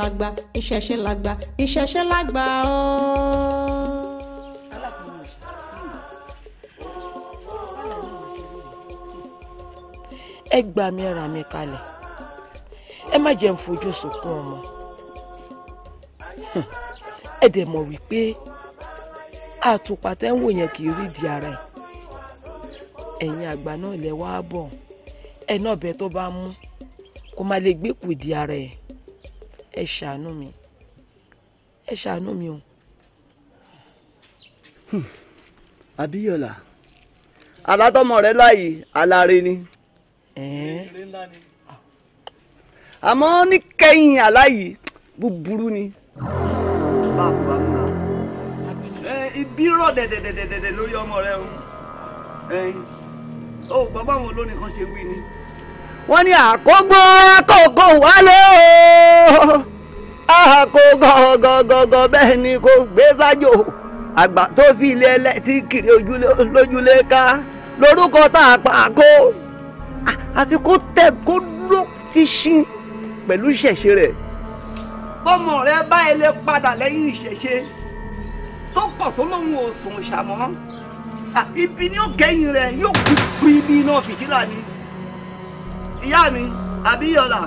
lágbà ìṣẹ̀ṣe lágbà ìṣẹ̀ṣe lágbà ọ́. Oh. ẹ gbà mí ara mi kalẹ̀ ẹ má jẹ́ ń fojú sunkún ọmọ ẹ dẹ̀ mọ̀ wípé àtùpà tẹ́ ń wò yẹn kì í rí di ara ẹ̀ ẹ̀yin àgbà náà lẹ wá bọ̀ ẹ náà bẹ tó bá mú kó má lè gbé kù di ara ẹ̀ ẹ ṣàánú mi ẹ ṣàánú mi o. Abíyọ̀lá alátọ́mọ rẹ láàyè aláre ni. àmọ́ ní kẹ́yìn aláyè búburú ni. ibi rọ̀ dẹ̀dẹ̀dẹ̀dẹ̀ lórí ọmọ rẹ o. ó bàbá àwọn olórin kan ṣe wí ni. Eh, wọ́n ní àkógbó àkókò wálé o àkó gọgọgọgọ bẹ́ẹ̀ ni kò gbé sájò àgbà tó fi ilé ẹlẹ́tíkìrì lójúlé ká lórúkọ tá a pa àkó àfi kó tẹ̀ kó ló ti ṣin pẹ̀lú ìṣẹ̀ṣe rẹ̀. bọ́mọ rẹ bá ilé padà lẹ́yìn ìṣẹ̀ṣe tó kọ̀ tó lóun ò sùn ṣàmọ́ ibi ni ó kẹ́yìn rẹ̀ yóò kú ibi iná fìtílà ni ìyá mi àbí yọlà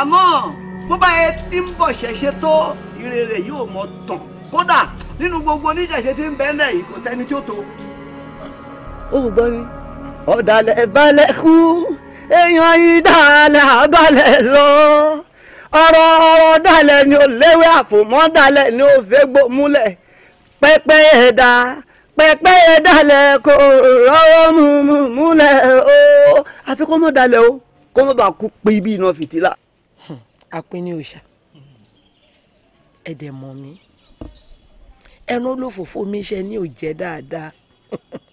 àmọ́ bó bá yẹ tí ń bọ̀ ṣẹ̀ṣẹ̀ tó ire rẹ̀ yóò mọ tàn kódà nínú gbogbo oníṣẹ̀ṣẹ̀ tí ń bẹ ńlẹ̀ yìí kò sẹ́ni tí ó tó. ó gbọ́ ni ọ̀dàlẹ̀ balẹ̀ kú èèyàn ìdálẹ̀ abalẹ̀ lọ ọ̀rọ̀ ọ̀rọ̀ dalẹ̀ ni ò léwé àfòmọ́ dalẹ̀ ni ò fẹ́ gbòmúlẹ̀ pẹ́pẹ́ ẹ̀dá pẹpẹ dalẹ̀ kò rọwọ́ mú múlẹ̀ o àfi kó mọ dalẹ̀ o kó mọ bá kú pé ibi iná fìtílà. àpinni òòṣà ẹdẹ mọ mi ẹnu olófòfò mi ṣe ní òjẹ dáadáa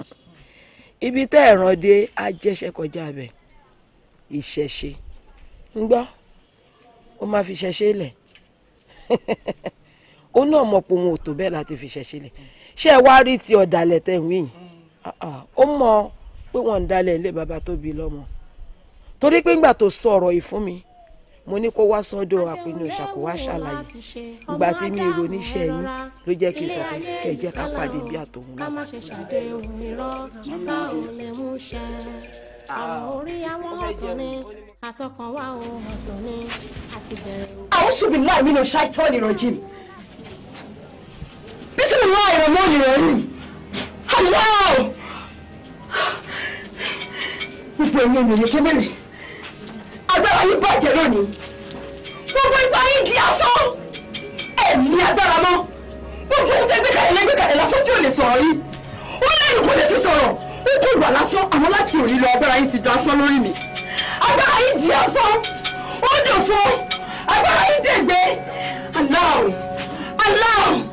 ibi tẹ ẹran dé ajẹsẹ kọjá bẹ ìṣẹṣe ń gbọ́ ó máa fi ṣẹṣe lẹ ó náà mọ̀ pé òun ò tó bẹ́ẹ̀ láti fi ṣẹṣe lẹ ṣé ẹ wá rí ti ọ̀dàlẹ̀ tẹ̀ ń wí yìí ah, ah. ó mọ pé wọ́n ń dalẹ̀ ilé bàbá tó bí lọ́mọ torí pé ńgbà tó sọ ọ̀rọ̀ yìí fún mi mo ní kó wá sọ́dọ̀ àpinnu ìṣàkó wá ṣàlàyé ìgbà tí mi ro níṣẹ́ yín ló jẹ́ kí n sọ pé kẹ jẹ́ ká pàdé bí àtòhun náà. ká má ṣe ṣàdéhùn irọ́ tá àwọn orí àwọn ọ̀tọ̀ àtọkànwá ohun ọ̀tọ̀ ni àti bẹ̀rẹ̀. àwọn ṣùgbọ́n láì nínú ṣáìtọ́ọ̀nì rọ̀jìn bisimilahi rahmani rahim allah gbogbo ẹ̀yin ènìyàn kébèrè agbára yín bàjẹ́ lónìí gbogbo ipa yín di asán ẹ̀mí agbára mọ́ gbogbo ohun tẹ́ gbé kalẹ̀ lẹ́gbẹ́ kalẹ̀ lásán tí ò lè sọ̀rọ̀ yìí ó lẹ́yìn kò lè fi sọ̀rọ̀ ó kò gbà lásán àmọ́ láti òní lọ agbára yín ti da asán lórí mi agbára yín di asán ó dòfo agbára yín dègbé aláwọ̀ aláwọ̀.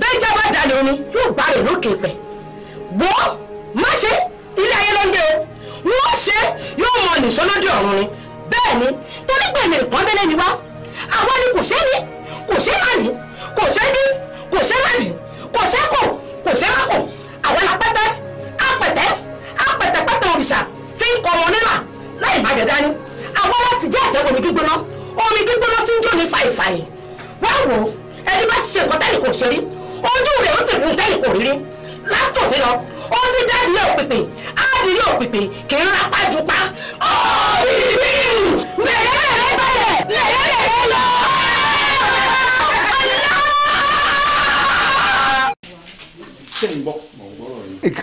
bẹ́jà bá dalẹ̀ omi yóò bá rẹ̀ lókè pẹ̀ wò ó má ṣe ilé ayé lóde o wọ́n ṣe yóò mọ nìṣó lóde ọ̀run ni bẹ́ẹ̀ ni torí pé èmi nìkan bẹ́lẹ̀ ni wá àwa ni kò ṣe ní kò ṣe má ní kò ṣe ní kò ṣe má ní kò ṣe kò kò ṣe má kò àwa la pẹ́tẹ́ apẹ̀tẹ́ apẹ̀tẹ̀pẹ̀tẹ̀ òrìṣà fi ń kọ ọmọ nílà láì má jẹ dání àwa láti jẹ́ àjẹkù omi gbígbóná omi gbígbóná tí ń jó ní fàìfàì wá wò ẹni bá ṣe nǹkan tẹ́lẹ̀ kò ṣe rí ojú rẹ̀ ó sì fún dẹ́yìn kò rírí látòfin lọ ó ti dẹ́yìn òpìpì ádìrí òpìpì kì í rapá ju pa. ọ̀rí mi mẹ̀rẹ̀ rẹ̀ balẹ̀ mẹ̀rẹ̀ rẹ̀ lọ.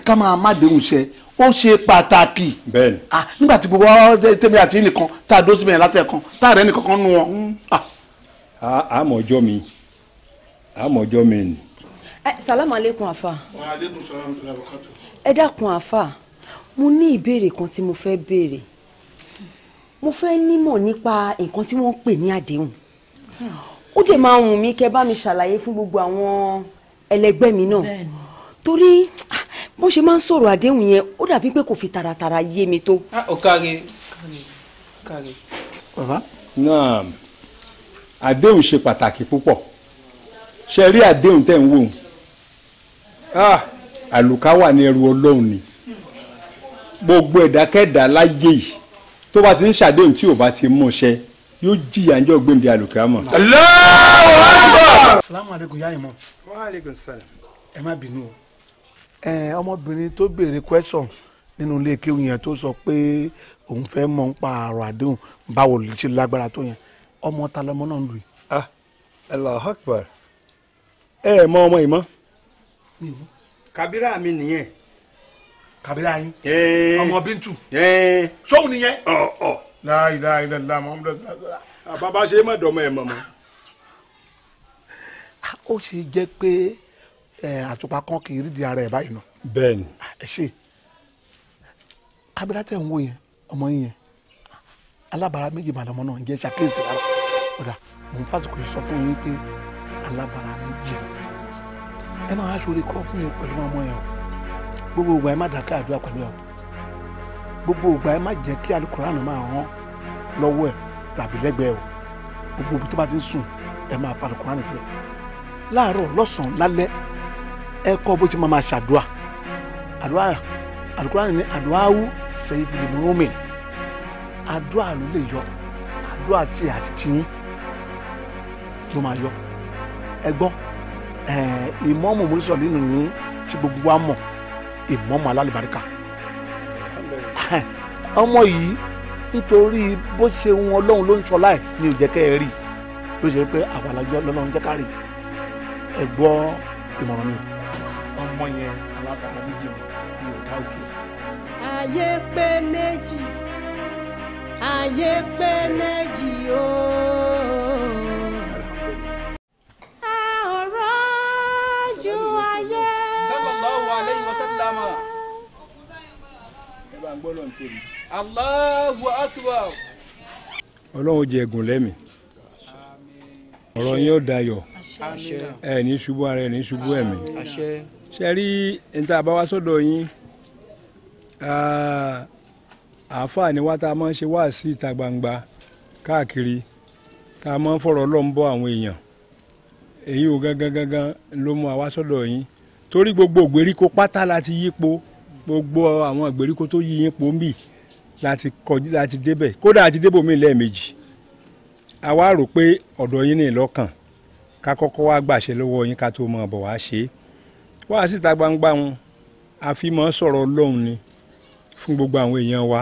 ká máa má déhùn ṣe ó ṣe pàtàkì nígbà tí gbogbo tèmi àti nìkan tá a dó síbẹ̀ yẹn látẹ̀kan tá a rẹ̀ nìkan kan nù wọn. àmọ̀jọ́ mi àmọ̀jọ́ mi nì ẹ eh, salamu aleykum afa. wa aleykum salaam wa rahmatulah. ẹ dákun afa mo ní ìbéèrè kan tí mo fẹ́ béèrè mo fẹ́ nímọ̀ nípa nǹkan tí wọ́n ń pè ní àdéhùn ó dẹ̀ máa wùn mí kẹ́ bá mi ṣàlàyé fún gbogbo àwọn ẹlẹgbẹ́ mi náà torí ah, bó ṣe máa ń sọ̀rọ̀ àdéhùn yẹn ó dàbí pé kò fi taratara yé mi tó. ó ah, káre káre. bàbá náà àdéhùn ṣe pàtàkì púpọ̀ ṣe rí àdéhùn tẹ̀ ń wò ó Ah, àlùkà wà ní ẹrù ọlọ́run ni gbogbo ẹ̀dákẹ́dá láyé yìí tó bá ti ń ṣàdéhùn tí ò bá ti mú ṣẹ yóò jìyà ń jọ gbèǹde àlùkà mọ̀. salamu aleykum yaa imọ. wa salam. ẹ má bínú o. ẹ ọmọbìnrin tó béèrè question nínú ilé kéwù yẹn tó sọ pé òun fẹ́ mọ̀ ń pa àrò àdéhùn báwo lè ṣe lágbára tó yẹn ọmọ ta lọmọ náà ń lù yìí. Ah, Allahu Akbar ẹ ẹ mọ ọmọ ìmọ̀ kabira mi nìyẹn. kabira yín. ọmọ bintu. sọ́wọ́n nìyẹn. ọ̀ ọ̀. láyé láyé lọ́la muhammadu sallallahu alayhi wa sallam. bàbá ṣe é má dọ́mọ ẹ̀ mọ̀ mọ́. Ah, ó ṣe jẹ́ pé àtùpà kan kì í rídìí ara ẹ̀ báyìí nù. bẹ́ẹ̀ni. Ah, ẹ ṣe kabira tẹ̀ ń wò yẹn ọmọ yín yẹn alábàárà méjì màdàmọ́ náà ń jẹ́ ṣàkíyèsí rárá ọ̀dà mò ń fásitì sọ fún yín pé alábàárà méjì ẹ máa aṣọre kọ́ fún yín pẹ̀lú ọmọ yẹn o gbogbo ìgbà ẹ má dàkẹ́ àdúrà pẹ̀lú ẹ o gbogbo ìgbà ẹ má jẹ́ kí alukoran máa hàn lọ́wọ́ ẹ tàbí lẹ́gbẹ̀ẹ́ o gbogbo ibi tó bá ti ń sùn ẹ máa fa alukoran síbẹ̀ láàárọ̀ lọ́sàn-án lálẹ́ ẹ kọ́ bó ṣe máa máa ṣàdúrà àdúrà alukoran ní àdúrà awú sẹ́yìn fìdí mọ́mì àdúrà ló lè yọ àdúrà tí àti tiyín ló máa yọ ẹ gbọ́ ìmọ̀ọ́mù mọ́lẹ́sọ̀ nínú ní tí gbogbo wa mọ̀ ìmọ̀ọ́mù alálùbáríkà ọmọ yìí nítorí bó ṣe ń ọlọ́run ló ń sọ láì ní ò kẹ́ ẹ rí ló ṣe pé àwàlájọ lọ́lọ́run jẹ́ ká rí ẹ gbọ́ ìmọ̀ràn mi. ọmọ yẹn alábàárà méjì ni ò dá òjò. ayé pé méjì ayé pé méjì ooo. dámọ̀ràn. ẹ bá ń gbọ́dọ̀ ń tóbi. Allahu akbar. ọlọ́run jẹ ẹ̀gùn lẹ́mìí ọ̀rọ̀ yín dayọ̀ ẹ ní ṣubú ara ẹ ní ṣubú ẹ̀mí ṣe rí níta àbáwá sọ́dọ̀ yín àáfàá ni wá tá a máa ń ṣe wá sí ìta gbangba káàkiri tá a máa ń fọ̀rọ̀ ọlọ́run bọ́ àwọn èèyàn èyí ò gángan gángan ló mú àwa sọ́dọ̀ yín torí gbogbo ìgbèríko pátá la ti yípo gbogbo àwọn ìgbèríko tó yí yípo ń bì láti kọjú láti débẹ̀ kódà àti débò mí lẹ́ẹ̀mejì a wá rò pé ọ̀dọ̀ yín ní ìlọ́kàn ká kọ́kọ́ wá gbàṣẹ lọ́wọ́ yín ká tó mọ̀ bọ̀ wá ṣe é wá síta gbangba wọn àfi mọ́ sọ̀rọ̀ ọlọ́run ni fún gbogbo àwọn èèyàn wa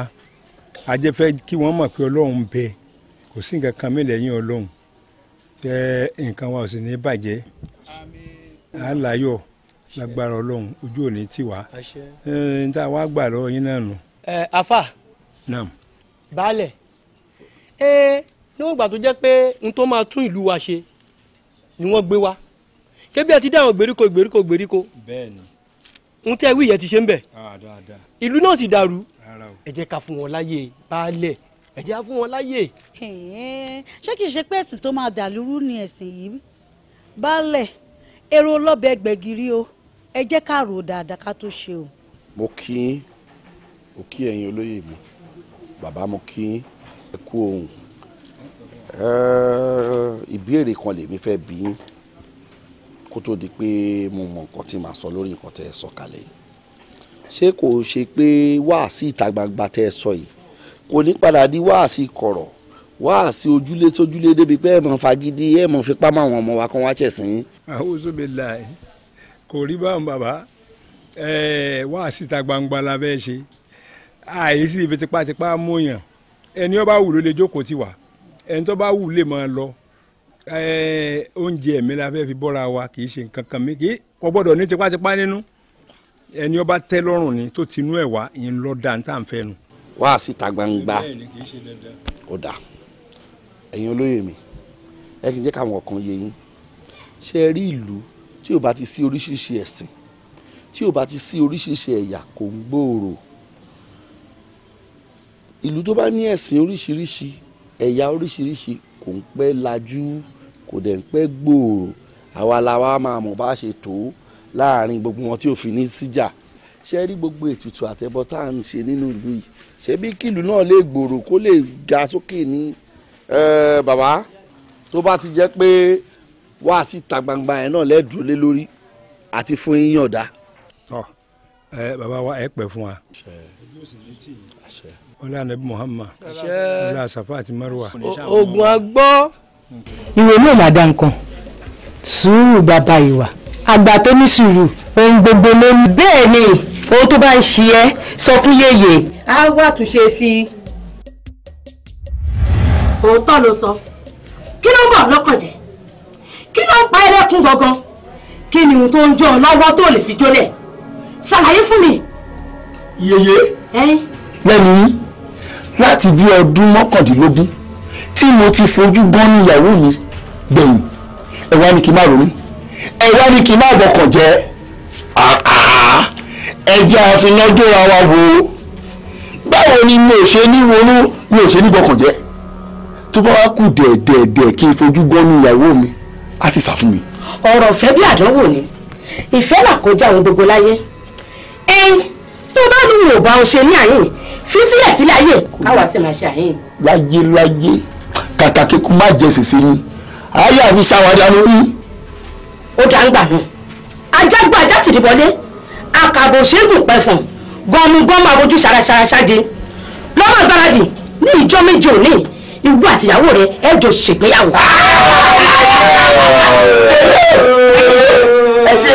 a kí wọ́n mọ̀ pé ọlọ́run bẹ kò sí nǹkan kan mí lẹ́yìn ọlọ́run ẹ nǹkan wa ò sì ní bàjẹ́ àlàyọ̀ lágbára ọlọ́run ojú òní tì wá n ta wá gbà lọ́wọ́ yín náà nù. ẹ afa naam baálẹ̀ ẹ níwọ̀n ìgbà tó jẹ́ pé n tó máa tún ìlú wa ṣe ni wọ́n gbé wa ṣé bí ẹ ti dá àwọn gbèríko gbèríko gbèríko bẹ́ẹ̀ni n tẹ́ wí yẹn ti ṣe ń bẹ̀ ìlú náà sì dàrú ẹ jẹ́ ká fún wọn láyè baálẹ̀ ẹ jẹ́ á fún wọn láyè. ṣé kìí ṣe pé ẹ̀sìn tó máa dàlúrú ni ẹ̀sìn yìí baálẹ̀ èrò ọlọ́bẹ̀ gbẹ̀gìrì o ẹ jẹ́ ká rò ó dáadáa ká tó ṣe o. mo kí yín mo kí ẹ̀yin olóyè mi bàbá mo kí yín ẹ kú ohùn ìbéèrè kan lèmi fẹ́ bi yín kó tó di pé mo mọ nǹkan tí màá sọ lórí nǹkan tẹ́ ẹ sọ kalẹ̀ yìí ṣé kò ṣe pé wáàsí ìta gbangba tẹ́ ẹ sọ yìí kò ní padà di wáàsí kọ̀rọ̀ wáàsí ojúlé sójúlé débi pé ẹ mọ fagídí ẹ mọ fipá máwọn ọmọ wa kan wá ṣẹ̀sìn. àwùjọ mi là ẹ́ kò rí báwọn bàbá wá síta gbangba la fẹ́ ṣe àìsí ibi tipátipá mọ̀yàn ẹni ó bá wù ló lè jókòó ti wà ẹni tó bá wù lè máa lọ oúnjẹ mi la fẹ́ fi bọ́ra wa kì í ṣe nǹkan kan mi kì í kò gbọ́dọ̀ ní tipátipá nínú ẹni ó bá tẹ́ lọ́rùn ni tó tinú ẹ̀ wá ìyẹn lọ́ọ́ da ní tàǹfẹ́ nu. wá síta gbangba ó dà ẹ̀yin olóyè mi ẹ kì í jẹ́ káwọn ọ̀kan yẹ yín ṣe rí ìlú tí ò bá ti sí oríṣiríṣi ẹ̀sìn tí ò bá ti sí oríṣiríṣi ẹ̀yà kò ń gbòòrò ìlú tó bá ní ẹ̀sìn oríṣiríṣi ẹ̀yà oríṣiríṣi kò ń pẹ́ lajú kò dẹ̀ ń pẹ́ gbòòrò àwa la wa máa mọ̀ bá ṣe tó láàrin gbogbo wọn tí ò fi ní síjà ṣe rí gbogbo ètùtù àtẹbọ tá à ń ṣe nínú ìlú yìí ṣé bí kìlú náà lè gbòòrò kó lè ga sókè ní bàbá tó bá ti jẹ́ pé wá síta gbangba yẹn náà lẹ́dùn lé lórí àti fún yín yọ̀ǹda. tọ́ ẹ bàbá wa ẹ pẹ́ fún wa wọlé anabi muhammad wọlé asafa àti marwa. oògùn agbọ́. ìwé ló máa dá nǹkan sùúrù bàbá ìwà àgbà tó ní sùúrù ohun gbogbo ló ní. bẹ́ẹ̀ ni ohun tó bá ń ṣe ẹ́ sọ fún yèyè. a wá àtúnṣe sí i. òótọ́ ló sọ kí ló ń bọ̀ lọ́kàn jẹ́ kí ló ń pa ẹlẹ́kùn gangan kí ni ohun tó ń jọ ọ lọ́wọ́ tó lè fi jólẹ̀ ṣàlàyé fún mi. yèyé lẹ́nu yín láti bí ọdún mọ́kàndínlógún tí mo ti fojú gan ní ìyàwó mi gbẹ̀yìn ẹ wá ní kí n má ronú ẹ wá ní kí n má bọkàn jẹ ẹ jẹ́ àfinàjò ra wa wò báwo ni mi ò ṣe ní ronú mi ò ṣe ní bọkàn jẹ tó bá wá kù dẹ̀ẹ̀dẹ̀ẹ̀dẹ̀ kí n fojú gan ní ìyàwó mi á sì sá fún mi. ọ̀rọ̀ ìfẹ́ bí àdánwò ni ìfẹ́ là kọjá àwọn gbogbo láyé ẹ tó bá ní wò bá o ṣe ní àyìn fi sílẹ̀ sílẹ̀ ayé káwa sì máa ṣe àyìn. láyé láyé kàkà kíkún má jẹ sèse yín ayé àfi ṣàwádà ló rí. ó dá ń gbà hàn ajá gbọ́ ajá tìdí wọlé àkàbò ṣẹ́gun pẹ̀fọ̀n gọmugọmu abojú ṣaraṣara ṣáde lọ́mọ ní ìjọ méje òní ìwọ àtìyàwó rẹ ẹ jọ ṣègbéyàwó. ẹ ṣe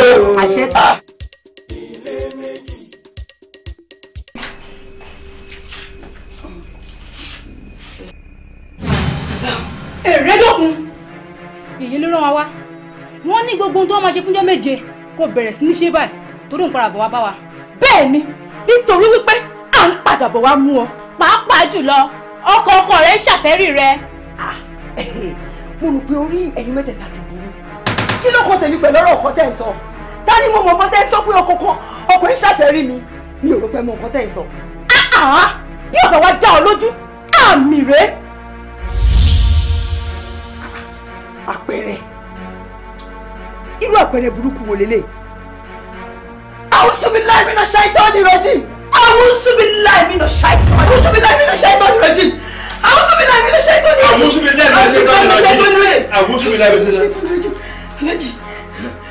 èyí ló rán wa wá wọ́n ní gbogbo ohun tó máa ṣe fúnjọ́ méje kó bẹ̀rẹ̀ sí ní ṣe báyìí torí òun padà bọ̀ wá bá wa. bẹ́ẹ̀ ni nítorí wípé à ń padà bọ̀ wá mú ọ pàápàá jùlọ ọkọ ọkọ rẹ ń ṣàfẹ́rí rẹ. Ah, mo rò pé orí ẹ̀yin mẹ́tẹ̀ẹ̀ta ti burú kí ló kàn tèmi pẹ̀lú ọ̀rọ̀ ọkọ tẹ̀ ń sọ ta ni mo mọ̀ ọkọ tẹ̀ ń sọ pé ọkọ kan ọkọ ń ṣàfẹ́rí mi mi ò rò pé mo ọkọ tẹ̀ ń sọ. Ah, ah, bí ọ̀gá wa dá ọ lójú àmì rèé. àpẹẹrẹ irú àpẹẹrẹ burúkú wo lélẹ̀. àwọn sùnmi láì mi náà ṣàìtọ́ ni rọ́jìn awusubilayi mi na ṣaitọ awusubilayi mi na ṣaitọ ni rẹjin awusubilayi mi na ṣaitọ ni rẹjin awusubilayi mi na ṣaitọ ni rẹjin awusubilayi mi na ṣaitọ ni rẹjin alaji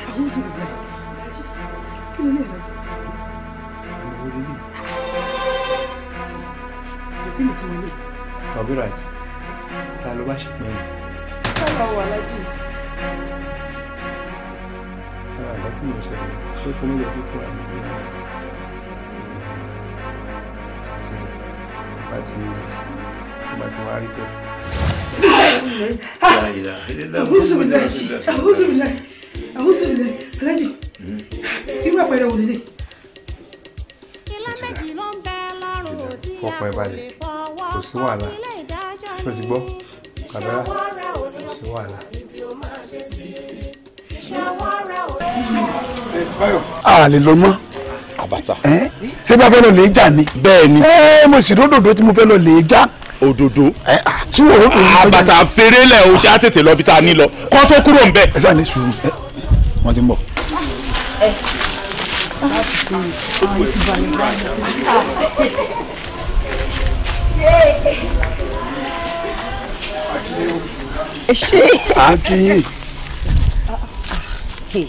awusubilayi kí ni be alaji ẹnìwó ni ilé ìdókè mi ti wọlé. Kabirat ta ló bá ṣe pé mi. báwo wà alaji. ara àgbà tí mo ṣe ṣé kò ní yẹ kí kúrò. bá ti bá ti wá rí bẹ́ẹ̀. àbúrò mi láì jì àbúrò mi láì àbúrò mi láì àbàtà. ṣé bá fẹ́ lọ lè já ni. bẹ́ẹ̀ni. ẹ mo sì ródòdó tí mo fẹ́ lọ lè já. òdòdó. tí wò ó kò. àbàtà fèrè lẹ̀ o já tètè lọ bí tá a ní lọ kó tó kúrò ń bẹ̀. ẹ sáà ní sùúrù wọn ti ń bọ̀. ẹ ṣe. a kì í.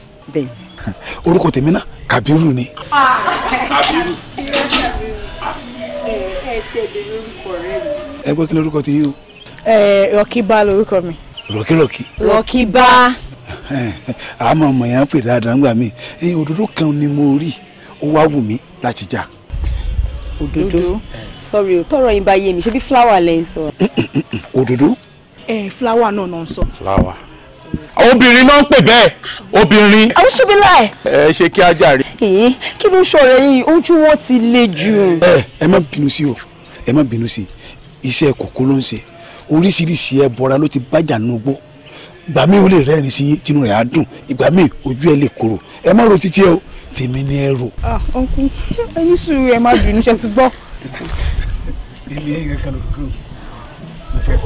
bẹ́ẹ̀ orúkọ tèmi náà Kàbírù ni. Ah. Kàbírù. ẹ gbọ́ kí ni orúkọ ti yí o. Rọ̀kíbá lorúkọ mi. Rọ̀kírọ̀kí. Rọ̀kíbá. àmọ́ ọmọ yẹn ń pè dáadáa ńgbà mí òdòdó kan ni mo rí ó wá wù mí láti já. òdòdó sọrí o tọrọ yín bá yé mi ṣé bí fúláwà lẹ ń sọ. òdòdó. ẹ fúláwà náà náà ń sọ. fúláwà obìnrin náà ń pè bẹ́ẹ̀ obìnrin. àwọn tóbi láì. ẹ ṣe kí ajá rí. ee kí ló ń ṣọ̀rọ̀ yìí ojú wọn ti le jù. ẹ ẹ má bínú sí o ẹ má bínú sí iṣẹ́ kòkó ló ń ṣe oríṣiríṣi ẹbọra ló ti bájà nugbó ìgbà míì ó lè rẹ́rìn sí tinú rẹ̀ á dùn ìgbà míì ojú ẹ lè korò ẹ má ro títí ẹ o tèmi ni ẹ rò. ọkùnrin ah, ẹni sùúrù ẹ má bínú ṣe ti gbọ́. ilé ẹ̀ka kan ló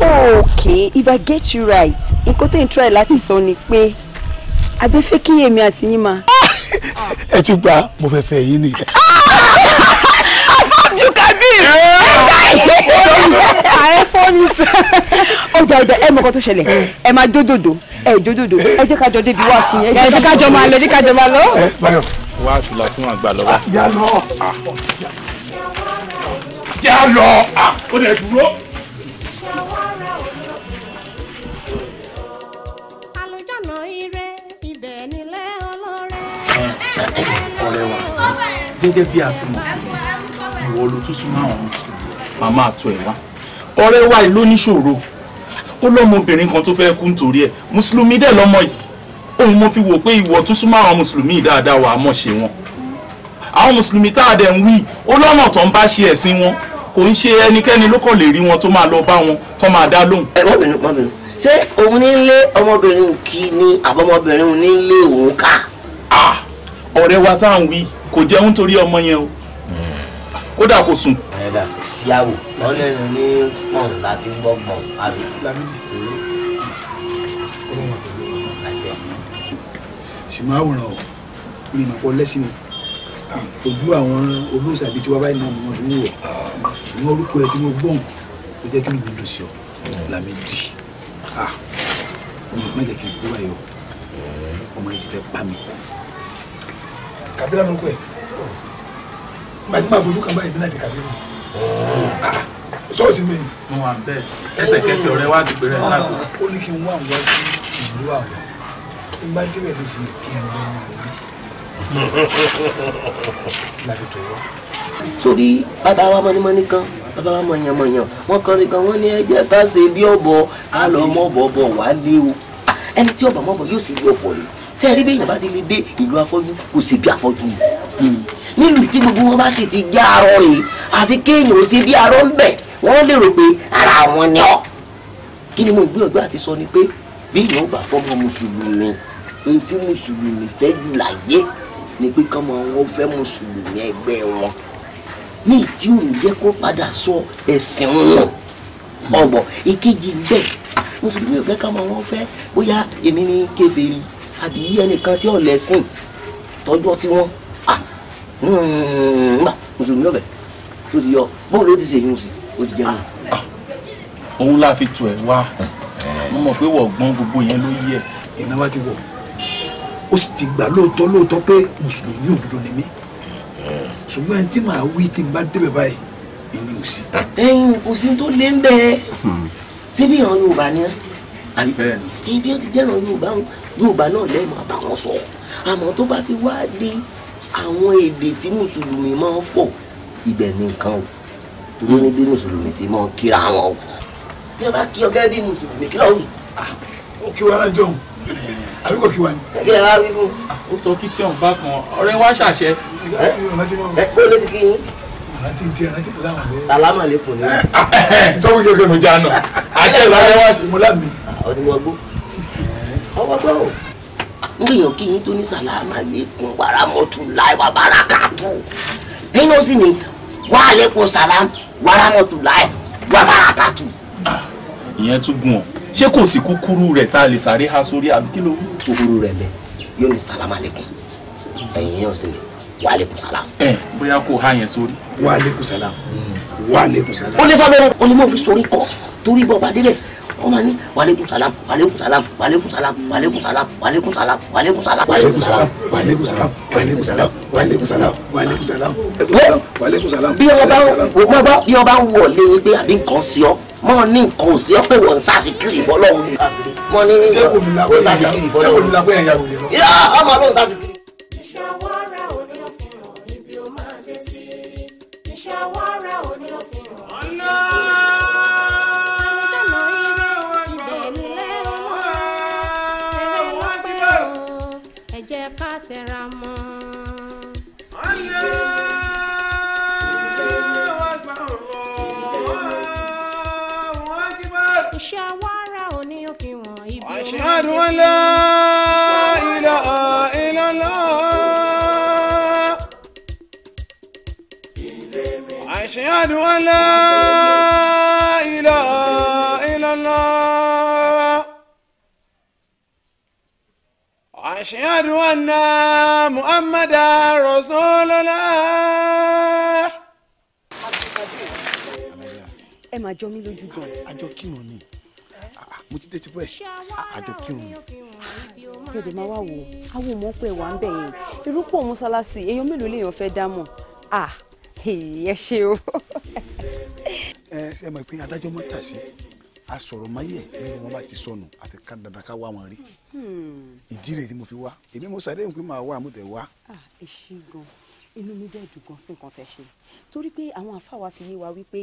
okay if i get you right nǹkan tẹ́ ń try láti sọ ni pé àbí fẹ́ kí èmi àti yín máa. ẹ ti gba mo fẹ́ fẹ́ yín ni. afọ́jú kabir ààrẹ fọ́ọ̀nì sá. ọjà ọjà ẹ mọ nǹkan tó ṣẹlẹ̀ ẹ máa jódòdò ẹ jódòdò ẹ jẹ́ ká jọ débi wá sí i ẹ jẹ́ ká jọ máa lọ ẹ jọ máa lọ. Eh, wá sí la fún àgbà lọ́wọ́. yà lọ. yà lọ. Ah. Ah, ó lè dúró ọ̀rẹ́ wa gẹ́gẹ́ bí a ti mọ̀ ìwọ ló tún súnmọ́ àwọn màmá àtọ̀ ẹ̀ wá ọ̀rẹ́ wa ìlú oníṣòro ó lọ́mọbìnrin kan tó fẹ́ kú nítorí ẹ̀ mùsùlùmí dẹ̀ lọ́mọ yìí òun mo fi wò pé ìwọ tún súnmọ́ àwọn mùsùlùmí dáadáa wà á mọ̀ ṣe wọn àwọn mùsùlùmí tá a dẹ̀ ń wí ó lọ́nà tó ń bá ṣe ẹ̀sìn wọn kò ń ṣe ẹnikẹ́ni ló kàn lè rí wọn tó máa lọ bá wọn tó máa dá lóhùn. ẹ má bínú má bínú ṣé òun ní lé ọmọbìnrin kì í ní àbọ̀mọbìnrin ní lé òun ká. ọ̀rẹ́ wa tá à ń wí kò jẹun torí ọmọ yẹn o kódà kò sùn. ẹ̀rọ síyàwó wọn lẹ́nu ní pọ̀n láti gbọ́gbọ̀n àbí. ṣì máa wòran o mi ì mọ̀ pọ̀ lẹ́sìn o ojú àwọn olóòsàn àbí tiwa báyìí náà mo fi ń wọ̀ ṣùgbọ́n orúkọ ẹ tí mo gbọ́n ló jẹ́ kí mi dùn sí ọ làmì dì ọmọ ìpínlẹ̀ kì í kú báyọ̀ ọmọ yìí ti fẹ́ pa mi. kàbílà ló ń pẹ́ nígbà tí màá fojú kan báyìí bínú àti kàbílà sọ́ọ̀sì mi. mo wà bẹ́ẹ̀ ẹsẹ̀kẹsẹ̀ ọ̀rẹ́ wa ti pèrè ẹ̀ ó ní kí n wá àwọn sí ìlú àwọn tí n bá débẹ̀ lè ṣe kí n lọ́mọ àwọn láti tó yọ. sórí bàbá wa mọ́nímọ́ní kan bàbá wa mọ̀yànmọ̀yàn wọ́n kọrin kan wọ́n ní ẹ jẹ́ ká ṣe bí ọ̀bọ ká lọ mọ́ bọ̀bọ̀ wá lé o ẹni tí ọ̀bà mọ́bọ̀ yóò ṣe bí ọ̀pọ̀ rẹ̀ tẹ́ ẹ rí bẹ́ẹ̀ yẹn bá ti lè dé ìlú afọ́jú kò sì bí afọ́jú hmm. nílùú tí gbogbo wọn bá sì ti já arọ rèé àfi kéèyàn ò sí bí arọ ń bẹ̀ wọ́n lérò pé ara wọn ni ọ́ kí ni mo gbìyànjú àti sọ ni pé bí èèyàn ò bá fọmọ mùsùlùmí ohun tí mùsùlùmí fẹ́ jù láyé ni pé kọ́mọ wọn fẹ́ mùsùlùmí ẹgbẹ́ wọn ní ìtí ò ní jẹ́ kó padà sọ ẹ̀sìn wọn ọ̀bọ̀ ìkejì bẹ́ẹ̀ mùsùlùmí ò fẹ́ kọ́mọ wọn fẹ́ bóyá èmi ni kèfèrí àbí ẹnìkan tí ò lẹ́sìn tọ́jọ́ tí wọ́n gbà mùsùlùmí ọ̀fẹ́ tó ti yọ bóòlù ó ti ṣèyún sí ó ti jẹun. òun la fi tu ẹ wá mo mọ̀ pé wọ́n gbọ́n gbogbo yẹn ló yí ẹ̀. ìnáwó ti wọ̀ ó sì ti gbà lóòótọ́ lóòótọ́ pé mùsùlùmí òdodo ni mí ṣùgbọ́n ẹni tí màá wí tí n bá débẹ̀ báyìí èmi ò sí. Ah. ẹyin kò sí tó lé ń bẹ ẹ síbi ìran yorùbá ni ibi ó ti jẹ́ ìran yorùbá yorùbá náà lẹ́ẹ̀mọ́ àbáwọn sọ àmọ́ tó bá ti wá di àwọn èdè tí mùsùlùmí máa ń fọ̀ ibẹ̀ nìkan o ló ní bí mùsùlùmí ti máa kíra wọn o bí wọ́n bá kí ọgẹ́ bí mùsùlùmí kí lọ́wọ́ ó kí wa lájọ òun àbí kò kí wa ni. kí lè wá wí fún. ó sọ kíkí ọ̀hún bákan ọ̀rẹ́ wa ṣàṣẹ. ẹ ẹ kó ló ti kí yín. rántí ti rántí mi láwọn ọ̀rẹ́. sàlámù àlékún ni. ìtọ́wé kékeré mi jáná àṣẹ ìlànà wa ṣe. mo lámì. ọtí mo gbó ọwọ́ gbọ́ o níyàn kí yín tó ní sàlámà lẹ́kùn wàràmọ́tù láì wà bàràkàtù nínú sì ni wà lẹ́kùn sàlámà wàràmọ́tù láì wà bàràkàtù. ìyẹn tún gùn ọ́ ṣé kò sí kúkúrú rẹ̀ tá a lè sáré ha sórí àbí kí ló wú. kúkúrú rẹ̀ bẹ yóò ní sálámà lẹkùn ẹ̀yìn yóò sì ní wàhálẹkùn salam. ẹ bóyá kò há yẹn sórí. wàhálẹkùn sálámù wàhálẹkùn sálámù. ó ní sábẹ́rẹ́ onímọ̀ fi sórí kọ torí bọ́ba délẹ̀ wọ́n máa ní wàlẹ́kùn sàlám wàlẹ́kùn sàlám salam, sàlám wàlẹ́kùn sàlám wàlẹ́kùn sàlám salam, sàlám wàlẹ́kùn sàlám wàlẹ́kùn sàlám salam, sàlám wàlẹ́kùn sàlám wàlẹ́kùn sàlám salam, sàlám wàlẹ́kùn sàlám. bí ọba salam. ọba ń wọlé salam. àbí nǹkan sí ọ mọ ní nǹkan ò sí ọpẹ wọn sásìkiri fọlọ́run ni mọ ní wọn sásìkiri fọlọ́run ni yá ọmọ ló ń sásìkiri. ìṣòwò ara ò ní òfin ò ولا إله إلا الله أشهد أن لا إله إلا الله أشهد أن محمدا رسول الله. ẹ máa jọ mí lójú gan. àjọ kírun ni mo ti dé tipẹ́ àjọ kírun. kéde máa wá wo àwọn ọmọ pé wà ń bẹ̀ yẹn irúpọ̀ mọ́sálásí èèyàn mélòó lèèyàn fẹ́ dá mọ̀ ẹ ṣe o. ẹ ṣe mọ̀ pé adájọ́ mọ́ tà sí asọ̀rọ̀ mayẹ̀ nínú wọn bá ti sọnù àti ká dandan ká wá wọn rí hmm. ìdí rẹ̀ ni mo fi wá èmi mo sáré nǹkan máa wá mo tẹ̀ wá. ẹ ṣe gan-an inú mi dẹ̀ dùn gan sí nǹkan tẹ̀ ṣe torí pé àwọn àfáà wa fi yé wa wípé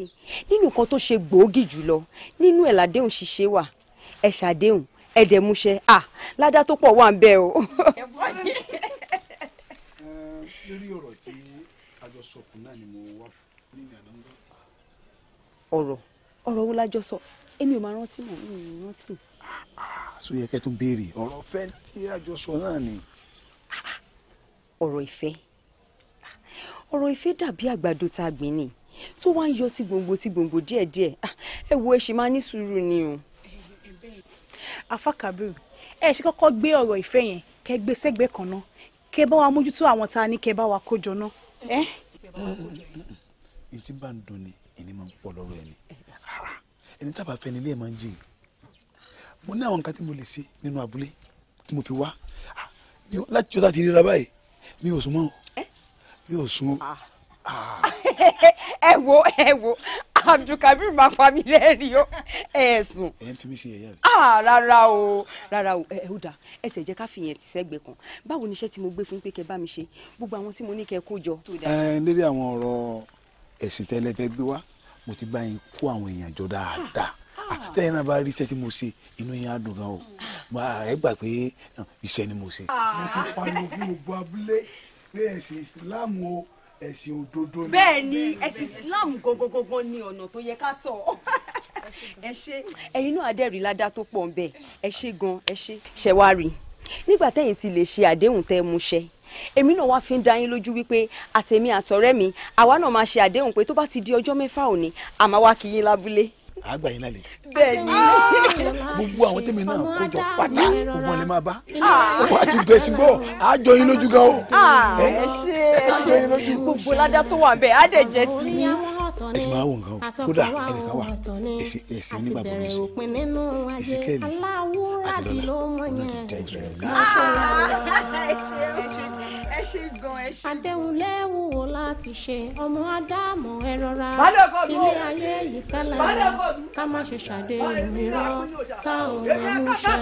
nínú nǹkan tó ṣe gbòógì jùlọ nínú ẹ̀ làdéhùn ṣiṣẹ́ wà ẹ ṣàdéhùn ẹ dẹ̀ múṣẹ à ládá tó pọ̀ wà ń bẹ o. lórí ọ̀rọ̀ a jọ sọkùn náà ni mo wá fún ní ìyàdọ́gbà. ọ̀rọ̀ ọ̀rọ̀ wo la jọ sọ èmi ò máa rántí mọ̀ mi ò rántí. so yẹ kẹ́ tún béèrè ọ̀rọ̀ fẹ́ tí a jọ sọ náà ni. ọ̀rọ̀ ìfẹ́ ọ̀rọ̀ ìfẹ́ dàbí àgbàdo tá a gbìn ni tó wá ń yọ tí gbòǹgbò tí gbòǹgbò díẹ̀díẹ̀ ẹ wo ẹ ṣì máa ní sùúrù ni o afakabiru ẹ ṣe kọ́kọ́ gbé ọ̀rọ̀ ìfẹ́ yẹn kẹ́ gbé sẹ́gbẹ́ kan náà kẹ́ bá wa mójútó àwọn tá a ní kẹ́ bá wa kó jọ náà. n tí bá ń dùn ni ẹni máa ń pọ̀ lọ́rọ̀ ẹni ẹni tábà fẹ́ ni ilé ẹ̀ máa ń jìn mo ní àwọn nǹkan tí mo lè ṣe nínú abúlé tí mo fi wá ah, láti jọ́ta ti ríra báyìí mi ò sún mọ́ mi ò sún. Ah. Ah. ẹ wo ẹ wo abdulkabir máa fa mi lẹ́rìí o ẹ̀sùn. ẹ ń fi ṣe ẹ̀yà rẹ. ah rárá o rárá o ẹ ó dáa ẹ tẹ̀ jẹ́ ká fi yẹn ti sẹ́gbẹ̀ kan báwo ni iṣẹ́ tí mo gbé fún pé kẹ bá mi ṣe gbogbo àwọn tí mo ní kẹ kó jọ. ẹ lérí àwọn ọ̀rọ̀ ẹ̀sìn tẹ́lẹ̀ fẹ́ gbé wá mo ti bá yín kó àwọn èèyàn jọ dáadáa ah, ah. tẹ́yìn náà bá rí iṣẹ́ tí mo ṣe inú yín á dùn gan o ẹ gbà pé iṣẹ́ ni mo ṣe. Ah. mo ti pariwo fún gbogbo abúlé pé ẹ̀sìn ìsìlámù o ẹ̀sìn òdodo ni. bẹ́ẹ̀ ni ẹ̀sìn Islam gangan ni ọ̀nà tó yẹ ká tọ̀ ẹ ṣe ẹ̀yin náà adẹ́rìí ládá tó pọ̀ ńbẹ ẹ ṣe gan ẹ ṣe. ṣẹ̀wárì nígbà tẹ́yìn ti lè ṣe àdéhùn tẹ́ mú ṣẹ èmi náà wá fi ń dá yín lójú wípé àtẹ̀mí àtọ̀rẹ́ mi àwa náà máa ṣe àdéhùn pé tó bá ti di ọjọ́ mẹ́fà òní àmọ́ wá kí yín lábúlé àgbà yín lálejò. bẹ́ẹ̀ni. Ah! gbogbo àwọn tèmi náà kọjọ pátá gbogbo wọn lè máa bá. wọ́n á ti gbèsè gbọ́ àjọ yín lójú gan o. Ah! ẹ ṣe é gbogbo ládàá tó wà bẹ́ẹ̀ á dẹ̀ jẹ́ tí ẹsìn máa wò nǹkan o kódà ẹnìkan wà èsì èsì onígbàgbọ́ mi sí èsì kẹ́lì àjẹlọ́lá ọ̀nà tẹ ìṣòro ká. àdéhùn lẹ́wù wo láti ṣe ọmọ ádámọ̀ ẹ rọra ilé ayé yìí fẹ́lẹ̀ ká má ṣe ṣàdéhùn irọ́ tá ò ní mú ṣe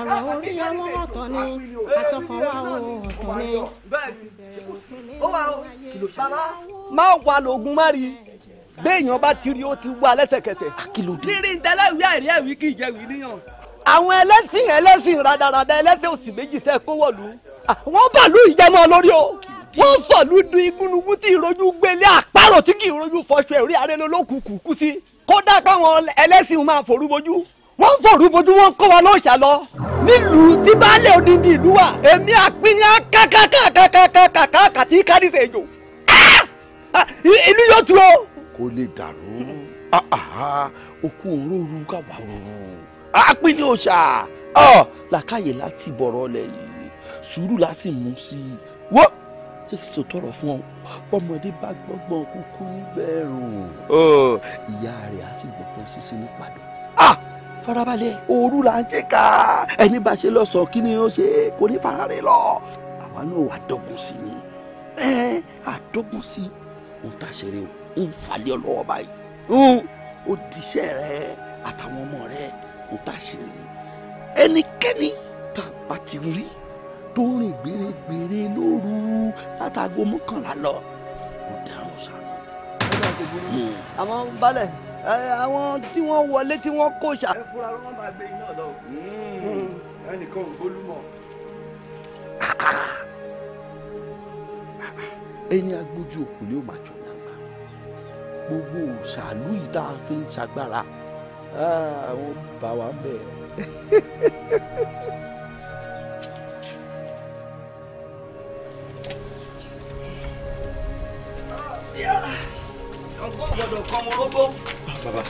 ọ̀rọ̀ orí ọmọ ọ̀tọ̀ ni àtọkànwá ọ̀tọ̀ ni. ó wà ó bàbá má wà lóògùn má rí béèyàn bá ti rí ó ti wà lẹ́sẹ̀kẹsẹ̀. akílódé. rírí ìdálẹ́ ìwé àìrí ẹ̀wí kì í jẹ́ ìwé níyàn. àwọn ẹlẹ́sìn ẹlẹ́sìn radarada ẹlẹ́sìn òsì méjì tẹ́ kó wọ̀lú. Ah, wọ́n bàlú ìjẹ́mọ́ lórí o wọ́n sọ̀lú du igúnnugún tí ìrojú gbélé àparò tí kì í rojú fọṣọ ẹ̀rí arẹ́lẹ́ olókùnkùn kú sí. kódà káwọn ẹlẹ́sìn máa forú bojú wọ́n forú bojú wọ́n kó wa lọ́ọ̀ṣà lọ. nílùú tí baálé odindi ìlú wa èmi àpínyà kákàkàkàkàkàkàkàtì ìlú yóò tu o. kò lè dàrú okun ah, ah, ah. òróró káwa rúru àpínlẹ̀ òòṣà làkàyè láti bọ̀rọ̀ lẹ̀ yìí sùúrù la sì mú sí i wọ́n jẹ́ kí sòtọrọ fún ọ ọmọdé bá gbọ́gbọ́n kúkú níbẹ̀rù ìyá rẹ̀ á sì gbọ́gbọ́n sísí ní pàdó farabalẹ̀ òru là ń ṣe ẹni bá ṣe lọ́sàn-án kí ni ó ṣe kò ní fara rẹ̀ lọ àwa náà wà dọ́gbọ́n sí ni àdọ́gbọ́n sí i ohun tá a ṣe rè o ń falẹ̀ ọlọ́wọ́ báyìí ó diṣẹ́ rẹ àtàwọn ọmọ rẹ ohun tá a ṣe rè ẹnikẹ́ni tá a bá ti rí tó rìn gbèrègbèrè lóru látago mọ́kànlá lọ ó dẹrùn sànù. àmọ́ balẹ̀ àwọn tí wọ́n wọlé tí wọ́n kó ṣá. ẹ fura ló máa gbé iná lọ. Hmm. ẹnìkan ò gbólúmọ̀. ẹni agbójú òkú ni ó máa jọ nàgbà gbogbo òṣàlù yìí tá a fi ń ṣagbára àwọn bá wa ń bẹ̀. ọgbọ́n gbọ́dọ̀ kọ́ wọn lọ́gbọ́n. bàbá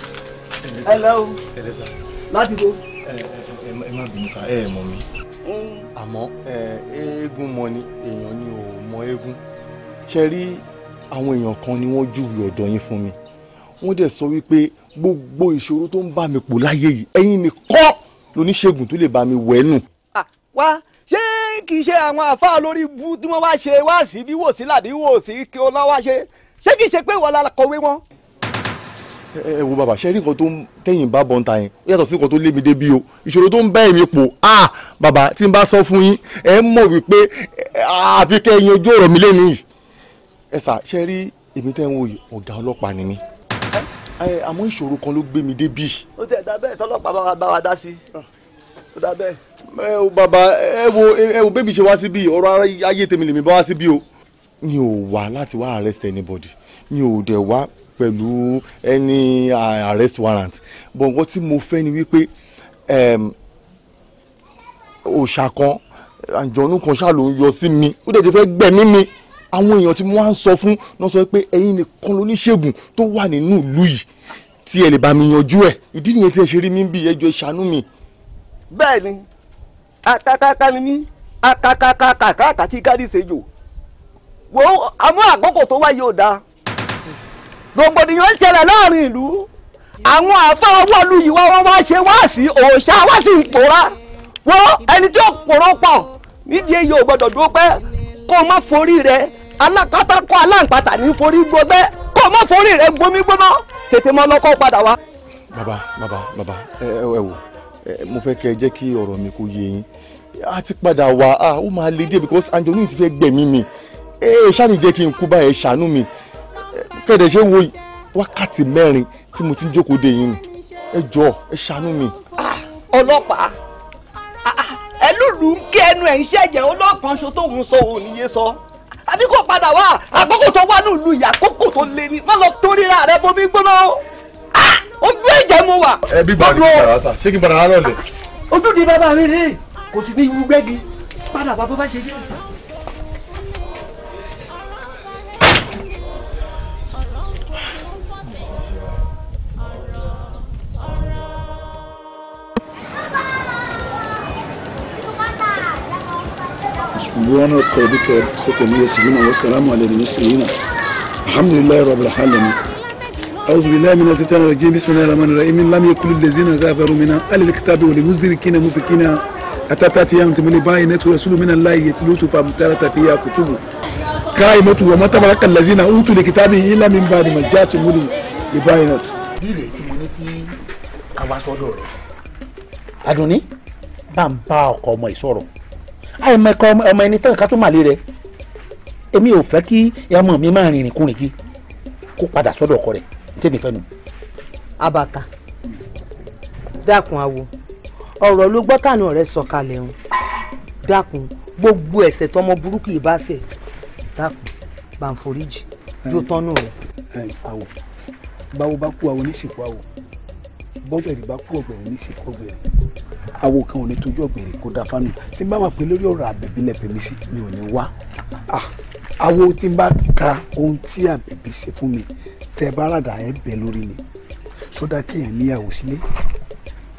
ẹ lẹ́wọ̀ ẹ lẹ́sà láti bo. ẹ mm. àmọ́ eégún mọ ni èèyàn ni ò mọ eégún ṣe rí àwọn èèyàn kan ni wọ́n júwe ọ̀dọ̀ yín fún mi wọ́n dẹ̀ sọ wípé gbogbo ìṣòro tó ń bá mi pò láyé yìí ẹ̀yin nìkan lóníṣègùn tó lè bá mi wẹ̀ nù. wá ṣé kì í ṣe àwọn àfáà lórí bú tí wọ́n wá ṣe wá sí bí wò sí làbí wò sí kí ó náà wá ṣe ṣé kì í ṣe pé wọ́n la kọ̀wé wọn. ẹ wo bàbá ṣe rí nǹkan tó ń tẹ̀yìn bá bọ́ ń ta yẹn ó yàtọ̀ sí nǹkan tó lé mi débi o ìṣòro tó ń bá èmi pò á bàbá tí n bá sọ fún yín ẹ mọ̀ wípé àfikẹ́ yanjú ọ̀rọ̀ mi lẹ́nu yìí ẹ sà ṣe rí èmi tẹ́ ń wo ọ̀gá ọlọ́pàá ni mí àmọ́ ìṣòro kan ló gbé mi débí. ó ti ẹ̀dá bẹ́ẹ̀ tọ́lọ́pàá bá wa dá sí ó dá bẹ́ẹ̀. ẹ wo bàbá ẹ wo ẹ wo bébí ṣe wá síbí ọ̀rọ̀ ayé tèmi lèmi bá wá síbí o mi ò wá láti wá arrest anybody mi ò dẹ̀ wá pẹ̀lú any uh, arrest warrant but nǹkan tí mo fẹ́ ni wípé ehm, òòṣà kan àjọ̀nú kan ṣáà ló ń yọ sí mi ó dẹ̀ ti fẹ́ gbẹ̀mí mi àwọn èèyàn tí mo wá ń sọ fún náà sọ pé ẹ̀yin nìkan lóníṣègùn tó wà nínú ìlú yìí tí ẹ lè bá mi yanjú ẹ̀ ìdí nìyẹn tí ẹ ṣe rí mi bí ẹjọ́ ìṣàánú mi. bẹ́ẹ̀ ni akakaka ni mí akakakakaka ti kárí ìṣèjò wo àmọ́ àkókò tó wáyé ò dáa rògbòdìyàn ń ṣẹlẹ̀ láàrin ìlú àwọn àfa ọwọ́lu yìí wọ́n wá ṣe wá sí òòṣà wá sí ìpòrá wo ẹni tí ó pòrò pọ̀ nídìí èyí ò gbọ́dọ̀ dúró pẹ́ kó o má forí rẹ alákatakọ aláǹpatà ní forí gbọgbẹ́ kó má forí rẹ gbomi gbóná tètè mọ lọ́kọ́ padà wá. bàbá bàbá bàbá ẹ ẹ wò mo fẹ́ kẹ́ ẹ kí ọ̀rọ̀ mi kó yé yín a ti padà wá a ó máa le díẹ̀ because anjoni ti fẹ́ gbẹ̀mí mi ẹ ẹ ṣáà jẹ́ kí n kú báyẹn ṣàánú mi kẹ́dẹ̀ ṣe wo wákàtí mẹ́rin tí mo ti ń jókòó dè yín ẹ jọ ẹ ṣàánú mi. ọlọ́pàá ẹ lùlù ń kí ẹnu ń ṣẹ̀jẹ̀ ọlọ́pàá ṣo ń sọ òun níye sọ àbí kò padà wá àkókò tó wà nílùú yìí àkókò tó lé ní má lọ torí ra rẹ bomi gbóná ah! ojú ẹ̀jẹ̀ mo wà. ẹ bí bàbá mi bàrà sà ṣé kí n bàrà rà lọ lẹ. ojú di bàbá mi rèé kò sì ní irú gbẹ́gi padà bàbá bá ṣe jẹ́. سبحان ربك رب العزة عما يصفون والسلام على المرسلين الحمد لله رب العالمين أعوذ بالله من الشيطان الرجيم بسم الله الرحمن الرحيم إن لم يكن الذين كفروا من أهل الكتاب والمشركين مفكين حتى تأتيهم من بينة رسول من الله يتلو فامتلأت فيها كتبه قائمة وما تبرك الذين أوتوا الكتاب إلا من بعد ما جاءتهم البينات. ìdílé tí mo ní kí àwa sọ́dọ̀ rẹ̀ Adùnní bá ń bá ọkọ ọmọ ìsọ̀rọ̀ àìmọ ẹ̀kọ́ ọmọ ẹni tán ká tó màlẹ rẹ èmi ò fẹ́ kí ọmọ mi máa rìnrìn kúrìn kí kó padà sọ́dọ̀ ọkọ rẹ̀ tèmi fẹ́ nu. abaka dákun awo ọ̀rọ̀ ló gbọ́ tànù rẹ̀ sọ̀kalẹ̀ o dákun gbogbo ẹ̀ṣẹ̀ tọmọ burúkú yìí bá fẹ́ dákun bá ń foríjì yóò tọ́nù rẹ̀. báwo bá kú àwọn oníṣègùn àwọn bọ́gbẹ̀rì bá kú ọ̀gbẹ̀rì ní sìnkú ọ̀gbẹ̀rì awo kan ò ní tójú ọ̀gbẹ̀rì kó da fánù tí n bá wà pé lórí ọ̀rọ̀ àbẹ̀bí lẹ́pẹ̀ mi sí mi ò ní wá awo tí n bá ka ohun tí àbẹ̀bí ṣe fún mi tẹ bá ràdà ẹ bẹ lórí ni sódà kéèyàn níyàwó sílé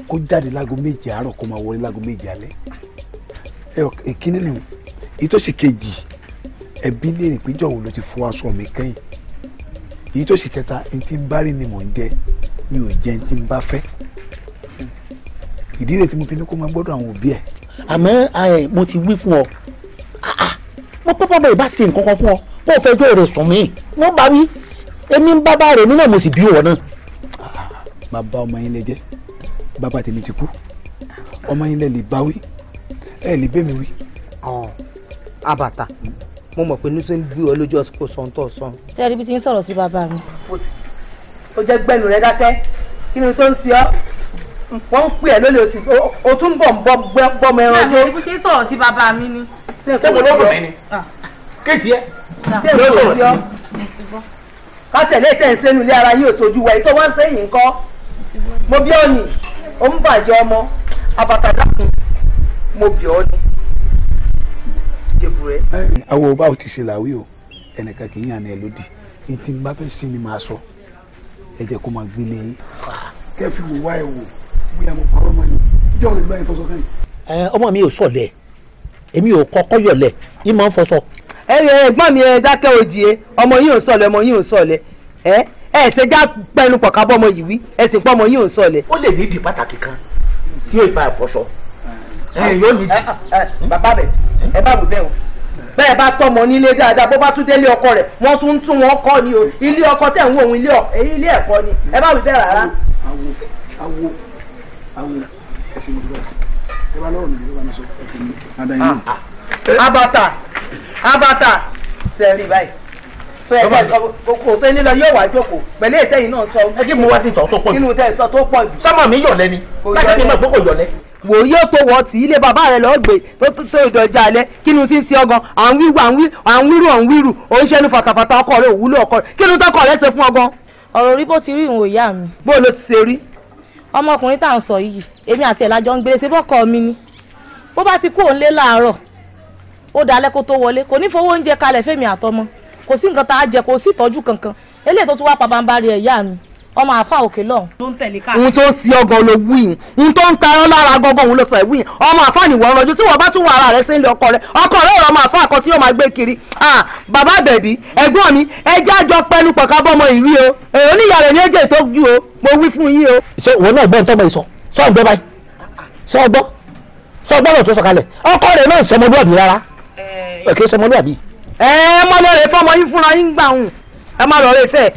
kó jáde láago méje àárọ̀ kó máa wọlé láago méje alẹ́ ìkíní ni èyí tó ṣe kejì ẹbí lè rìn péjọ wo ló ti fọ aṣọ mi kẹ́yìn èyí kẹta ẹni tí ni mò ń jẹ mi ò jẹ́ tí n bá fẹ́ ìdí rẹ̀ tí mo fi ní kó máa gbọ́dọ̀ àwọn òbí ẹ̀. àmọ́ mo ti wí fún ọ ah, ah, mo pápá bẹ́ẹ̀ bá ṣe nǹkan kan fún ọ kó o fẹ́ jó rẹ̀ sùn mí wọ́n bá wí èmi ń bàbá rẹ̀ nínú mo sì bí ìwọ náà. bàbá ah, ọmọ yín lè jẹ́ bàbá tèmi ti kú ọmọ yín lè lè bá wí ẹ lè bẹ́ mi wí. àbàtà mo mọ̀ pé nítorí bí ọ lójú ọ̀sán tó sọ. tẹ́lifí sọ̀rọ̀ sí bàbá mi ó jẹ́ gbẹ́nu rẹ dákẹ́ kí ni tó ń ṣe ọ́ wọ́n ń pè ẹ́ lólè òsì o tún ń bọ̀ ń bọ́ ẹran jẹ́. ìbí ṣe sọ̀rọ̀ sí bàbá mi ni. ṣé mo lọ́dọ̀ mi ni ah. kéètì ẹ ah. ló sọ̀rọ̀ sí mi. ká tẹ̀lé ìtẹ̀ ń sẹ́nu ilé ara yìí òṣojú wa ètò wọn sẹ́yìn kọ́ mo bí ọ̀nì ó ń bàjẹ́ ọmọ abàtà dákun mo bí ọ̀nì jẹ̀bù rẹ̀. àwọn ọba ti ṣe làwí o ẹnìkan kì í yàn ní ẹ lódì ní tí n fẹ́ sí ni màá sọ ẹ jẹ́ kó máa gbélé yín. kẹ́fì wò wá ẹ̀ wò bóyá mo parọ́ mọ́ ni ìjọ rẹ̀ báyìí fọṣọ káyìn. ẹ ọmọ mi ò sọ̀lẹ̀ èmi ò kọ́kọ́ yọ̀lẹ̀ yín máa ń fọṣọ. ẹ yẹ ẹ̀gbọ́n mi ẹ dákẹ́ òjìye ọmọ yín ò sọ̀lẹ̀ ọmọ yín ò sọ̀lẹ̀ ẹ ẹ ṣe já pẹnu pọ̀ kábọ́ ọmọ yìí wí ẹ sì pọ̀ ọmọ yín ò sọ̀lẹ̀. ó lè ní ìdí pàtàkì kan tí ó ì bá a fọṣọ. ẹ yóò ní bàbá rẹ ẹ bá wù bẹ́ẹ̀ o bẹ́ẹ̀ bá tọmọ nílé dáadáa bó bá tún délé ọkọ rẹ̀ wọ́n tún tún wọn kọ́ ni o ilé ọkọ tẹ̀ ń wò òun ilé ẹ̀kọ́ ni ẹ bá wí bẹ́ẹ̀ rárá. awo awo awo ẹsẹ mi bá ẹ bá lọ́rọ̀ mi lè bá mi sọ ẹsẹ mi ada yín. Ah, ah. abata abata sẹ́ẹ̀rì báyìí sọ ẹ̀ sọ kò sẹ́ni lọ yóò wá jókòó pẹ̀lú ètẹ́yìn náà sọ. ẹ kí mo wá sí ìtọ́ tó pọ̀ jù. inú tẹ̀ sọ tó pọ̀ jù. sọ́mọ mi yọ̀lẹ́ ni. láti ní mọ̀ pé kò yọ̀lẹ́ wò ó yóò tó wọ́ tí ilé bàbá rẹ̀ lọ́ọ́ gbé tó tó ìdọ̀jà alẹ́ kí ni ti ń ṣe ọgàn à ń wíru à ń wíru à ń wíru ò ń ṣẹ́nu fàtàfàtà ọkọ rẹ̀ òwúlò ọkọ rẹ̀ kí ni tọkọ rẹ̀ ṣe fún ọgàn. ọ̀rọ̀ orí bó ti rí ìwò ìyá mi. bó ló ti ṣe rí. ọmọkùnrin tá à ń sọ yìí èmi àti ẹ̀lájọ ń gbélé ṣe bọ́kọ mi ni bó bá ti kú òun lé láàárọ̀ ó dalẹ́ kó tó wọlé kò ní fowó oúnjẹ kalẹ̀ fẹ́mi àtọmọ kò sí nǹkan tá a jẹ kò sí ìtọ́jú kankan eléyìí tó tún wá pabambarí ẹ̀ mi ọmọ àfa òkè lọ́hùn. tó ń tẹ̀lé káàkiri. ohun tó ń si ọgàn ló wí yìí ohun tó ń tarán lára gọgàn òun ló sọ ìwí yìí ọmọ àfa nìwọ ń rọjú tí wọn bá tún wà ara rẹ sí ilé ọkọ rẹ ọkọ rẹ ọmọ àfa kan tí yóò máa gbé kiri. bàbá bẹ̀bí ẹ̀gbọ́n mi ẹjẹ́ àjọ pẹ́ẹ́nu pọ̀ká bọ́mọ ìrí o èrò níyà rẹ̀ ní ẹ̀jẹ̀ tó ju o mo wí fún yín o. ṣé wọn náà gbọ́n tọ́gbọ́n ìsọ sọ ọgbẹ́ báyìí sọ ọgbọ́ sọ ọgbọ́n náà tó sọ̀kalẹ̀ ọkọ rẹ̀ náà sọmọlúwàbí rárá ẹ̀kẹ́ sọmọlúwàbí ẹ má lọ rẹ fẹ.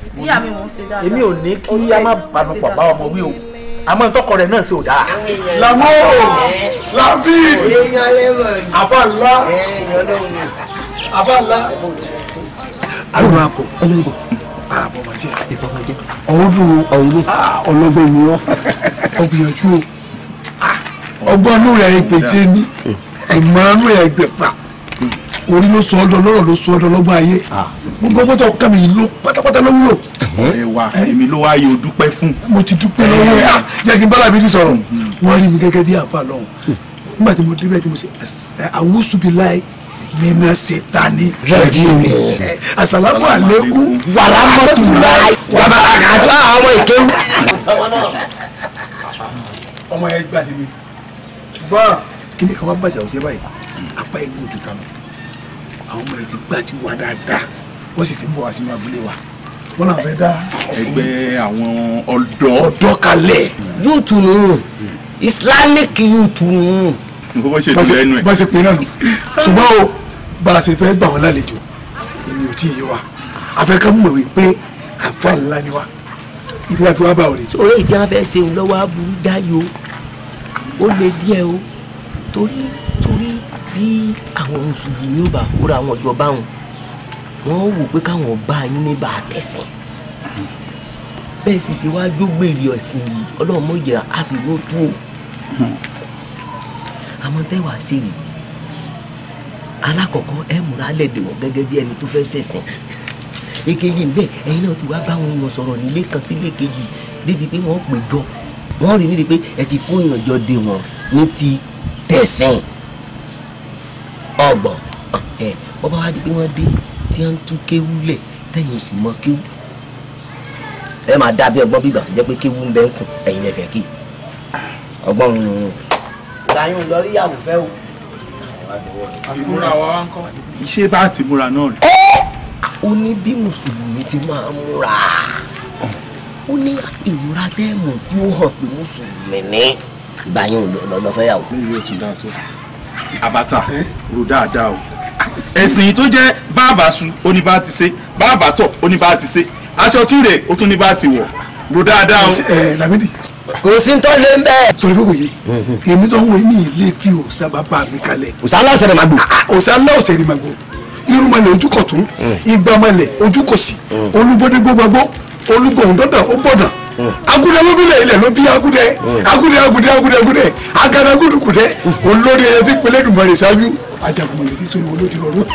èmi ò ní kí a má panupọ̀ bá ọmọ wí o àmọ́ ntọ́kọ rẹ̀ náà ṣe ò dáa. lamọ́ labid abala abala alùpùpù àpò àbọ̀mọ̀jẹ́ ọ̀húndùn ọ̀húndùn ọlọ́gbọ́n ni ọ́ ọ̀gbìyànjú ọgbọ́n nù rẹ̀ ẹgbẹ̀jẹ̀ ni hmm. ìmọ̀ràn nù rẹ̀ ẹgbẹ̀fà orí ló sọ ọdọ lọ́rọ̀ ló sọ ọdọ lọ́gbọ́n ayé gbogbo ah. ọgbọ́n tó kàmì yìí ló pátápátá ló wúlò. ẹ wá èmi ló wá yóò dúpẹ́ fún. mo ti dúpẹ́ lọ́wọ́ ẹ̀ ah, jẹ́ kí bọ́lá mi ní sọ̀rọ̀ hmm. wọ́n rí mi gẹ́gẹ́ bí àfa lọ́hùn nígbà tí mo débẹ̀ tí mo ṣe àwùsùbíláì nínú sitani. rẹ́díìmì. asalamu aleykum. wàrà mọ́tòlá. bàbá àgbà àwọn ìkéwù. ọmọ yẹn gbà tèmi ṣùgbọ́n kí ni kàwá bàjẹ́ òjẹ́ báyìí apá egun ojú ta lọ àwọn ọmọ yìí ti gbájú wa dáadáa wọ́n sì ti ń bọ̀ wá sínú abúlé wa wọ́n làwọn fẹ́ dá ẹgbẹ́ àwọn ọ̀dọ́ ọ̀dọ́ kalẹ̀. yúùtù nù islamic yúùtù nù. nǹkan bá ṣe dùn lẹ́nu ẹ̀. bá ṣe pin náà nù ṣùgbọ́n o bàrà ṣe fẹ́ gbà wọ́n lálejò èmi ò tí ì yé wa àfẹ́ká mọ̀ wípé àfa ńlá ni wa ìdí àfi wá bá ọ rè. sọ̀rọ̀ ìdí àwọn fẹ́ ṣeun lọ́wọ́ aburú dáyò ó lè díẹ̀ o torí torí bí àwọn mùsùlùmí ò bá kóra wọn jọ báwọn wọn wò pé káwọn bá yín ní bá a tẹ̀sìn bẹ́ẹ̀ sì ṣe wáá jógbèrè ọ̀sìn yìí ọlọ́mọ ìjìyà á sì yóò tú o àmọ́ tẹ́wà sí rèé alákọ̀ọ́kọ́ ẹ múra lẹ́dẹ̀ wọ̀ gẹ́gẹ́ bí ẹni tó fẹ́ ṣẹ̀sìn èkejì ń bẹ̀ ẹ̀yin náà ti wá bá àwọn èèyàn sọ̀rọ̀ nílé kan sílé kejì débi pé wọ́n pè jọ wọ́n rí nílé pé ẹ ti kó èèyàn jọ dè wọ́n ní ti tẹ̀sìn ọgbọ̀n wọ́n bá wá di pé wọ́n dé tí wọ́n ń tú kéwú lẹ̀ tẹ̀yìn ò sì mọ kéwú ẹ máa dá bí ọgbọ́n bí ìgbà tó jẹ́ pé kéwú ń bẹ ń kùn ẹ̀yìn lẹ̀ fẹ́ kí ọgbọ́n ń rún un. lọ rí ìyàwó fẹ́ o. ìmúra wa wá iṣẹ́ bá ti múra náà rẹ̀. ó ní bí mùsùlùmí ti máa múra ó ní ìmúra tẹ́ẹ̀mù tí ó hàn pé mùsùlùmí ní ìgbà yẹn lọ́ọ́ fẹ́ yàwó àbàtà rò dáadáa o ẹ̀sìn tó jẹ́ bàbá su oníbà ti ṣe bàbá tọ̀ oníbà ti ṣe aṣọ túre ó tún níbà ti wọ̀ rò dáadáa o. ẹ Lamidi. kò sí tó lé ń bẹ́ẹ̀. sọ̀rọ̀ gbogbo yìí mhm. èmi tó ń wo mi lè fi òòsà bàbá mi kalẹ̀. òòsà aláṣẹ rẹ̀ máa gbò. Ah, ah, òòsà aláṣẹ rẹ̀ máa gbò irúnmọlẹ̀ ojú kọ̀tún mm. ìgbàmọlẹ̀ ojú kòsì mm. olúgbódégbógbàgbó olúgbòhùndọ́dàn agudẹ ló bílẹ̀ ilẹ̀ ló bí agudẹ agudẹ agudẹ agudẹ agudẹ agada agudu kudẹ olórí ẹyẹ ti pẹlẹ dùnmọ̀ rẹ ṣáájú ajagun yẹn ti sori olódi ọdún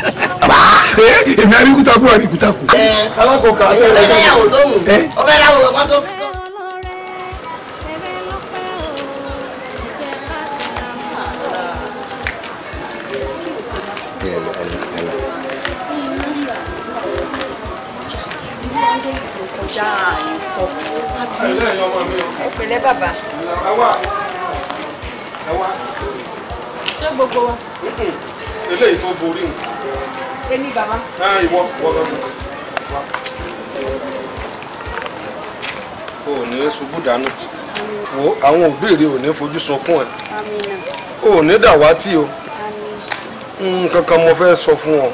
èmi arikuta kú arikuta kú. ẹ alákòó kan ṣe ìrẹsì. ọbẹ̀ yàwó lóhùn ọbẹ̀ yàwó lóhùn ọtọ́. Yeah, it's so cool ẹ pẹ̀lẹ́ bàbá. ẹ wá ẹ wá. ṣé gbogbo wa. eléyìí tó borí o. èmi bàbá. ẹ ìwọ ìwọ bàbá wa. o ò ní ṣubú dànù wo àwọn òbí rẹ ò ní fojú sunkún ẹ o ò ní dàwátì o nǹkan kan mo fẹ́ sọ fún ọ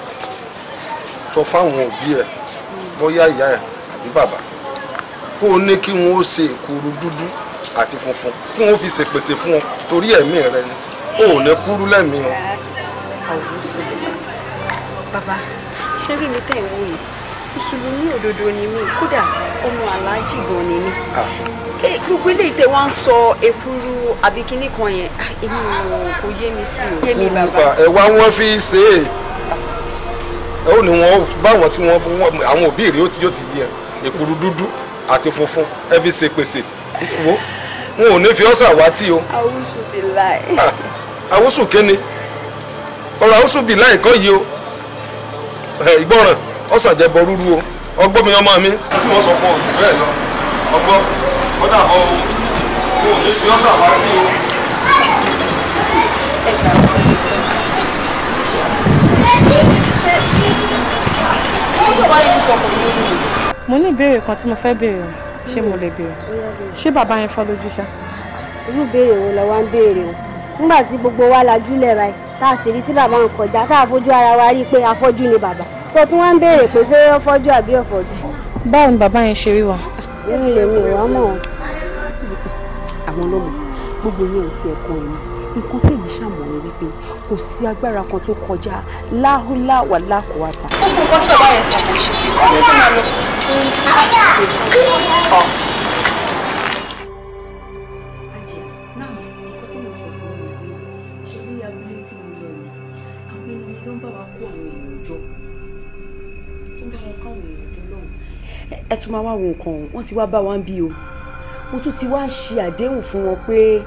sọ fáwọn òbí ẹ bóyá ìyá ẹ àbí bàbá kó o ní kí wọn ó ṣe èkuru dúdú àti funfun kí wọn ó fi ṣèpèsè fún ọ torí ẹ̀mí rẹ ni ó ò ní kúrú lẹ́mìí wọn. àwùjọ bàbá ṣé rí mi tẹ̀ ń wò yìí mùsùlùmí òdodo ni mí kódà ọmọ aláàjì gan ni mí gbogbo eléyìí tẹ wá ń sọ èkuru àbí kinní kan yẹn èmi ò kò yé mi sí o. kúrúpa ẹ̀wà wọn fi ṣe é ó ní wọn báwọn tí wọn àwọn òbí rèé ó ti yé èkuru dúdú àti funfun ẹ fi ṣe pèsè wo wọn ò ní fi ọ́sà wá tí o. àwùsù bí láì. àwùsù kéne ọ̀rọ̀ àwùsù bí láì kọ́ yìí o ìgbọràn ọ̀sà jẹ́ bọ rúru o ọgbọ́n mi ọmọ mi tí wọ́n sọ fún òjò bẹ́ẹ̀ lọ ọgbọ́n ó dàbọ̀ o wọn ò ní fi ọ́sà wá tí o. Thank you mo ní ìbéèrè kan tí mo fẹ́ béèrè ṣé mo lè béèrè ṣé bàbá yẹn fọ́ lójú ṣá. irú ìbéèrè wo lẹ wá ń béèrè o nígbà tí gbogbo wa lajú lẹ̀ báyìí tá a sì rí tí bàbá ń kọjá tá a fojú ara wa rí i pé afọ́jú ni bàbá tó tún wá ń béèrè pé ṣé ó fọ́jú àbí ó fọ́jú. báwo ni bàbá yẹn ṣe rí wa. irú lèmi ò wá mọ̀ wọn. àwọn ọlọ́mọ gbogbo yẹn ò tiẹ̀ kan ẹ̀mí nǹkan tèmi ṣàmọ̀ wípé kò sí agbára kan tó kọjá láhùláwà lákòóta. ó kún nǹkan tí bàbá yẹn sọ ṣe kí ó lè máa lọ ẹ tún máa wá wo nǹkan wọn ti wá bá wa ń bí o mo tún ti wá ṣe àdéhùn fún wọn pé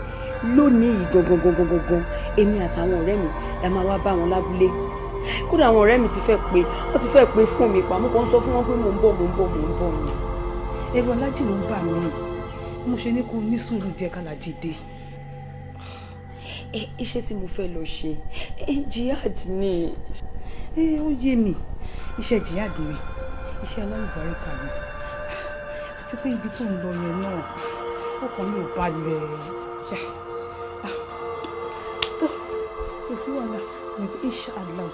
lónìí gangan gangan gangan èmi àtàwọn ọ̀rẹ́ mi la máa wá bá wọn lábúlé kódà àwọn ọ̀rẹ́ mi ti fẹ́ pé wọ́n ti fẹ́ pé fún mi pa mo kàn ń sọ fún wọn pé mò ń bọ̀ mò ń bọ̀ mò ń bọ̀ ni. ẹ̀rù alájì ló ń bà mí mo ṣe ní kó ní sùúrù díẹ̀ kálàjì dé. iṣẹ́ tí mo fẹ́ lọ ṣe jihad ni. ó yé mi iṣẹ́ jihad ni iṣẹ́ alálùbáríkà ni àti pé ibi tó ń lọ yẹn náà ọkàn mi ò balẹ̀ ah. tó kò sí wàhálà inshallah.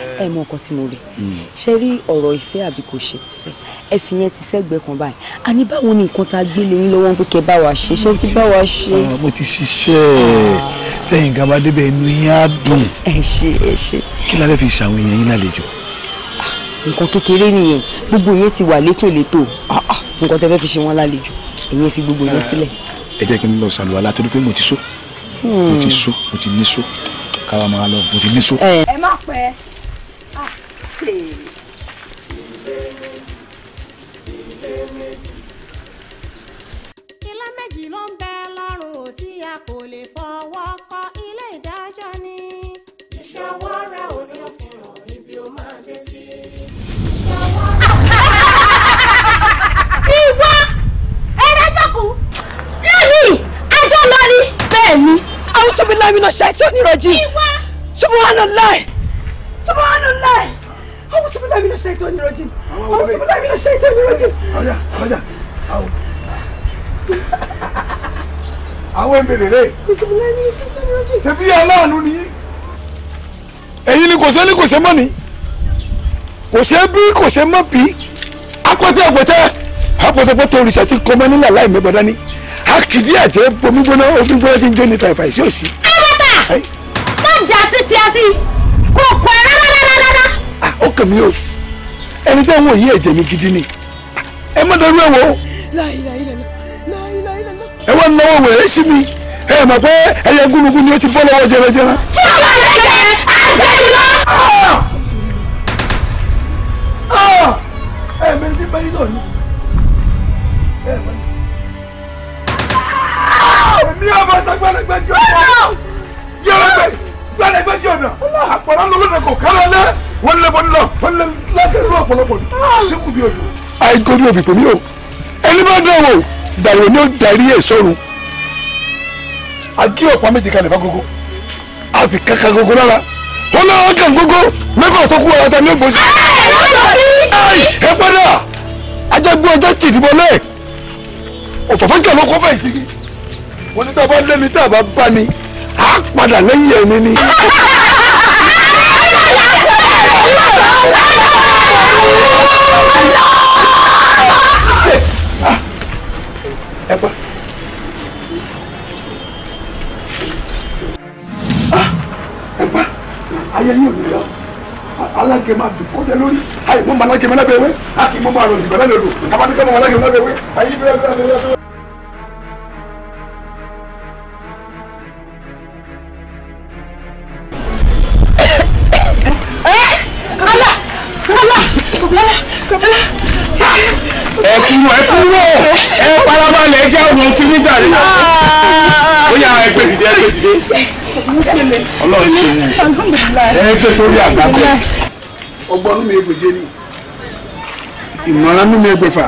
ẹ mọ nǹkan tí mo rí hmm. ṣe rí ọ̀rọ̀ ìfẹ́ àbí kò ṣe ti fẹ́ ẹ fi yẹn ti sẹ́gbẹ́ kan báyìí àní báwo ni nǹkan tá a gbé lé yín lọ́wọ́ pé kẹ́ bá wa ṣe ṣé ti bá wa ṣe. Ah, mo ti ṣiṣẹ́ ah. tẹ̀yìn gaba débẹ̀ inú yín á dùn. ẹ ṣe ẹ ṣe. kí la fi ṣàwọn èèyàn yín lálejò. Ah, nǹkan kékeré nìyẹn gbogbo yẹn ti wà létòlétò nǹkan tẹ́ fẹ́ fi ṣe wọ́n lálejò ẹ̀yin fi gbogbo yẹn sílẹ̀. ẹ jẹ́ kí n lọ ṣàlùwàlá torí pé mo ti só mo ti hmm. só mo ti ní só káwa máa lọ mo ti ní só. Eh. ẹ má pẹ́ play. ilé méjì ló ń bẹ lọ́rùn tí a kò lè fọwọ́ kọ ilé ìdájọ́ ni. iṣẹ́ ọwọ́ rẹ̀ ò ní òfin hàn níbi ó máa dé sí. subhanallah subhanallah. أعوذ بالله من الشيطان الرجيم أعوذ بالله من الشيطان الرجيم أرجع أرجع أو àwọn èmèrèrè tẹbí aláàánú ni èyí ni kò ṣe ní kò ṣe mọ́ ni kò ṣe bí kò ṣe mọ́ bí apẹtẹ apẹtẹ apẹtẹpẹtẹ òrìṣà ti kọ́ mọ́ nílẹ̀ láì mẹ́gbẹ̀dá ni akidi àjẹ bomi gbóná omi gbóná ti ń jó ní fàìfà ìṣe òsì. ẹ bàbá má jà títí a sí kò kọ ẹ rárá rárá rárá ó kàn mí o ẹni tẹ́ ń wò yí ẹ̀jẹ̀ mi gidi ni ẹ má dọ̀rú ẹ̀ wò ó. ẹ wá náwó wẹ̀rẹ́ sí mi ẹ mọ̀ pé ẹyẹ gúnugún ni ó ti bọ́ lọ́wọ́ jẹrẹjẹrẹ. tí o bá lè jẹ àgbẹ̀rù lọ. ẹ̀mí ti bá yín lọ́nà ẹ̀mí. èmi ò bá sọ gbọ́dọ̀gbẹ́jọ́ ọ̀nà yẹ́rẹ́gbẹ́ gbọ́dọ̀gbẹ́jọ́ ọ̀nà àpọ̀lọ́ lọ́lọ́dẹ kò kálẹ̀ lẹ́ wọ́n lé bọ́ni lọ wọ́n lé lákẹ́ lọ ọ̀pọ̀lọpọ̀ ni síkù bí odò. àìkórí òbí pèmí o ẹni bá dán wò dàrú ni ó darí ẹ sọrun. a kí ọ̀pá méjì kalẹ̀ bá gógó a fi kaka gógó lára wọn náà kà gógó mẹ́fà tó kú ọ̀rọ̀ ta ni ó gbòòsì. ẹ padà ajagbó ọjà tìdìbọn náà òfòfó jà ló kó fẹ́ ìdí wọn ní tá a bá lé ní tá a bá bá ní a padà lẹ́yìn ẹni ni. ayé yóò ní lọ alágẹ máa dùn kọ́dẹ lórí àyè mọ́ mọ́ alágẹ máa lábẹ́ wẹ́ a kì í mọ́ mọ́ àrùn ìgbàlá lòlù kàbá ní ká mọ́ ayé bí wẹ́ bí wẹ́ ọgbọ́n nínú egbèje ni ìmọ̀ràn nínú egbèfà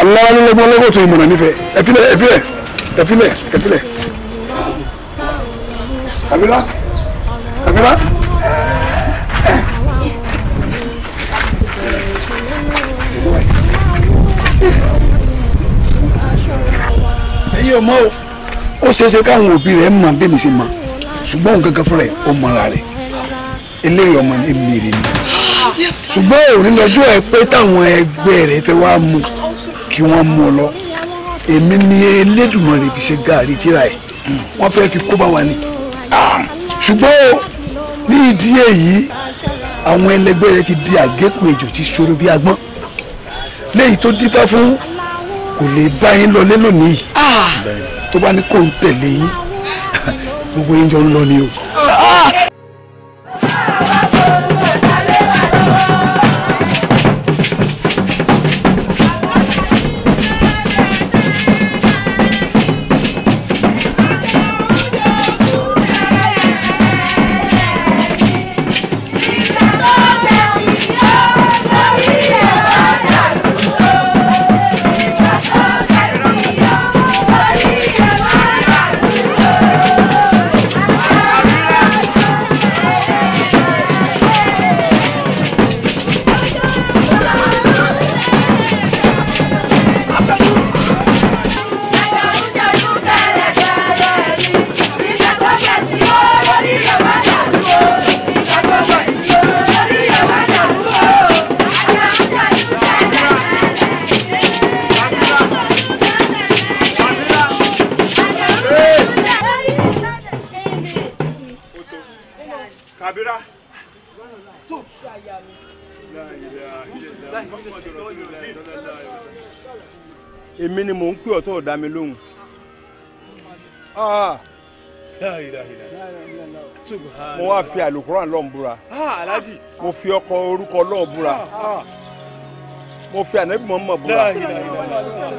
aláwa ní lọ́gbọ́n lọ́gbọ́n tó ìmọ̀ràn nífẹ̀ẹ́ ẹ̀fílẹ̀ ẹ̀fílẹ̀ ẹ̀fílẹ̀ ẹ̀fílẹ̀ kabila kabila. ẹyẹ ọmọ o ó ṣeéṣe káwọn òbí rẹ mọ bí mi ṣe mọ ṣùgbọ́n nǹkan kan fúnra ẹ̀ ó mọ ara rẹ̀ eléyìí ọmọ ní mèrè ni ṣùgbọ́n òní lọ́jọ́ ẹ pé táwọn ẹgbẹ́ rẹ fẹ́ wá mú kí wọ́n mú lọ èmi ni Elédùmarè fi ṣe gààrí tíra ẹ̀ wọ́n fẹ́ fi kó bá wa ni ṣùgbọ́n ní ìdí èyí àwọn ẹlẹgbẹ́ rẹ ti di àgékù ejò tí ṣòro bí agbọ́n léyìí tó dífá fún kò lè bá yín lọlé lónìí ah! tó bá ní kò ń tẹ̀lé yín gbogbo yín jọ ń lọ ni o. máa fi àlùkùrán lọ́n búra ah, mo fi ọkọ orúkọ lọ́n búra ah, ah. mo fi ànábì mọ́mọ́ búra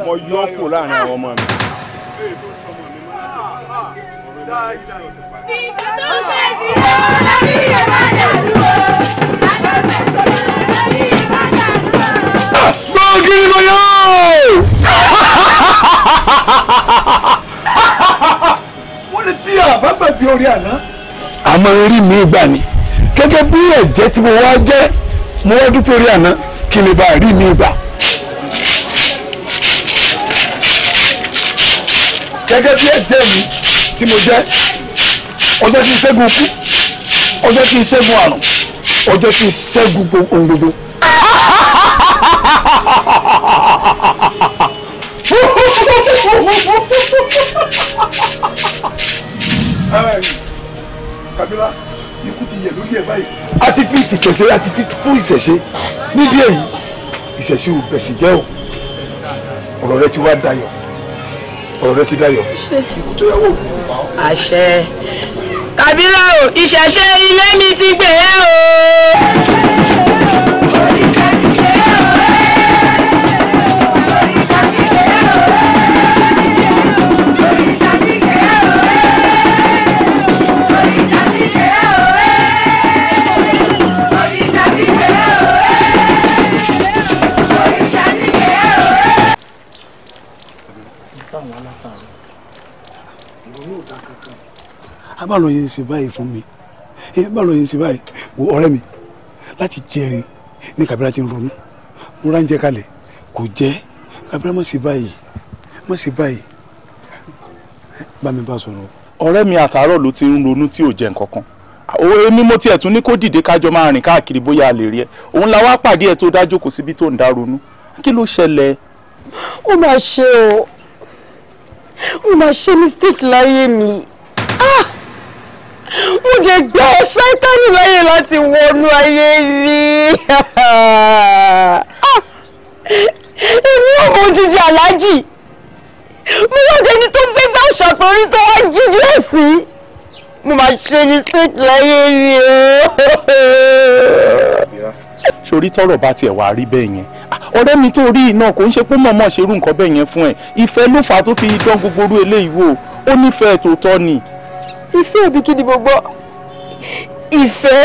mo yọ ọ́ kúrò láàrin àwọn ọmọ mi. nígbà tó tẹ̀sí lọ́wọ́ ní ìbàdàn lù ọ́ àgbẹ̀fẹ̀ tó lọ́wọ́ ní ìbàdàn lù ọ́. gbọ́ngì ni mo yọ. wọ́n lè tí àbábàbí orí àná àmọ́ rí mi gbà ni gẹ́gẹ́ bí ẹ̀jẹ̀ tí mo wá jẹ́ mo wá dúpẹ́ rí àná kí n lè bá rí mi gbà. gẹ́gẹ́ bí ẹ̀jẹ̀ mi tí mo jẹ́ ọjọ́ tí n ṣẹ́gun kú ọjọ́ tí ṣẹ́gun àrùn ọjọ́ tí ṣẹ́gun ohun gbogbo. Hey pamela ikú ti yẹ lórí ẹ báyìí. a ti fi ìtìtẹ̀sẹ̀ a ti fi fún ìṣẹ̀ṣe nídìí èyí ìṣẹ̀ṣe ò bẹ̀sì jẹ́ o ọ̀rọ̀ rẹ ti wá dayọ̀ ọ̀rọ̀ rẹ ti dayọ̀ ikú tó yàwó àṣẹ kàbírà o ìṣẹ̀ṣe ilé mi ti gbé e o. Ah, báwo yẹn ṣe báyìí fún mi eh, báwo yẹn ṣe báyìí wo ọ̀rẹ́ mi láti jẹrin ní Kabira ti ń ronú mo rà ń jẹ kalẹ̀ kò jẹ́ Kabira má ṣe báyìí má ṣe báyìí bá mi bá sọ̀rọ̀. ọ̀rẹ́ mi àtàárọ̀ ló ti ń ronú tí ò jẹ nǹkan kan èmi mo tiẹ̀ tún ní kó dìde kájọ máa rìn káàkiri bóyá a lè rí ẹ òun la wá pàdé ẹ tó dájú kò síbi tó ń dá ronú kí ló ṣẹlẹ̀. ó máa ṣe o ó máa ṣe mistake láyé mi mo jẹ gbẹ ṣáítánì láyè láti wọnú ayé mi èmi ò mọ jíjẹ aláàjì mo yóò dẹni tó gbé bá ṣàforí tó wá jíjú ẹ sí mo máa ṣe ní state láyé mi o. sori tọrọ bá tiẹ̀ wá rí bẹ́ẹ̀ yẹn ọ̀rẹ́ mi tó rí iná kò ń ṣe pé mọ̀ọ́mọ̀ ṣerú nǹkan bẹ́ẹ̀ yẹn fún ẹ ìfẹ́ ló fà á tó fi dán gbogbo orú eléyìí wò ó nífẹ̀ẹ́ tó ni ìfẹ́ òbí kí ni mo gbọ́ ìfẹ́.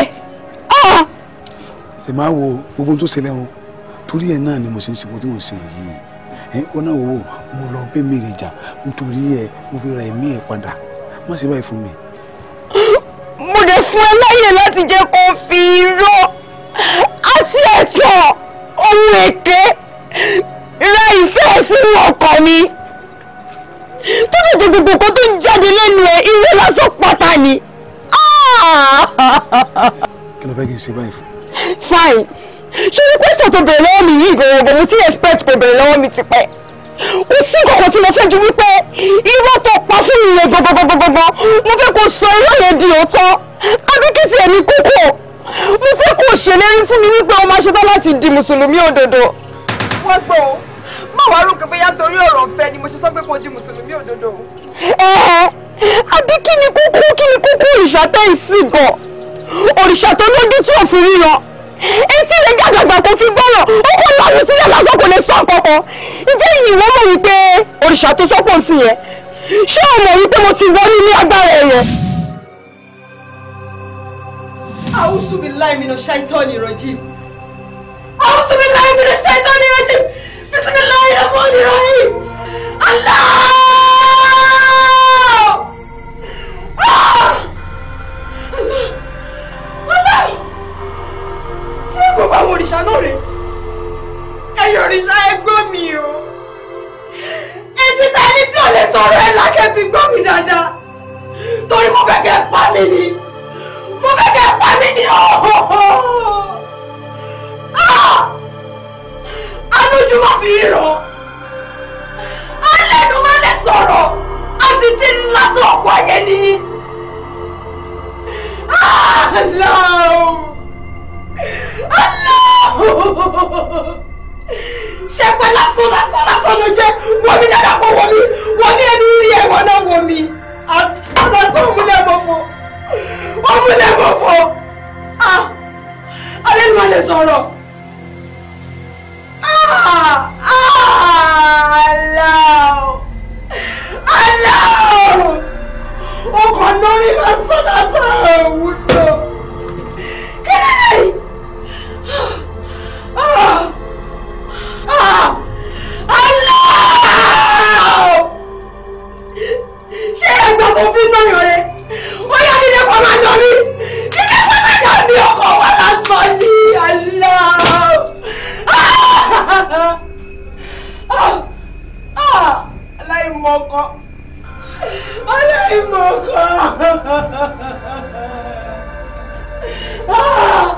tèmi ah! á wo gbogbo tó ṣẹlẹ̀ wọn torí ẹ̀ náà ni mo ṣe ń ṣèpò tí mo ṣe yìí ẹ wọn náà wò mo lọ bẹ́ mi rè jà nítorí ẹ mo fi ra ẹ̀mí ẹ̀ padà má ṣe báyìí fún mi. mo lè fún ẹ láyè láti jẹ́ kó fi irọ́ àti ẹ̀tọ́ ohun èké ra ìfẹ́ sínú ọkàn mi tó lè jẹ gbogbo nǹkan tó ń jáde lẹ́nu ẹ̀ irú lásán pátá ni. kí ló fẹ́ kí n ṣe báyìí fún. fine ṣé request tó bèrè lọ́wọ́ mi yìí gòrògò mo ti expect kò bèrè lọ́wọ́ mi ti pẹ́ kò sí kankan tí mo fẹ́ ju wípé irọ́ tó pa fún mi yẹn gbogbogbogbogbò mo fẹ́ kó sọ irọ́ yẹn di òótọ́ abíkítì ẹ̀mí kókó mo fẹ́ kó ṣèlérí fún mi wípé o máa ṣetán láti di mùsùlùmí òdodo. wọ́n gbọ́ o má wàá rò pé bóyá torí ọ̀rọ̀ ọ̀fẹ́ ni mo ṣe sọ pé mo di mùsùlùmí òdodo. ẹ ẹ àbí kí ni kúkú kí ni kúkú òrìṣà tẹ́ ìsìn gan òrìṣà tó lójú tí òfin ríran etí lè gàdàgbà kò fi gbọ́rọ̀ ó kò lọ́nu sílẹ̀ lásán kò lè sọ kankan ǹjẹ́ ìwọ mọ̀ wípé òrìṣà tó sọ́pọ̀ sí yẹn ṣé o mọ̀ wípé mo ti wọ́n ní agbára ẹ̀yẹ. àwùsùnmí láìmínà ṣáìtọ́ ni ìrọ̀jì àwùsùnmí láìmínà ṣáìtọ́ ni ìrọ̀jì. بسم الله الرحمن الرحيم الله آه! الله الله ṣé gbogbo àwọn òrìṣà náà rèé ẹ̀yin o etí ta ẹni tí ò lè sọ̀rọ̀ ẹ̀ lákẹ́ ti gbọ́ mi dáadáa torí mo fẹ́ kẹ́ pa mí ni mo fẹ́ kẹ́ pa mí ni ọ̀hún. tójú máa fi ríran alẹ́nu má lè sọ̀rọ̀ àti tí lásán ọkọ ayé ni aláwọ̀ aláwọ̀ ṣe pé lásán lásán lásán ló jẹ́ wọ́n mi dáadáa kó wọ́n mi wọ́n ní ẹni rí ẹ̀wọ̀n náà wọ́n mi àtàlásán òmùlẹ̀ mọ̀fọ́ òmùlẹ̀ mọ̀fọ́ ah! alẹ́nu má lè sọ̀rọ̀ aláwọ̀ aláwọ̀ ọkọ̀ lórí lásán lásán òwúlò kílẹ̀ aláwọ̀ ṣé ẹgbẹ́ tó fi náà yọ̀ rẹ̀ ó yà nílé kọ́ máa yọ̀ mí nílé kọ́ máa yọ̀ mí ọkọ̀ wọn lásán ní aláwọ̀ aláìmọ̀kọ aláìmọ̀kọ ah.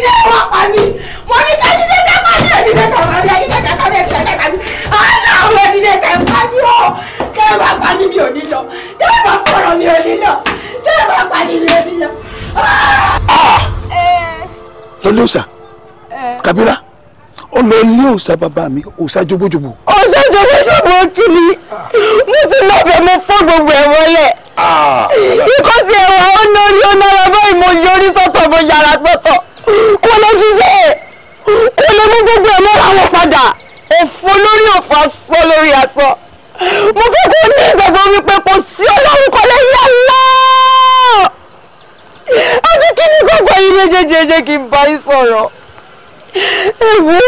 jíjẹ́ ìwà pa mi mo ní ká jíjẹ́ ká pa mí ẹ̀jíjẹ́ ká pa mí ẹ̀jíjẹ́ ká pa mí ẹ̀jíjẹ́ ká pa mí ọ̀nà àwọn ẹ̀jíjẹ́ ká pa mí ọ̀ tẹ́ ẹ bá pa mí mi ò ní lọ tẹ́ ẹ bá fọ̀rọ̀ mi ò ní lọ tẹ́ ẹ bá pa mí mi ò ní lọ. lọ́lẹ́ òòsà kabira ó lọ ní òòsà bàbá mi òòsà jogbojogbo. òòsà jogbojogbo kí ni mo ti lọ bẹ mo fọ gbogbo ẹ wọlé ikọ́ ah! sí ẹ̀wà ó lórí ó nára báyìí mo yọrí sọ́tọ̀ mo yàrá sọ́tọ̀ kò lè jíjẹ kò lè mú gbogbo ẹ̀ mọ́ra wọn padà òfò lórí òfò asọ lórí asọ mo fẹ́ kó ní ìgbàgbọ́ wípé kò sí ọlọ́run kan lẹ́yìn Allah àbí kí ni gbogbo yìí méjèèjì ẹ jẹ́ kí n bá yín sọ̀rọ̀ ìwọ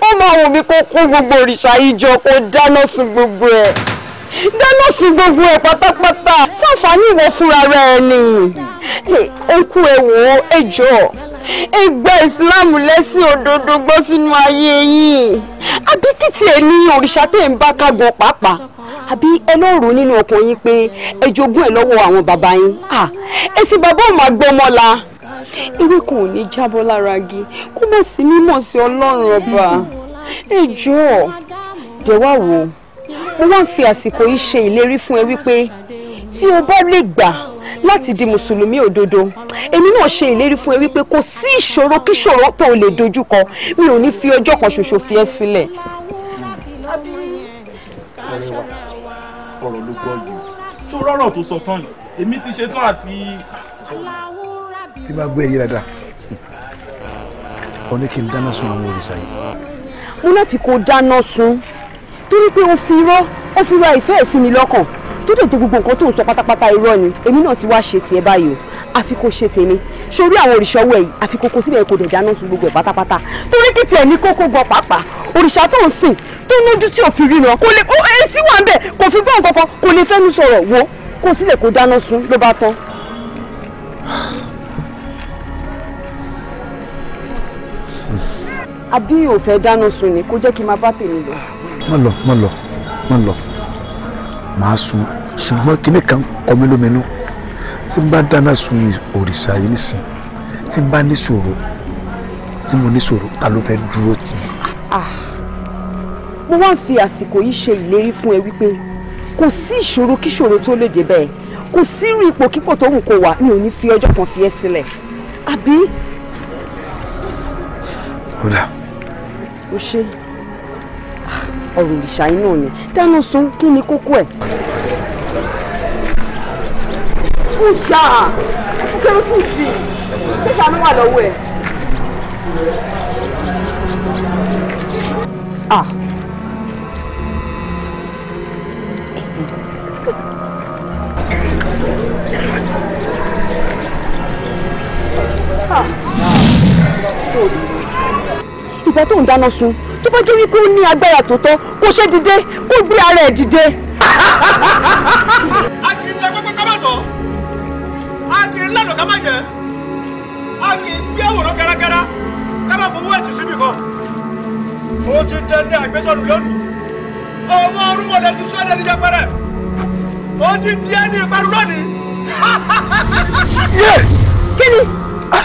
ó máa wù mí kó kó gbogbo òrìṣà ìjọ kó dáná sun gbogbo ẹ̀ dáná sun gbogbo ẹ̀ pátápátá fáfá ní ìwọ fúnra rẹ̀ ni òkú ẹ̀ wò ó ẹjọ́ ẹ gba ìsìláàmù lẹ́sìn òdodo gbọ́ sínú ayé yín àbí títí ẹ ní òrìṣà tẹ̀ ń bá kágun pàápàá àbí ẹ lọ rò nínú ọkàn yín pé ẹ jogún ẹ lọ́wọ́ àwọn bàbá yín ẹ̀sìn bàbá ò máa gbọ́mọ la ewé kan ò ní jábọ́ lára igi kó má sí mímọ̀ sí ọlọ́run ọba ẹ jọ̀ọ́ dẹ̀wà wò mo wá ń fi àsìkò yìí ṣe ìlérí fún ẹ wípé tí o bá lè gbà láti di mùsùlùmí òdodo èmi náà ṣe ìlérí fún ẹ wípé kò sí ìṣòro kí ṣòro tó o lè dojú kọ mi ò ní fi ọjọ́ kan ṣoṣo fi ẹ́ sílẹ̀. ọ̀rọ̀ ló gbọ́ yìí ṣó rọ́rọ̀ tó sọ tán ni èmi ti ṣe tán àti. tí bá gbé ẹyẹ dáadáa ọ ní kí n dáná sun àwọn òrìṣà yìí. mo láti kó dáná sun torí pé o fi irọ́ o fi ra mi lọ́kàn tó dẹ̀ jẹ́ gbogbo nǹkan tó ń sọ pátápátá irọ́ ni èmi náà ti wá ṣe tiẹ̀ báyìí o àfi kò ṣe tèmi sórí àwọn òrìṣà ọwọ́ ẹ̀yìn àfi kò kó síbẹ̀ kò dẹ̀ dáná sun gbogbo ẹ̀ pátápátá torí kìtì ẹ̀ ní kókó gan pàápàá òrìṣà tó ń sìn tó lójú tí ò fi ríran kò lè ó ẹ tí wà ń bẹ̀ kò fi bọ́ nǹkan kan kò lè fẹ́nu sọ̀rọ̀ wo kó sílẹ̀ kó dáná sun ló bá tán. àbí ó fẹ́ dáná sun ni kó jẹ́ kí n máa bá tèmi lọ. má lọ má lọ má lọ màá sun ṣùgbọ́n kinní kan kọ mí lóminú tí n bá dáná sun òrìṣà yìí nísìn tí n bá níṣòro tí mo níṣòro ta ló fẹ́ dúró tì mí. Ah, mo wá ń fi àsìkò yìí ṣe ìlérí fún ẹ wípé kò sí ìṣòro kíṣòro tó lè dé bẹ́ẹ̀ kò sírú ipòkípò tó hùn kó wà mi ò ní fi ọjọ́ kan fi ẹ́ sílẹ̀ àbí. ó dà. ó ṣe é ọ̀rọ̀ òrìṣà iná ni dáná sun kí ni kókó ẹ̀. ọjà kérésìsì ṣé ṣàánú wà lọ́wọ́ ẹ̀. ah ìgbà tó ń dáná sun tó bá jẹ́ wípé ó ní agbára tó tọ́ kó ṣe dìde kó gbé ara ẹ̀ dìde. a kì í ká má tọ́ a kì ká má jẹ́ a kì àwòrán gẹ́rẹ́gẹ́rẹ́ ká má fowó ẹ̀tì síbi kan. ó ti dẹni àgbésọ̀rù lónìí ọmọ orúmọdé ti sọ́dẹ̀ ní yẹpẹrẹ ó ti di ìparun lónìí. kí ni. Ah!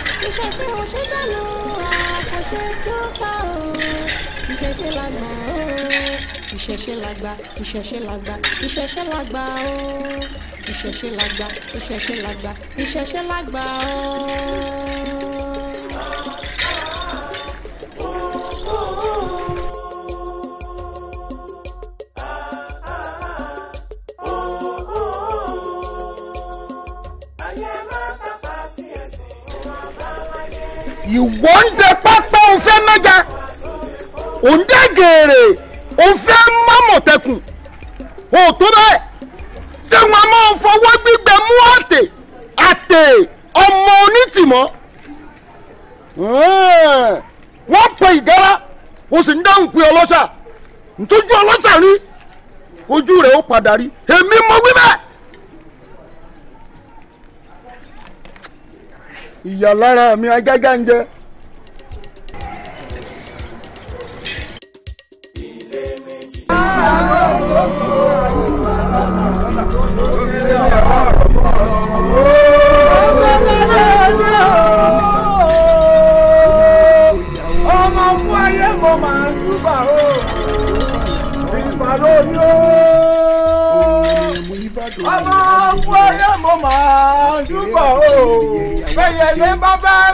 ìṣẹ̀ṣe òṣèlú àkànṣe tó pa ó ìṣẹ̀ṣe làgbà ó ìṣẹ̀ṣe làgbà ìṣẹ̀ṣe làgbà ìṣẹ̀ṣe làgbà ó ìṣẹ̀ṣe làgbà ìṣẹ̀ṣe làgbà ìṣẹ̀ṣe làgbà ó. ìwọ ń dẹ pápá òun fẹ́ mẹ́ja òun dẹ gèrè òun fẹ́ mọ́mọ̀tẹ́kùn ò tó bẹ́ẹ̀ ṣé wọn máa ń fọwọ́ gbígbẹ mú àtè àtè ọmọ onítìmọ́ wọ́n pe ìgárá o sì ń dáhùn pé ọlọ́ṣà ntójú ọlọ́ṣà rí ojú rẹ̀ ó padà rí èmi mọ wí bẹ́ẹ̀. ìyà lára mi agágá ń jẹ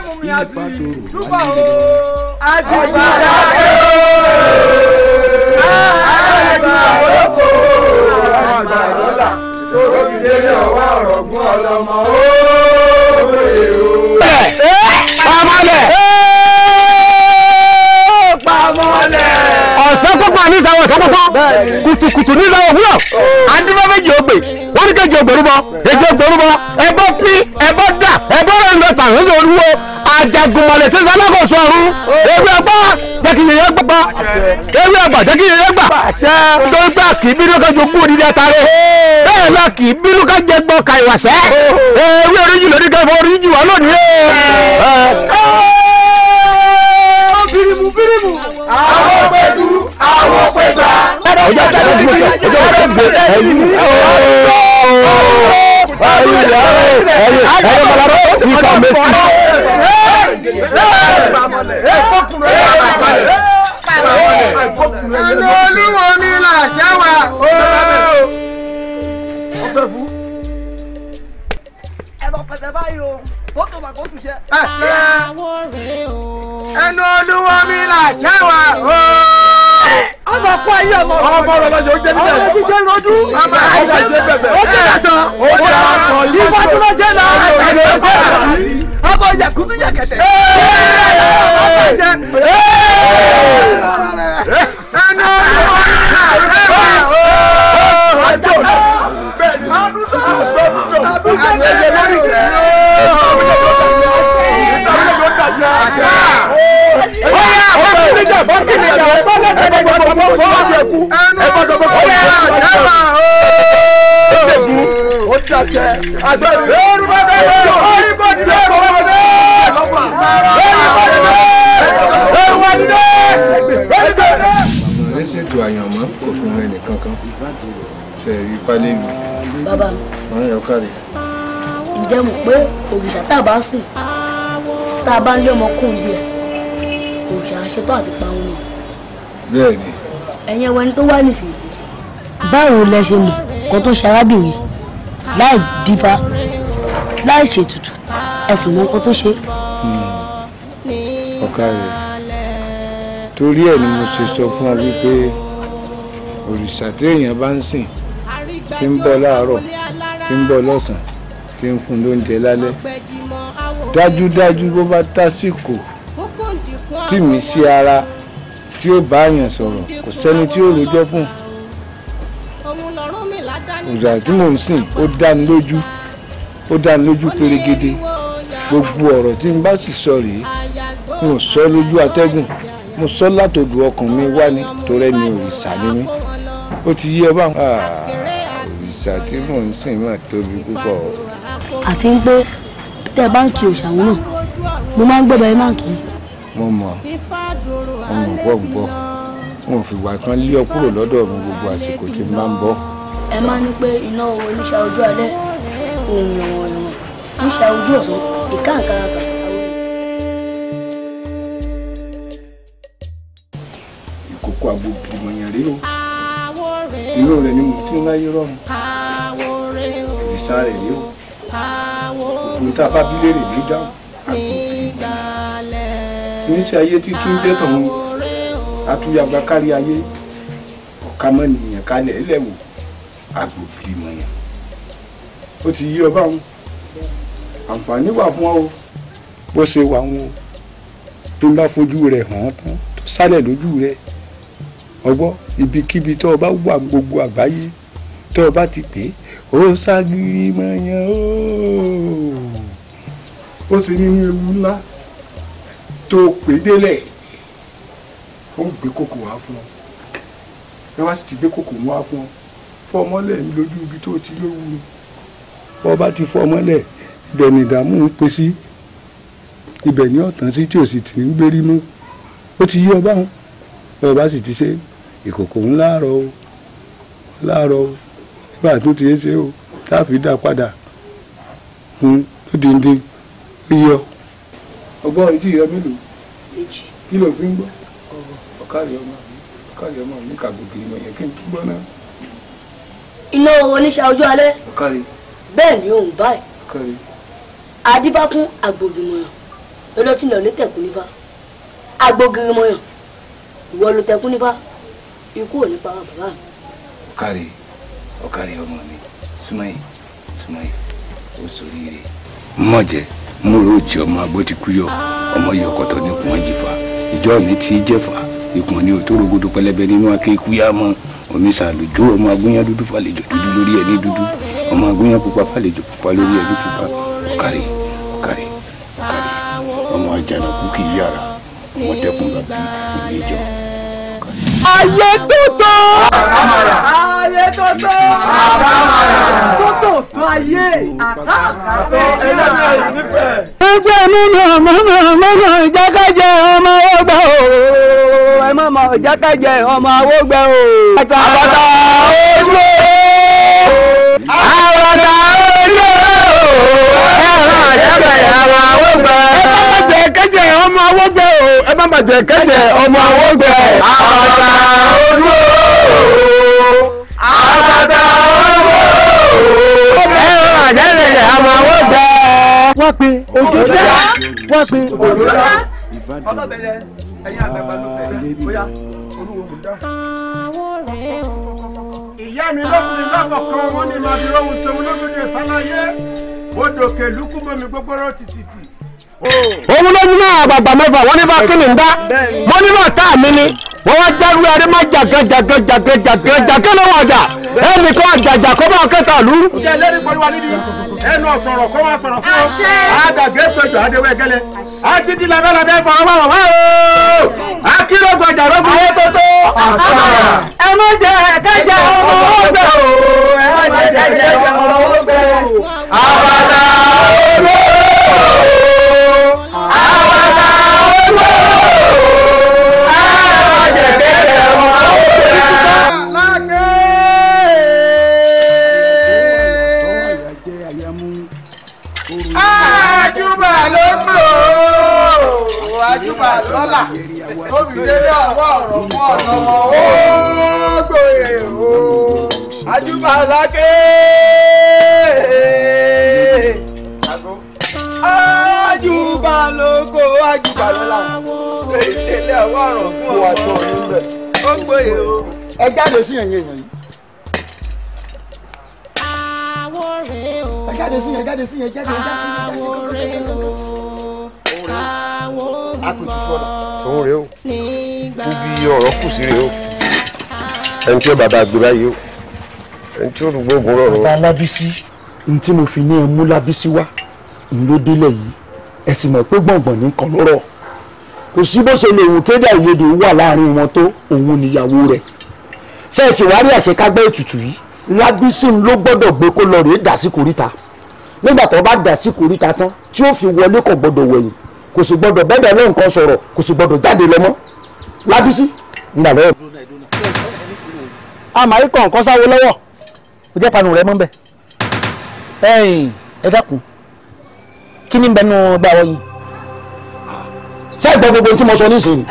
mú mi àti túbọ̀ o. àti padà dé o. àgbà olóko àgbà lọ́la tó lóbi délé ọwọ́ ọ̀rọ̀gún ọlọ́mọ ó wèrè o. pamọ́lẹ̀. pamọ́lẹ̀. ọ̀sán púpọ̀ ní ìsàwọ̀ ọ̀sán púpọ̀ kùtùkùtù ní ìsàwọ̀ òwúrọ̀ adúlọ́ méjì ó gbè wọ́n ní kéjì ògbòrúbọ èjì ògbòrúbọ ẹbọ fi ẹbọ dà ẹbọ rẹ̀ ń lọ tàn lóṣooṣù wo ajagunmọ̀lẹ̀ tí sálákòóso ọ̀run ewé ọgbà jẹ́kìyẹyẹ gbà ewé ọgbà jẹ́kìyẹyẹ gbà torí pé kì í bínú ká jogún òdìdí àtàrẹ bẹ́ẹ̀ náà kì bínú ká gbọ́ ka ìwàsẹ́ ewé oríjì lórí kẹfọ́ oríjì wà lónìí birimu birimu. àwọn pẹ̀lú àwọn pẹ̀gbà. ọjọ́ ìjọba ti mọ̀ ṣe ọjọ́ ìjọba ti gbé ẹ̀yìn. ẹ̀yìn ẹ̀yìn ẹ̀yìn ọ̀rọ̀ ìkà mẹ́sì ẹni olúwo ni làṣẹ wa. ẹ̀rọ pẹ̀tẹ̀ báyìí o tó tó bàgọ́ tù ṣe. ẹni olúwo ni làṣẹ wa. ọmọ kọ ayé ọmọ rẹ ọmọ rẹ lọ́jọ́ ó jẹ́ nílẹ̀ ọmọ rẹ jẹ́ lọ́dún ọmọ rẹ jẹ́ bẹ̀bẹ̀ ó jẹ́ àtọ̀ ó jẹ́ àtọ̀ ìfọ̀túnmọ̀ jẹ́ lọ́wọ́ ẹ̀jẹ̀ bẹ̀rẹ̀ bọ̀ yẹ̀kú fún yẹ̀kẹ̀tẹ̀. ẹnu ọjọ́ bẹ́ẹ̀ ni ọdún tó ń bọ̀ ọdún tó ń bọ̀ agbẹ̀rù lórúkọ bẹ́ẹ̀ orí bọ̀ tẹ̀rù ṣètò àyànmọ́ kò fún ẹnì kankan ṣe rí pálí mi. bàbá mi ọ̀rẹ́ ọ̀kàrẹ̀. ǹjẹ́ mọ̀ pé òrìṣà tá a bá sìn tá a bá ń lé ọmọkùnrin yẹ òrìṣà ṣetán àti pàwọn ni. bẹ́ẹ̀ ni. ẹ̀yin ẹwẹ́ni tó wá nìsín. báwo lẹ ṣe mọ̀ kó tó ṣe arábìnrin láì dífá láì ṣètùtù ẹ̀sùn mọ́ kó tó ṣe é ọ̀kàrẹ̀ torí ẹ̀ ni mo ṣe sọ fún ọ wípé òrìṣà tí èèyàn bá ń sìn tí ń bọ̀ láàárọ̀ tí ń bọ̀ lọ́sàn tí ń fún lóúnjẹ lálẹ́ dájúdájú bó bá tásìkò tí mi sí ara tí ó bá yàn sọ̀rọ̀ kò sẹ́ni tí ó rojọ́ fún òrìṣà tí mò ń sìn ó dá lójú ó dá lójú pérégede gbogbo ọ̀rọ̀ tí n bá sì sọ rèé mo sọ lójú atẹ́gùn mo sọ látòdù ọkàn mi wá ní torẹ́ mi òrìṣà ni mí ó ti yé ọba ah, òrìṣà tí mò ń sìn mà tóbi púpọ̀. àti pé tẹ báǹkì òṣàwọn náà mo máa ń gbọ́ bẹ́ẹ̀ báǹkì. mo mọ̀ ọmọ gbọ́ ń gbọ́ wọn fi wà kan lé ọ kúrò lọ́dọ̀ mi gbogbo àsìkò tí n bá ń bọ̀. ẹ máa ní pé iná oníṣà ojú alẹ́ òun ìrànwọ́ ìrànwọ́ níṣà ojú ọ̀sán ìkáǹkà kàkà àgbo ìmọ̀yàn rí o irú rẹ̀ ni mo ti ń láyé rọ́ọ̀mù ìsá rẹ̀ rí o òkú tá a bá bí léèrè ní dáhùn àgbo ìmọ̀yàn kì í ṣe ayé tí kí ń jẹ́ tọ̀hún atúyàgbá kárí ayé ọ̀ka mọ́ nìyẹn kalẹ̀ ẹlẹ́wò àgbo ìmọ̀yàn ó ti yí ọba wọn àǹfààní wà fún ọ o bó ṣe wà wọn o tó ń bá fojú rẹ̀ hàn án tán tó sálẹ̀ lójú rẹ̀ ọgbọ́ ibikíbi tó o bá wà gbogbo àgbáyé tó o bá ti pè é ó ságiri mọ̀yàn ooo ó sì ní ewu ńlá tó pè délẹ̀ ó ń gbé kòkò wá fún ọ ẹ wá sì ti gbé kòkò wá fún ọ fọ ọmọlẹ̀ lójú ibi tó ti lówù ni. bọ́ bá ti fọ ibẹ̀ ni ìdààmú ń pe sí ibẹ̀ ni ọ̀tàn sí tí ò sì ti ń gbérí mọ́ ó ti yí ọba hàn bọ́ọ̀ bá sì ti ṣe é. ìkòkò ńlá rọ o rọ o nígbà tó ti ṣe o tá a fi dá padà fún lódìndín yíyọ. ọgbọ́n etí rẹ mélòó kí ló fi ń gbọ́ ọmọ mi ọmọ kí n gbọ́ náà. oníṣà alẹ́ bẹ́ẹ̀ ni òun báyìí fún ní ìwọ ló ikú ò ní pa bàbá mi. ọ̀kàrè ọ̀kàrè ọmọ mi súnmọ́yì súnmọ́yì ó ṣoríire. mọ̀jẹ̀ mo rò jì ọmọ agbótikúyọ ọmọ yìí ọkọtọ ní kùn jìfà ìjọ mi ti jẹfà ikùn ni òtó rogodo pẹlẹbẹ nínú aké ikúyà mọ omi sàlùjó ọmọ agúnyán dúdú falèjò dúdú lórí ẹni dúdú ọmọ agúnyán pupa falèjò pupa lórí ẹni pupa ọ̀kàrè ọ̀kàrè ọ̀kàrè ọmọ àjànàkú kì í yára ọmọ tẹkùn bàbí ìgbẹjọ ayé tótó. ayé tótó. tótó tó ayé. ẹgbẹ́ mi ni ọmọ náà mọ́nà ìjákàjẹ́ ọmọ ọgbà o. ẹ má mọ ìjákàjẹ́ ọmọ awógbẹ o. àbàtà ojú àbàtà ojú ẹ̀rọ ìjákàjẹ́ ọmọ awógbẹ mọ̀jẹ̀ kẹ́jẹ̀ ọmọ àwọn gbẹ. àbàtà olú àbàtà olú. ẹ ẹ àjẹsẹ̀jẹ̀ ọmọ àwọn gbẹ. wọ́n pe ojú dá wọ́n pe ojú dá. ọlọ́bẹ̀rẹ̀ ẹ̀yin àgbàgbà ló bẹ̀rẹ̀ bóyá olúwo kò dá. àwọn ìyá mi lọ́kùnrin lọ́kọ̀ọ̀kan wọn ni màá fi rọ́hùn sẹ́wọ́n lójú ní ìsáláyé. odò mọ́ mi gbogbo rọ́ títìtì òun ló múná àgbàgbà mẹ́fà wọ́n ní bá kí ni ń dá wọ́n ní bá tá a mi ni wọ́n wá jáwé adé má jàgán jàgán jàgán jàgán jàgán lọ́wọ́ ọjà ẹnì kan àjàjà kó bá kẹta lù. ǹjẹ́ lẹ́rìí pẹ̀lú wa níbi ẹnu ọ̀sọ̀rọ̀ kó wá sọ̀rọ̀ fún ọ àdàgé péjọ àdéwé gẹ́lẹ́ àtìdí labẹ́labẹ́ fọwọ́ bá wà wá o akérò gbọ̀jà rọ́gùn yẹn tó tó. ẹ má jẹ kẹjẹ ọmọ ọgbẹ o ẹ má jẹ kẹjẹ ọmọ ọgbẹ o àbàdà olóòrè. náírà lọ́là tóbi délé ọwọ́ ọ̀rọ̀ fún ọ̀nà ó gbòòrè o àjùbà lákè. àjùbà lóko àjùbà lọ́là tóbi délé ọwọ́ ọ̀rọ̀ fún ọ̀nà ó gbòòrè o. ẹ jáde sí ẹ̀yìn èèyàn yìí. àwòrán o ẹ jáde sí yẹn jáde sí yẹn jáde sí yẹn jáde sí yẹn á pè tuntun ọ̀nà. òun rèé o níbi ọ̀rọ̀ kù sí rèé o ẹni tí ó bàbá gbé báyìí o ẹni tí ó rúgbó ògùn rọrùn. bàbá alábísí ní tí mo fi ní ẹ mú lábísí wá ń ló délẹ̀ yìí ẹ sì mọ̀ pé gbọ̀ngbọ̀n ní kan lọ́rọ̀ kò sí bó ṣe lè wù kéde àìyedè wà láàrin wọn tó òun níyàwó rẹ̀ ṣẹ́ẹ̀sì wàá rí àṣekágbẹ́ ètùtù yìí lábísí ló gbọ́dọ̀ gbé kó lọ rèé dà sí kòríta nígbà tó bá dà sí kòríta tán tí ó fi wọlé kò gbọ́dọ̀ wẹ̀yìn kò sì gbọdọ̀ bẹ́ẹ̀ lọ́n kan sọ̀rọ̀ kò sì gbọdọ̀ jáde lọ mọ́ lábísí ńgbà lọ́wọ́. àmàyí kọ̀ọ̀kan sáwó lọ́wọ́ kò jẹ́ panu rẹ̀ mọ́ bẹ́ẹ̀ ẹ̀yìn ẹ dákun kí ni bẹnu bá wọ yìí. ṣé ìgbọ́ gbogbo tí mo sọ nísìnyí.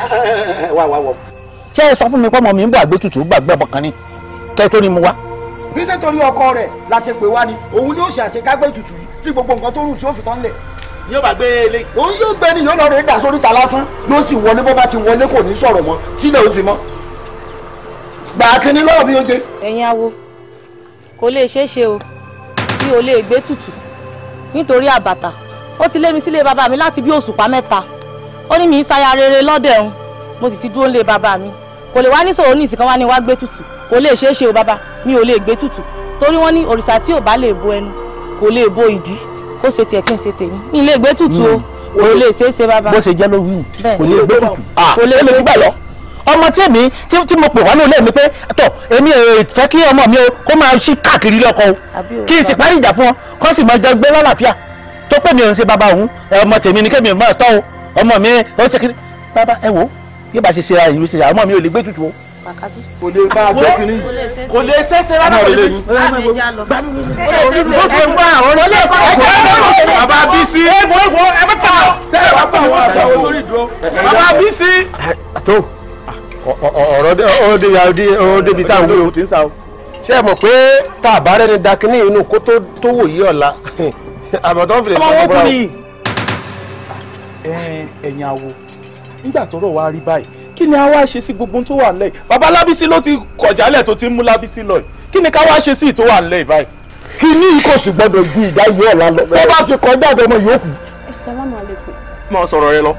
ṣé ẹ sọ fún mi pọ́nmọ́ mi ń bọ̀ àgbétutù gbàgbé ọkàn ni kẹ́ tó ni mo wá. bí sẹ́tọ̀rí ọkọ rẹ̀ la ṣe pè wá ni òun ni ó ṣe àṣekágbé tutù yìí tí gbogbo nǹkan tó rùn tí ó fi tán lẹ̀ ni yóò bá gbé ilé. òun yóò gbé ni yóò lọ rè é dà sórí ta lásán yóò sì wọlé bó bá ti wọlé kò ní sọ̀rọ̀ mọ́ tílẹ̀ ó sì mọ́. gbà kínní lọ́wọ́ mi oje. ẹ̀yin awo kò lè ṣeé ṣe o mi ò lè gbé tutù nítorí àbàtà ó ti lé mi sílé bàbá mi láti bí òṣùpá mẹ́ta ó ní mi ń sáya rere lọ́dẹ̀ òun mo sì ti dúró lé bàbá mi kò lè wá ní sọ̀rọ̀ nísìkan wá ní wá gbé tutù kò lè ṣeé ṣe o bàbá mi ò lè gbé tutù torí wọ́n ní òrìṣà tí ò bá lè bo ẹnu kò lè bo ìdí kó ṣe tiẹ̀ kí n ṣe tèmi mi lè gbé tutù o hmm. kò lè ṣe é ṣe bàbá. bó ṣe jẹ́ ló wíwù kò lè gbé tutù. Ah, kò lè ṣe é ọmọ tí èmi tí mo pè wá ló lé mi pé tọ èmi ò fẹ́ kí ọmọ mi o kó máa ṣí káàkiri lọ́kọ o kí n sì parí ìjà fún ọ kó sì máa jẹ gbé lálàáfíà tó pè mí ò ń bàbá òun ọmọ tèmi ni kémi ò máa tọ́ o ọmọ mi ò ń ṣe kiri bàbá ẹ wò bí bá ṣe ṣe ara ìlú ṣe ọmọ mi ò lè gbé tutù o pàkásí. kò lè máa gbé kínní yìí. kò lè ṣeéṣe rárá kò lè ní. àmì ìjà lọ. kò lè ṣeéṣe. ó ń bá àwọn olóyè kọ́ ẹ̀jẹ̀ lọ́rùn. bàbá bísí. egbò egbò ẹ bẹ tà. ṣé ẹ wá bá àwọn àgbàwọ sórí ìdúró. bàbá bísí. àtò ọ̀rọ̀ ọ̀rọ̀ débi o. ṣé ẹ mọ̀ pé tá a bá rẹ́ni da kínní inú kó tó wò yí ọ̀la àbọ̀tán fìlẹ̀ sọ̀rọ̀ bọ́ra o. ẹ̀yin nígbà tọ́rọ̀ wa rí báyìí kí ni a wá ṣe sí gbogbo tó wà nílẹ̀ bàbá lábísí ló ti kọ̀jálẹ̀ tó ti ń mú lábísí lọ kí ni ká wá ṣe sí tó wà nílẹ̀ báyìí. kíní yìí kò sì gbọdọ̀ ju ìdáyé ọ̀la lọ bó bá ṣe kọjá àdọmọ yòókù. assalamu alaikum. máa sọ̀rọ̀ rẹ lọ.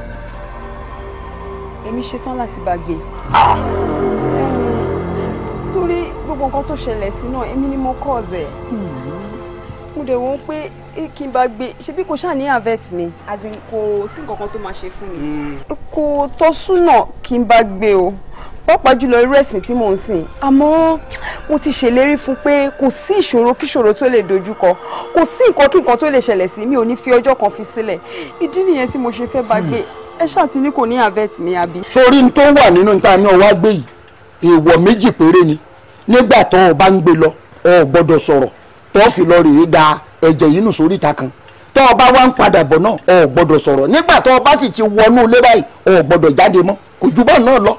èmi torí gbogbo nǹkan tó ṣẹlẹ̀ sí náà èmi ni mo kọ́ ọ̀zẹ̀. Hmm mo dẹ̀ wọ́n pé eh, kí n bá gbé ṣebí kò ṣáà ní avet mi. as in kò sí nǹkan kan tó máa ṣe fún mi. Hmm. kò tọ́sùnà kí n bá gbé o pàápàá jùlọ irú ẹ̀sìn tí mò ń sìn àmọ́ mo ti ṣèlérí fún pé kò sí ìṣòro kíṣòro tó lè dojúkọ kò sí nǹkan kí nǹkan tó lè ṣẹlẹ̀ sí mi ò ní fi ọjọ́ kan fi sílẹ̀ ìdí nìyẹn tí mo ṣe fẹ́ bá hmm. gbé ẹ ṣáàtì ní kò ní avet mi àbí. torí n tó wà nínú níta ní ọwọ́ àgbẹ̀ èèwọ̀ méjì péré ni nígbà tó o bá ń gbé lọ o ò gbọ́dọ̀ wọ́n fi lọ rèé da ẹ̀jẹ̀ yìí nù sórí ìta kan tọ́ ọ bá wá ń padà bọ̀ náà ọ̀ gbọ́dọ̀ sọ̀rọ̀ nígbà tọ́ ọ bá sì ti wọnú ilé báyìí ọ̀ gbọ́dọ̀ jáde mọ́ kò jù bọ́ọ̀ náà lọ.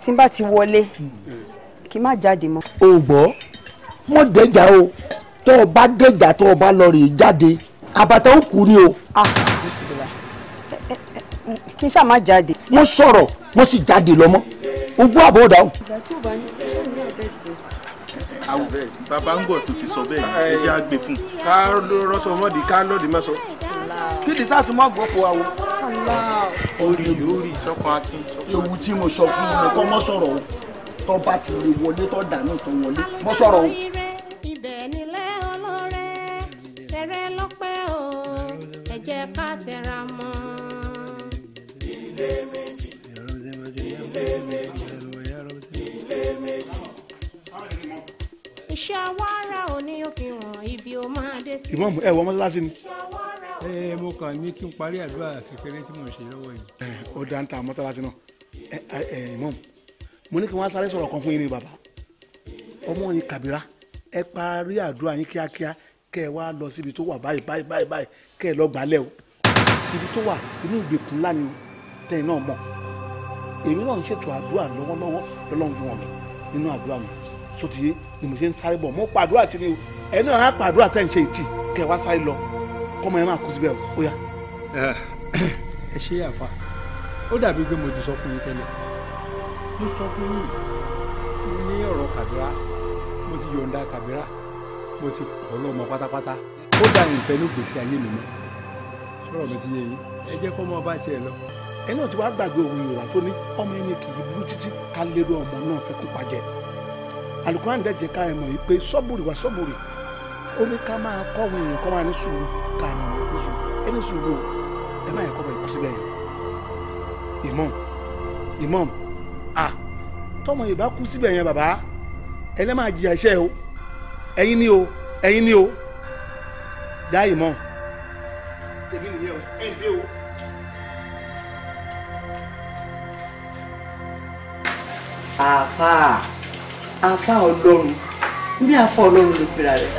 tí n bá ti wọlé kí n má jáde mọ́. o gbọ́ mọ́ dẹ́jà o tọ́ ọ dẹ́jà tọ́ ọ lọ rèé jáde àbàtà ó kú ni o. Ah, kí n ṣáà má jáde. mo sọ̀rọ̀ mo sì jáde lọ mọ́ ogún àbọ̀ o. ìgbà tí ò bá ní bàbá ń gbọ̀ tó ti sọ bẹ́ẹ̀ ẹ jẹ́ àgbè fún. ká ló rọ́ṣọ mọ́dì ká lọ́dì mẹ́sọ. kí ni sáà tún máa gbọ́ fún wa wo. orí lórí sọ́kàn akin. ewu tí mo sọ fún mi kọ́ mọ́ sọ̀rọ̀ o tó bá ti lè wọlé tó dànù tó wọlé mọ́ sọ̀rọ̀ o. ibẹ̀ nílẹ̀ ọlọ́rẹ́ tẹ̀rẹ̀ lọ́pẹ́ o ẹ ká tẹra mọ́. ilé méjì ilé méjì. ṣàwárà òní òfin hàn ẹ wọ mọ́ṣáláṣí ni. ẹ mo kàn ní kí n parí àdúrà kékeré tí mò ń ṣe lọ́wọ́ yìí. ẹ ó dá ń ta mọ́ṣáláṣí náà ẹ ẹ ìmọ̀mù mo ní kí wọ́n sáré sọ̀rọ̀ kan fún yín ni bàbá ọmọ yìí kàbírà ẹ parí àdúrà yín kíákíá kẹ ẹ wá lọ síbi tó wà báyìí báyìí báyìí kẹ ẹ lọ gbálẹ̀ o ibi tó wà inú ìgbèkùn ńlá ni o náà mọ̀ èmi náà ń ṣètò àdúrà lọ́wọ́lọ́wọ́ lọ́lọ́run fún wọn nínú àdúrà mi sótìyé ni mo ṣe ń sáré bọ̀ mo pàdúrà tí ni ẹ náà á pàdúrà tẹ́ ń ṣe ìtì kẹ wá sáré lọ kọ́mọ ẹ máa kú síbẹ̀ ó yá. ẹ ṣe àfa ó dàbí pé mo ti sọ fún yín tẹ́lẹ̀ mo sọ fún yín ní ọ̀rọ̀ kàbírà mo ti yọ̀ǹda kàbírà mo ti kọ́ lọ́mọ pátápátá ó da ìfẹ́ ní gbèsè ayé mi mọ́ sọ̀rọ̀ mi ti yé yín ẹ jẹ́ kó mọ́ bá tiẹ̀ lọ. ẹ náà ti wá gbàgbé òun Yorùbá tó ní ọmọ ẹni kì í burú títí ká lérò ọmọ náà fi kópa jẹ alukuran dẹ̀ jẹ́ ká ẹ mọ̀ yìí pé sọ́bùrì wá sọ́bùrì ó ní ká máa kọ́ àwọn èèyàn kọ́ máa ní sùúrù ká àwọn èèyàn ní sùúrù ẹni sùúrù o ẹ má yẹ kọ́ bọ̀ ikú síbẹ̀ yẹn imam imam ah tọmọ yìí bá kú síbẹ̀ yẹn bàbá ẹ máa jìyà iṣẹ́ o ẹ̀yin ni o ẹ̀yin ni o já imam tèmi nìyẹn o ẹ̀ ń dé o. àfáà afa ọlọ́run bí afa ọlọ́run ló pera rẹ̀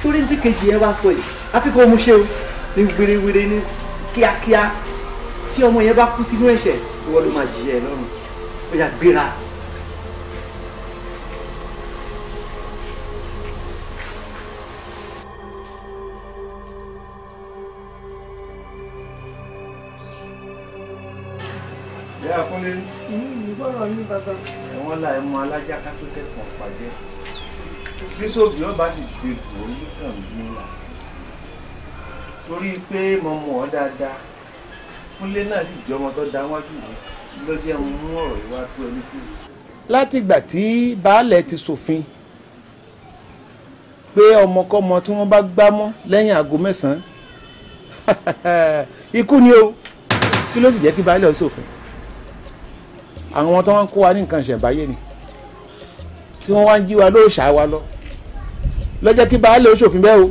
torí ní kejì yẹn wá sọ yìí àfikún ọmọ ṣe o ní wérewére ní kíákíá tí ọmọ yẹn bá kú sínú ẹ̀ṣẹ̀ ìwọ ló máa jìyà ẹ̀ lọ́rùn ó yá gbéra. ìyá akúnlé. ìgbọ́rọ̀ ní bàbá kọ́lá ẹ mú alájá ká tó kẹ́kọ̀ọ́ pàdé bíṣọ́ọ̀bù yóò bá sì gbé bòó nìkan gbé là torí pé mo mọ̀ ọ́ dáadáa kúnlé náà sì jọmọ tó da wájú mi ló jẹ́ mo mú ọ̀rọ̀ yìí wá tó ẹni tí. látìgbà tí baálẹ̀ ti ṣòfin pé ọmọkọ́mọ tí wọ́n bá gbá mọ́ lẹ́yìn aago mẹ́sàn-án ikú ni o kí ló sì jẹ́ kí baálẹ̀ ó ṣòfin àwọn tó wọ́n kó wa ní nǹkan ṣẹ̀báyé ni tí wọ́n wá ń jí wa lóòṣà wa lọ lọ́jọ́ kí baálé ó ṣòfin bẹ́ẹ̀ o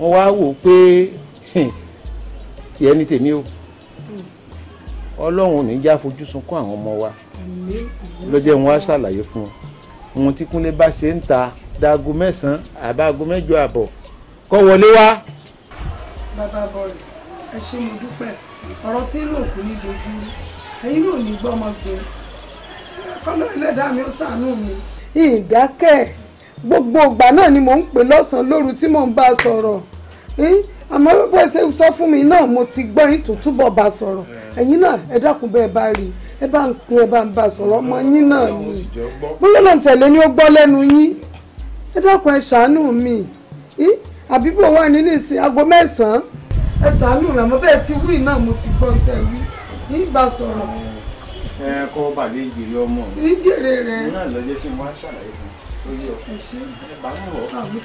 wọ́n wá wò ó pé tiẹ̀ ní tèmi o ọlọ́run ní já fojú sunkún àwọn ọmọ wa lọ́jọ́ wọn á ṣàlàyé fún un ohun tí kúnlé bá ṣe ń ta dago mẹ́sàn-án àbáago mẹ́jọ àbọ̀ kọ́ wọlé wá. bàbá bọ̀rẹ̀ ẹ ṣé mo dúpẹ́ ọ̀rọ̀ tí ń lò kú ní dojú ẹ̀yin náà ní gbọ́mọgbìn kọ́lọ́ ẹlẹ́dàá mi ó ṣàánú mi. ìdákẹ́ gbogbo ìgbà náà ni mò ń pè lọ́sàn-án lóru tí mò ń bá a sọ̀rọ̀ àmọ́ bó ṣe sọ fún mi náà mo ti gbọ́ yín tó túbọ̀ bá sọ̀rọ̀ ẹ̀yin náà ẹ dákun bẹ́ẹ̀ bá rí ẹ bá ń pín ẹ bá ń bá sọ̀rọ̀ ọmọ yín náà ni bóyá náà tẹ̀lé ni ó gbọ́ lẹ́nu yín ẹ dákun ẹ ṣàánú mi àbíbò wà nínú ìsìn aago mẹ́sàn-án ẹ ṣàánú mi àmọ́ bẹ́ẹ̀ ti wí náà mo ti gbọ́ ń tẹ̀ yín bá sọ̀rọ̀ ẹ kó bàdé ìjìrì ọmọ mi. ìjìrì rẹ. mo náà lọ́jọ́ sí wá ṣàlàyé fún un lórí ọ̀fẹ́. ẹ bá ń rọ̀ ọ́. mo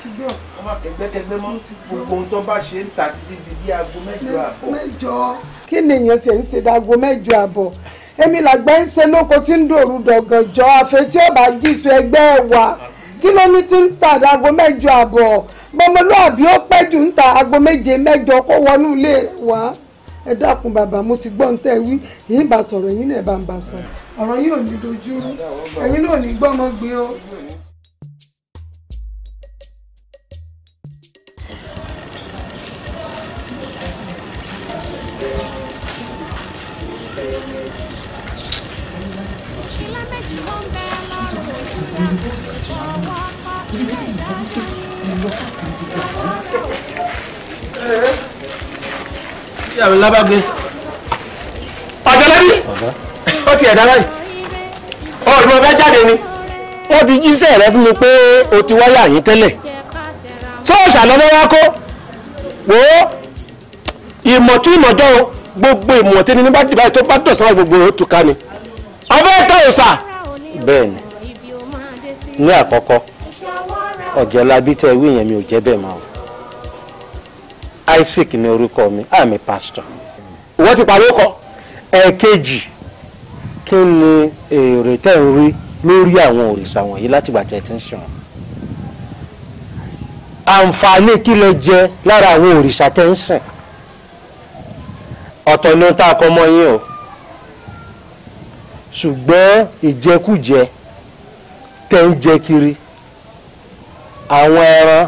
ti di bí aago mẹ́jọ àbọ̀. mẹ́jọ. kí ni èèyàn tiẹ̀ ń ṣe dáago mẹ́jọ àbọ̀ èmi làgbà ń ṣe lóko tí ń dòrú dọ̀gànjọ́ àfẹ́ tí ó bá jíṣu ẹgbẹ́ wa kí ló ní tí ń ta àgọ́ mẹ́jọ àbọ̀ bọ́mọlúàbí ó pẹ́jù ń ta àgọ́ méje mẹ́jọ kó wọnú ilé rẹ̀ wá ẹ dákun bàbá mo ti gbọ́ tẹ́ wí yín bá sọ̀rọ̀ yín náà bá ń bá sọ̀rọ̀ ọ̀rọ̀ yìí ò ní dojú rú ẹ̀yin náà ò ní gbọ́mọ gbé o. Yeah ọ̀jọ̀lẹ́bí ó ti ẹ̀dá báyìí ọ̀rùn ọ̀bẹ jáde ni. wọ́n ti jíṣẹ́ rẹ fún mi pé o ti wáyà yín tẹ́lẹ̀ ṣọ́ọ̀ṣà lọ́wọ́ wá kó wò ó ìmọ̀ tún ìmọ̀ jọ gbogbo ìmọ̀ tí ní bá dìbà tó bá tọ̀sán gbogbo ó túká ni ọbẹ̀ tó ìsà. bẹ́ẹ̀ni ní àkọ́kọ́ ọ̀jọ̀lẹ́bí tẹ ewé yẹn mi ò jẹ́ bẹ́ẹ̀ máa wọ Isaac ní orúkọ mi i'm a pastor. ìwọ́n ti parí ọkọ ẹ̀ẹ̀kejì kí ni èrè tẹ́ ń rí lórí àwọn òrìṣà wọ̀nyí látìgbà tẹ́ ti ń sùn. àǹfààní kí lẹ jẹ lára àwọn òrìṣà tẹ́ ń sìn. ọ̀tọ̀ ni ó tá a kọ́ yín o ṣùgbọ́n ìjẹkújẹ tẹ́ ń jẹ kiri àwọn ẹran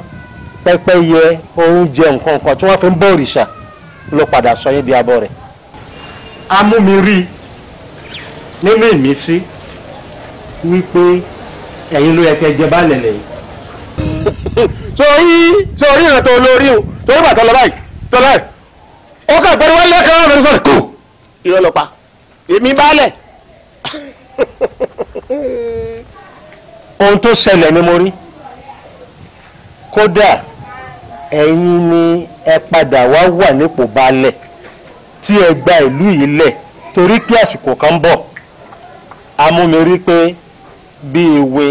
pẹ́pẹ́yẹ oúnjẹ nǹkan nǹkan tí wọ́n fi ń bọ òrìṣà ló padà sọ yín di abọ rẹ̀. a mú mi rí i nínú ìmísí wípé ẹ̀yin ló yẹ kẹ́ jẹ bá lẹ̀lẹ̀ yìí. sori sori ìran tó lórí o torí bàtà lọ báyìí tó lọ ẹ̀ ó kà gbẹ́rẹ́ wọ́n lẹ́kẹ́ ọ̀rọ̀ mi sọ̀rọ̀ kù. irọ́ ló pa èmi baálẹ̀. ohun tó ṣẹlẹ̀ ni mo rí kódà ẹ̀yin ni ẹ padà wá wà nípò balẹ̀ tí ẹ gba ìlú yìí lẹ̀ torí pé àsìkò kan bọ̀ amúmirí pé bí ewé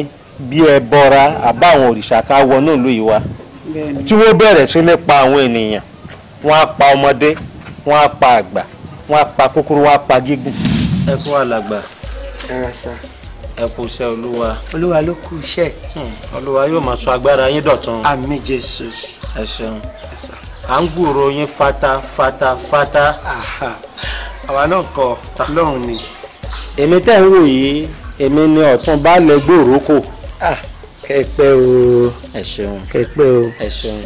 bí ẹ bọra àbáwọn òrìṣà ká wọnú ìlú yìí wá tí wọ́n bẹ̀rẹ̀ sí ní pa àwọn ènìyàn wọ́n á pa ọmọdé wọ́n á pa àgbà wọ́n á pa kúkúrú wọ́n á pa gígùn. ẹ kú àlàgbà. ẹ rà sáà ẹ kú iṣẹ́ olúwa. olúwa ló kú iṣẹ́. Hmm, olúwa yóò máa sọ agbára yín dọ̀tun. àmín jésù. ẹ ṣeun à ń gbúrò yín fátáfátáfátá. àwa náà kọ lọ́hùn ni. èmi tẹ́ ń wò yìí èmi ni ọ̀tún baálẹ̀ gbòòrò kò. kẹpẹ o. ẹ ṣeun kẹpẹ o. ẹ ṣeun.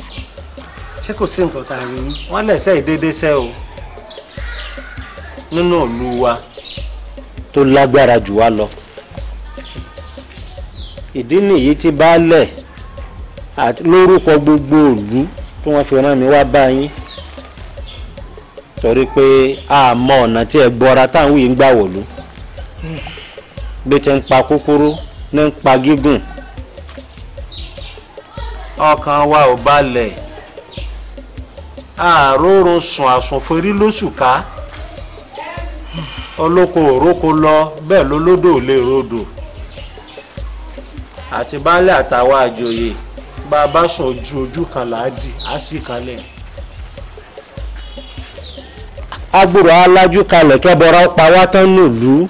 ṣé kò sí nǹkan tá a rí. wọ́n lẹ̀ṣẹ̀ ìdédéṣẹ́ o nínú òlu wa tó lágbára jù wá lọ ìdí nìyí tí baálẹ̀ lórúkọ gbogbo ìlú tí wọ́n fi rán mi wá bá yín torí pé a mọ ọ̀nà tí ẹ gbọ́ra táwọn yìí ń gbà wọ̀lú bí ti ń pa kúkúrú ní ń pa gígùn. ọkàn wa ò balẹ̀ àròrò sùn àsùnforí lóṣù ká olóko òróko lọ bẹ́ẹ̀ lolódò lè rodò. Hmm àti baálé àtàwọn àjòyè bá a bá sùn ojú ojú kan láàdì á sì kalẹ̀. agbóró alájú kalẹ̀ kẹ́bọra ń pa wá tán nílùú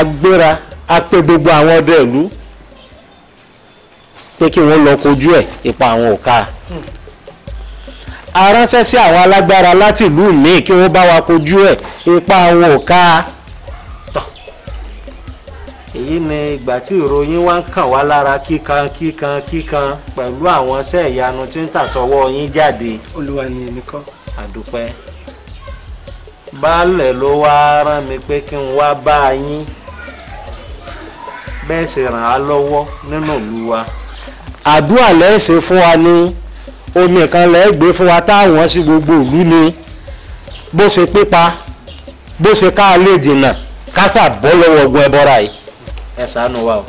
agbéra a pè gbogbo àwọn ọdẹ ìlú pé kí wọ́n lọ kojú ẹ̀ ipa àwọn ò ká a ránṣẹ́ sí àwọn alágbára láti ìlú míì kí wọ́n bá wa kojú ẹ̀ ipa àwọn ò èyí ni ìgbà tí ìròyìn wá ń kàn wá lára kíkan kíkan kíkan pẹ̀lú àwọn iṣẹ́ ìyanu tí ń tàtọwọ́ yín jáde. olúwa ni èmi kọ́. àdúpẹ́ baálẹ̀ ló wá rán mi pé kí n wá bá yín bẹ́ẹ̀ ṣe ràn á lọ́wọ́ nínú ìlú wa. àdúrà lẹ́ ṣe fún wa ní omi kan lẹ́ gbé fún wa táwọn sí gbogbo ìlú ni bó ṣe pípa bó ṣe ká lè dènà ká sà bọ́ lọ́wọ́ ogun ẹbọra yìí. ẹ ṣàánú wa o.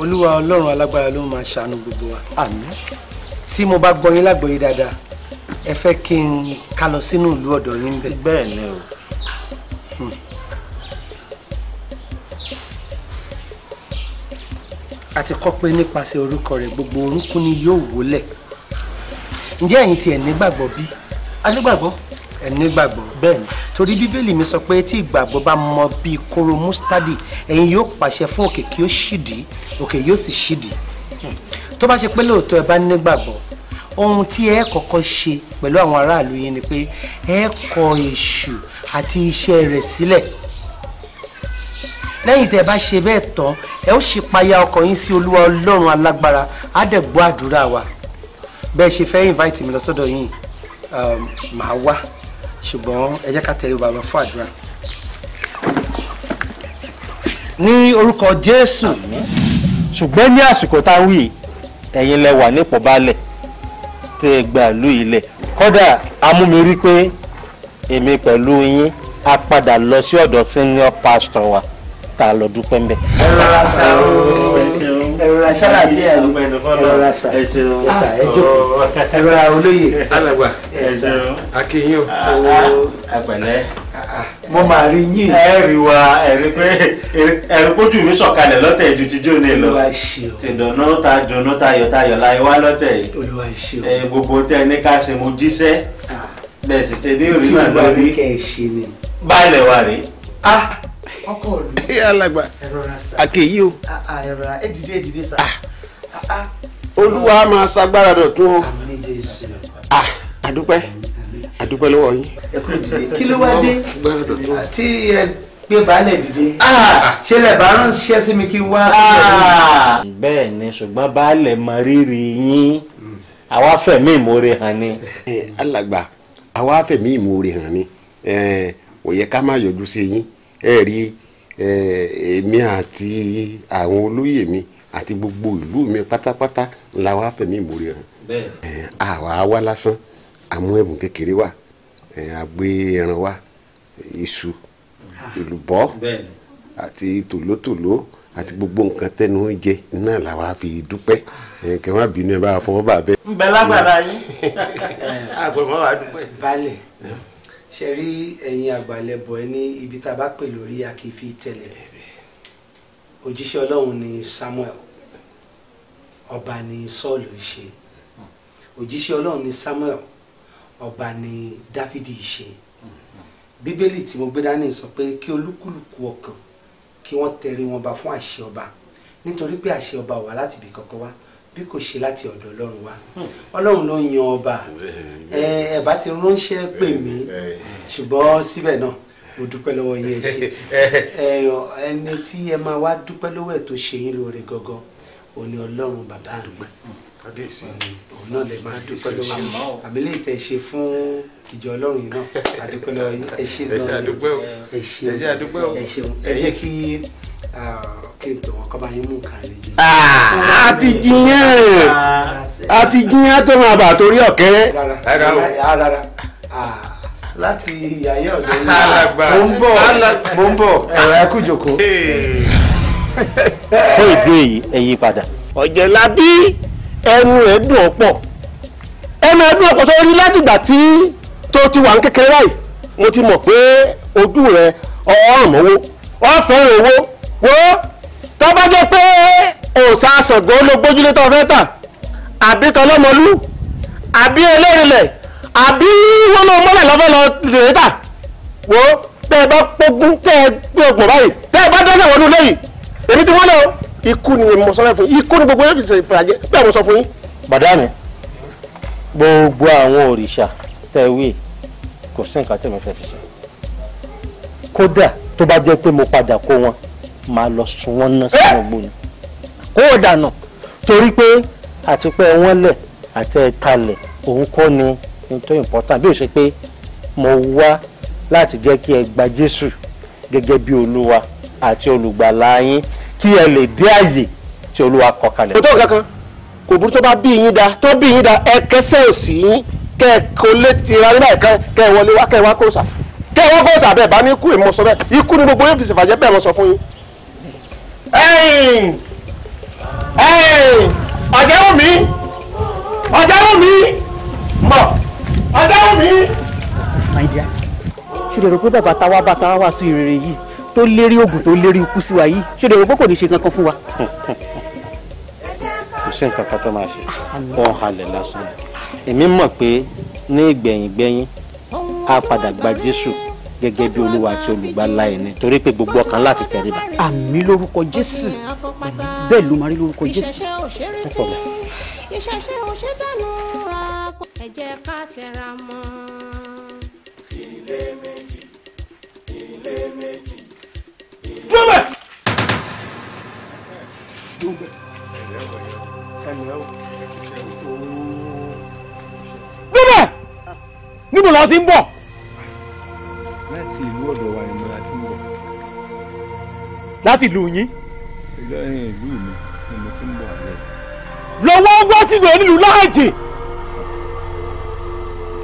olúwa ọlọ́run alágbára ló máa ṣàánú gbogbo wa. àmín. tí mo bá gbọ́ yín lágbọ́yé dáadáa ẹ fẹ́ kí n ká lọ sínú ìlú ọ̀dọ̀ yín bẹ́ẹ̀. bẹ́ẹ̀ ni hmm. a ti kọ́ pé nípasẹ̀ orúkọ rẹ̀ gbogbo orúnkún ni yóò wólẹ̀ ǹjẹ́ ẹ̀yin tiẹ̀ nígbàgbọ́ bí? a nígbàgbọ́. ẹni gbàgbọ́ bẹ́ẹ̀ni torí bíbélì mi sọ pé tí ìgbàgbọ́ bá mọ bíi kóró mustadi ẹ̀yin yóò pàṣẹ fún òkè kí ó ṣídìí òkè yóò sì ṣídìí hmm. tó bá ṣe pé lóòótọ́ ẹ bá nígbàgbọ́ ohun tí ẹ kọ́kọ́ ṣe pẹ̀lú àwọn aráàlú yín ni pé ẹ kọ èṣù àti iṣẹ́ rẹ̀ sílẹ̀ lẹ́yìn tẹ́ ẹ bá ṣe bẹ́ẹ̀ tán ẹ ó ṣípayá ọkàn yín sí olúwa ọlọ́run alágbára á dẹ̀ gbọ́ àdúrà wa bẹ́ẹ̀ ṣe fẹ́ invite mi lọ sọ́dọ̀ yín um, màá wá ṣùgbọ́n ẹ jẹ́ ká tẹ̀lé bàbá fún àdúrà ní orúkọ jésù. ṣùgbọ́n ní àsìkò tá a wí ẹ̀yin lẹ wà nípò balẹ̀ tẹ́ ẹ gbà lú ilẹ̀ kódà amúmirí pé èmi pẹ̀lú yín a padà lọ sí ọ̀dọ̀ senior pastor wa tá a lọ dúpẹ́ ń bẹ̀. ẹ rọra sá o ẹ rọra sára díẹ̀ ẹ rọra sá ẹ jókòó ẹ rọra olóyè. alàgbà ẹ̀sán akínyìn o. àpẹ̀lẹ́ mo máa rí yín. ẹ rí wa ẹ̀rí pé ẹ̀rí pójú mi sọ̀kalẹ̀ lọ́tẹ̀ ju ti jóni lọ. olúwa ṣe o. tìdùnnú ta dùnnú tayọ̀ tayọ̀ la wá lọ́tẹ̀ yìí. olúwa ṣe o. ẹ gbogbo tẹ ní ká ṣe mo jíṣẹ́. Ah. bẹ́ẹ̀ sì ti ní òrí náà lọ o bá rí kẹ́ ẹ ṣe ni. báyìí wà rí. a ah, ọkọ òdu. ẹ alàgbà àkèyí o. Ah, ẹ dìde ẹ dìde sá. olúwa máa ṣagbára dọ̀tún o. àmì àdúpẹ́ àdúpẹ́ lọ́wọ́ yín. kí ló wá dé tí ẹ gbé baálẹ̀ dìde ah! ṣé lè bá ránṣẹ́ sí mi kí n wá. Ah! bẹ́ẹ̀ ni ṣùgbọ́n baálẹ̀ mọ rírì yín àwa fẹ̀mí ìmoore hàn ni. alàgbà àwa fẹ̀mí ìmoore hàn ni ó yẹ ká má yọjú sí yín ẹ rí èmi àti àwọn olóyè mi àti gbogbo ìlú mi pátápátá làwa fẹ̀mí ìmoore hàn àwa wá lásán àmú ẹ̀bùn kékeré wà àgbé ẹran wa iṣu ah. èlùbọ́ àti tòlótòló àti gbogbo nǹkan tẹnu jẹ náà làwa fi dúpẹ́ ah. kẹ má bínú ẹ bá fọwọ́ bá bẹ́ẹ̀. ń bẹ lágbára yín àgbẹ̀mọ́ wa dúpẹ́. balẹ̀ ṣe rí ẹ̀yin àgbàlẹ̀bọ̀ ẹ ní ibi tá a bá pè lórí a tẹ̀lẹ̀ òjíṣẹ́ ọlọ́run ni Samuel ọba ni Sọ́ọ̀lù ṣe hmm. òjíṣẹ́ ọlọ́run ni Samuel ọba ni dáfídì ṣe bíbélì tí mo gbé dání sọ pé kí olúkúlùkù ọkàn kí wọ́n tẹrí wọn ba fún àṣẹ ọba nítorí pé àṣẹ ọba wà láti ibì kankan wá bí kò ṣe láti ọ̀dọ̀ ọlọ́run wá ọlọ́run ló yan ọba ẹ̀bá ti ránṣẹ́ pè mí ṣùgbọ́n síbẹ̀ náà mo dúpẹ́ lọ́wọ́ yín ṣe ẹni tí ẹ máa wá dúpẹ́ lọ́wọ́ ẹ̀ tó ṣe yín lóore gangan òní ọlọ́run bàbá àgbà kábíyèsí òun náà lè máa dúpẹ́ lọ́wọ́ yìí àmìlẹ́ ìtẹ̀ ṣe fún ìjọ ọlọ́run yìí náà àdúpẹ́ lọ́wọ́ yìí ẹ ṣe lọ́wọ́ ẹ ṣe ẹ ṣe àdúpẹ́ o ẹ ṣeun ẹ jẹ́ kí kí n pè wọ́n kọ́ bá yín mú nǹkan lè jẹ. àti jiyàn àti jiyàn tó máa bà torí ọ̀kẹ́rẹ́. rárá láti yàyà ọ̀dọ́ yìí mo ń bọ̀ mo ń bọ̀ ẹ̀rọ ẹkú jòkó. fún ìdí èyí ẹ padà. ọ̀jẹ̀ labí ẹnu ẹ̀ dùn ọ̀pọ̀ ẹnu ẹ̀ dùn ọ̀pọ̀ sórí látìgbà tí tó ti wà ní kékeré báyìí mo ti mọ̀ pé ojú rẹ ọ̀ọ́rùn mọ́wó ọ̀fẹ́ owó wo tó bá jẹ́ pé òòsà àṣàngó ló gbójúlé tó fẹ́ tà àbí tọlọ́mọlú àbí elérinlẹ̀ àbí wọ́n lọ mọ́lẹ̀ lọ́fẹ́ lọ rèé tà wo tẹ́ ẹ bá pógún tẹ́ ẹ gbé ọgbọ̀n báyìí tẹ́ ẹ bá dẹ́sẹ̀ wọnú léyìí èmi ti wọ́n lọ o ikú ni mo sọ fún yín ikú ni gbogbo ẹ̀fì ìfìyàjẹ bẹ́ẹ̀ mo sọ fún yín. bàdá mi gbogbo àwọn òrìṣà tẹ̀wé kò sí nǹkan tẹ̀mí fẹ́ fi ṣe kódà tó bá jẹ́ pé mo padà kó wọn máa lọ sun wọn ná sínú ọgbó ni kó o dànù torí pé àtipẹ́ wọn lẹ̀ àti ẹ̀talẹ̀ òun kọ́ ni tó important bí o ṣe pé mo wá láti jẹ́ kí ẹ gba Jésù gẹ́gẹ́ bí Olúwa àti olùgbàlà yín kí ẹ lè dé àyè tí olúwa kọ kalẹ̀. kò tó kankan kò burú tó bá bí yín da tó bí yín da ẹ kẹsẹ̀ òsì yín kẹ ẹ kó lé tira nígbà kan kẹ ẹ wọlé wá kẹ ẹ wá kó sà kẹ ẹ wá kó sà bẹ́ẹ̀ bá ní ikú ìmọ̀sọ bẹ́ẹ̀ ikú ni gbogbo yóò fi ṣèfàjẹ́ bẹ́ẹ̀ mọ̀ sọ fún yín. ẹ̀yin ẹ̀yin ọ̀dẹ́wù mi ọ̀dẹ́wù mi mọ̀ ọ̀dẹ́wù mi. my dear ṣùgbọ́n èrò pé bàbá táwa bá táwa wà sí ìrere yìí tó lérí oògùn tó lérí ikú sí wa yìí ṣé lè rò ní ṣe kankan fún wa. kò sí nǹkan kan tó máa ṣe wọn halẹ̀ lásán èmi mọ̀ pé ní ìgbẹ̀yìn gbẹ̀yìn padà gba Jésù gẹ́gẹ́ bí olúwa àti olùgbàlà ẹni torí pé gbogbo ọkàn láti tẹríba. àmì lórúkọ Jésù bẹ́ẹ̀ ló máa rí lórúkọ Jésù. ìṣẹ̀ṣe òṣèdánù ra ẹ ká tẹra mọ́. ilé méjì ilé méjì dúró bẹ̀. dúró bẹ̀. ẹnlẹ́ níbo lọ ti ń bọ̀. láti ìlú ọ̀dọ̀ wa ni mo ti ń bọ̀. láti ìlú yín. lẹ́yìn ìlú mi ni mo ti ń bọ̀ àlẹ́. lọ́wọ́ wá sílùú onílù láàjì.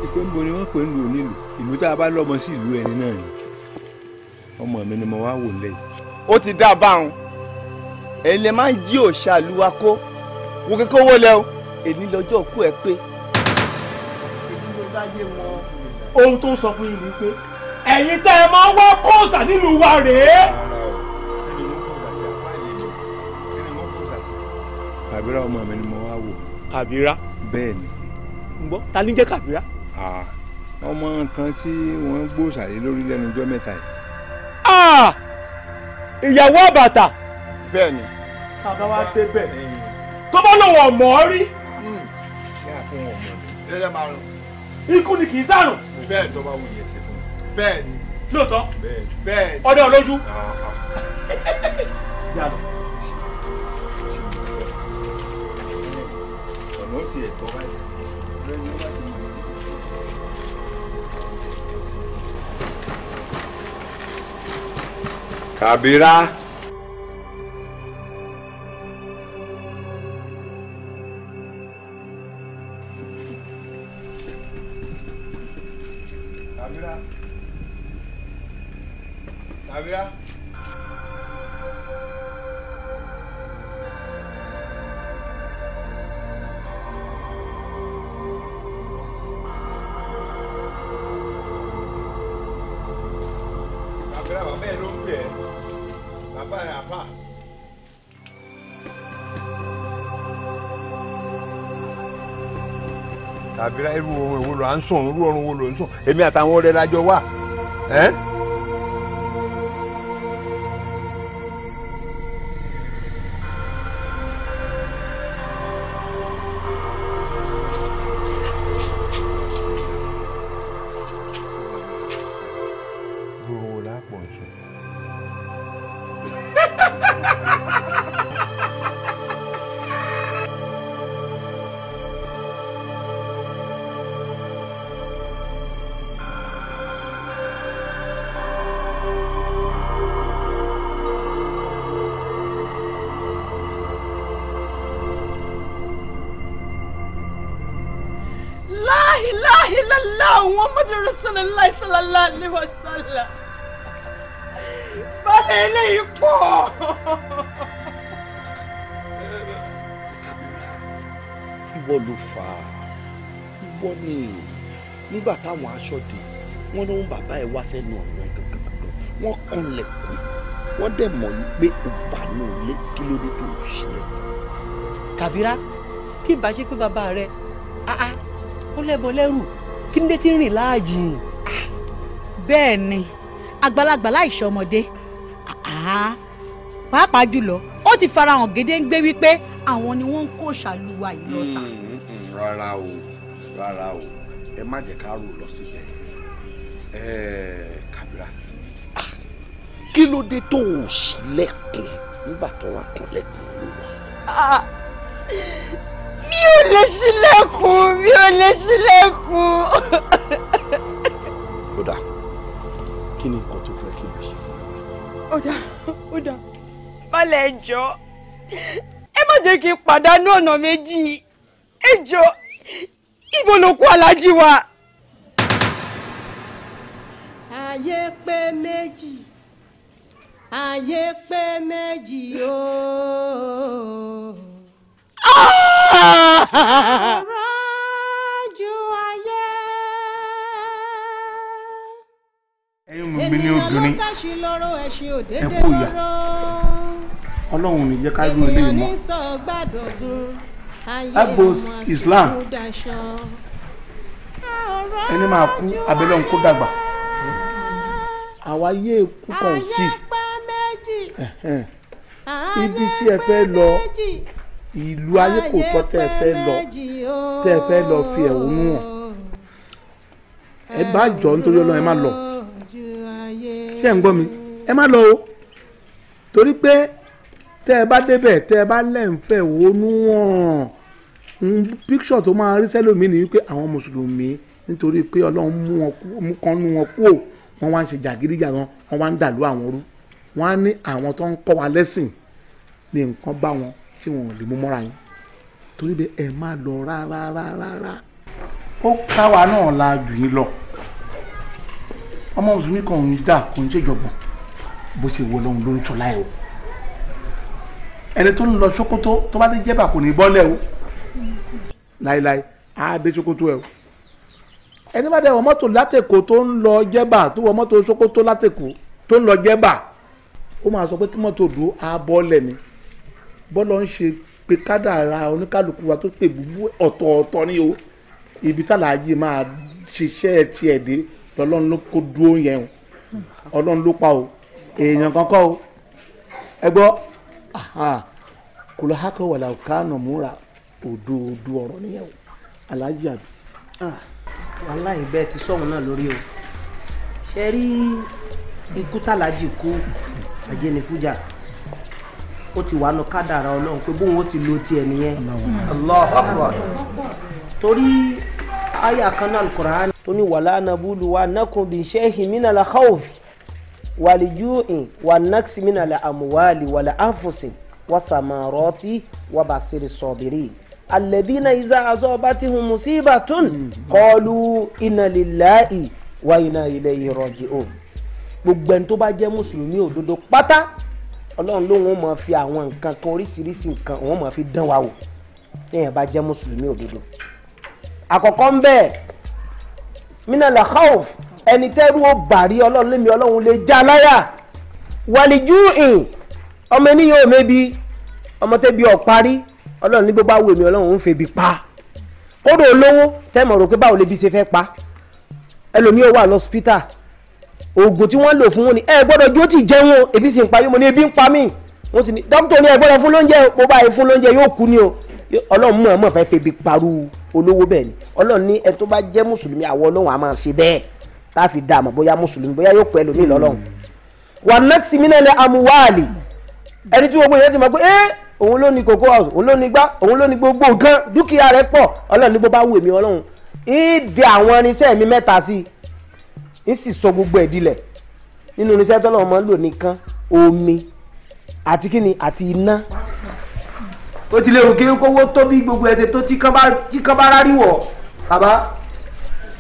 ìpè ń bo ni wọ́n pè ń lu onílù ìlú tá a bá lọ́mọ sí ìlú ẹni náà ni ọmọ mi ni mo wá wò lẹ́yìn ó ti dá a báwọn ẹ̀yin lè máa ń yí òòṣà àlùwà kó wo kékeré owó lẹ o èyí lọ́jọ́ òkú ẹ pé. èyí ló bá yé wọn ohun tó ń sọ fún yín ni pé ẹ̀yin tẹ́ ẹ máa ń wá kóòsà nílùú wa rèé. kàbírà ọmọ mi ni mo wá wò. kàbírà. bẹ́ẹ̀ ni. ǹgbọ́ ta ni jẹ́ kàbírà. ọmọ kan tí wọ́n gbóòsà lé lórí lẹ́nu ọjọ́ mẹ́ta yìí ìyàwó àbàtà. bẹ́ẹ̀ ni. bàbá wa dé bẹ́ẹ̀. tó bá lòun ọ̀mọ́ rí. lẹ́lẹ́ hmm. máa rún. ikú ni kì í sàrùn. bẹ́ẹ̀ tó bá wù yẹn ṣe fún un. bẹ́ẹ̀ ni. lóòótọ́. bẹ́ẹ̀ ni. ọdẹ olójú. Ah, ah, ah. yàrá. ọ̀nà ó tiẹ̀ tọ́ báyìí. Cabirá. Cabirá. Cabirá. àbí irú ohun èwo ló à ń sùn irú oorun wo ló ń sùn èmi àtàwọn ọ̀rẹ́ lájọ wà. illallah muhammadu rasulillah sallallahu alaihi wasallam báyìí eléyìí pọ̀. ìwọ ló fà á ìwọ ni nígbà táwọn aṣọ́de wọn ló ń bàbá ẹ wá sẹ́nu ọ̀nà ẹ̀ gàngàn wọn kanlẹ̀kùn wọn dẹ̀ mọ̀ pé òbànú lé kí ló dé tó ṣílẹ̀. Kàbírá kí ìbá ṣe pé bàbá rẹ ó lẹ́bọ lẹ́rù kí ni dé tí ń rìn láàjì. bẹ́ẹ̀ ni àgbàlagbà láìṣe ọmọdé pàápàá jùlọ ó ti farahàn gédéǹgbé wípé àwọn ni wọ́n ń kó ṣàlùwà yìí lọ́ta. Hmm, hmm, hmm, rárá o rárá o ẹ má jẹ́ ká rò lọ síbẹ̀ kábírà kí ló dé tó ò ṣílẹ̀kùn nígbà tó wà kúnlẹ̀kùn ló ah, wà. Yo ò lè ṣílẹ̀kùn mi ò lè ṣílẹ̀kùn. ó dáa kí ni nǹkan tó fẹ́ kí ló ṣe fún mi. ó dáa ó dáa balẹ̀ ẹ jọ̀ọ́ ẹ ibo ló kú alájí wa. ayé pé méjì ayé pé méjì ooo. Rájú ayé. Ẹ̀yin mú mi ní obìnrin. Ẹ kú ìyá. Ọlọ́run ní jẹ́ ká rí ilé ìmọ̀. Agbos Islam. Ẹni máa kú abẹ́lẹ́ òun kó dàgbà. Àwa yé kú kan ò sí. Ibi tí ẹ fẹ́ lọ ìlú ayé kò tọ́ tẹ́ ẹ fẹ́ lọ tẹ́ ẹ fẹ́ lọ fi ẹ̀hónú hàn ẹ bá jọ nítorí ọlọ́run ẹ má lọ ṣé ń gbọ́ mi ẹ má lọ o torí pé tẹ́ ẹ bá débẹ̀ tẹ́ ẹ bá lẹ́ǹfẹ̀ ẹ̀hónú hàn píkṣọ̀ tó máa rí sẹ́lòmí ni wípé àwọn mùsùlùmí nítorí pé ọlọ́run mú wọn mú kan wọn kú ò wọ́n wá ń ṣe jàgídíjà wọn wọ́n wá ń dàlú àwọn rú wọ́n á ní àwọn tó ń kọ́ wa lẹ́sìn ní nǹkan bá wọn tí wọn ò lè mú mọ́ra yín torí bẹ́ẹ̀ ẹ má lọ rárá rárá ó káwa náà la jù yín lọ ọmọ mùsùlùmí kan ń dà kò ń ṣèjọba bó ṣe wọ lóhun ló ń ṣọlá ẹ o ẹni tó ń lọ ṣòkòtò tó bá dé jẹ́bà kò ní bọ́lẹ̀ o láíláí á dé ṣòkòtò ẹ o ẹni bá dẹ wọ mọ́tò látẹ̀kọ́ tó ń lọ jẹ́bà tó wọ mọ́tò ṣòkòtò látẹ̀kọ́ tó ń lọ jẹ́bà ó máa sọ pé kí mọ́tò dúró á bọ́lẹ̀ ni bọ́lọ́ ń ṣe pé kádàrá oníkálukú wa tó pè búbú ọ̀tọ̀ọ̀tọ̀ ni o ibi tálàájì máa ṣiṣẹ́ tiẹ̀ dé lọ́lọ́run ló kó dúró yẹn o ọlọ́run ló pa o èèyàn kankan o ẹ gbọ́ kùlọ́hákọ̀ wàlà kánà múra òdòdó ọ̀rọ̀ nìyẹn o aláàjì àbí. wàláì bẹ́ẹ̀ ti sọ̀hún náà lórí o ṣe rí ikú tálàájì kú ajé ní fújà ó ti wà nù kádàrà ọlọ́run pé bóun ó ti lo tiẹ̀ nìyẹn Allahu Akbar torí àyà kan náà Al-Qur'an tó ní wàlá nabúlu wa nakum bi shay'in min al-khawf wàlíjúìn wà nàksí min al-amwali wal anfusi wàsàmàrọ́tì wàbàṣírí sọ̀bìrì alẹ́dínà iza azọ́bátihùn musibatun kọlu ìnàlélàáì wà ìnà ilayhi raji'un gbogbo ẹni tó bá jẹ́ mùsùlùmí òdodo pátá ọlọ́run lóun ó mọ fi àwọn nǹkan kan oríṣiríṣi nǹkan òun ó mọ fi dán wa wò téèyàn bá jẹ́ mùsùlùmí òdodo àkọ́kọ́ ń bẹ́ẹ̀ minala khawf ẹni tẹ́rù ó bàrí ọlọ́run lémi ọlọ́run lè já láyà wàlíjúìn ọmọ ènìyàn ò mébi ọmọ tẹ́bi ọ̀parí ọlọ́run ní gbogbo àwọn èmi ọlọ́run ń febi pa kódò olówó tẹ́mọ̀ rò pé báwo lè bí ṣe fẹ́ pa ẹlòmíì ó wà lọ́sípítà oògùn tí wọ́n lò fún wọn ni ẹ gbọ́dọ̀ jó ti jẹun o ebi sì ń pa mí mo ní ebi ń pa mí wọ́n ti ní dókítà ní ẹ gbọ́dọ̀ fún lóúnjẹ mo bá yẹ fún lóúnjẹ yóò kú ni o ọlọ́run mọ̀ mọ̀ fẹ́ febi paru olówó bẹ́ẹ̀ ni ọlọ́run ní ẹ tó bá jẹ́ mùsùlùmí àwọn ọlọ́run á máa ṣe bẹ́ẹ̀ tá a fi dá a mọ̀ bóyá mùsùlùmí bóyá yóò pẹ́ lómi lọ́lọ́run wà nẹ́ẹ̀sì mi náà lẹ amuwaali ẹni tí gbogbo yẹn ti mọ̀ pé ẹ́ òun ló ní cocoa house mí mi mẹ́ta ń sì sọ gbogbo ẹ̀ nínú irinṣẹ́ tọ́lọ́run máa lò nìkan omi àti kíni àti iná ó ti léwu kí n kówó tó bí gbogbo ẹsẹ̀ tó tí kán bá rárí wọ̀ bàbá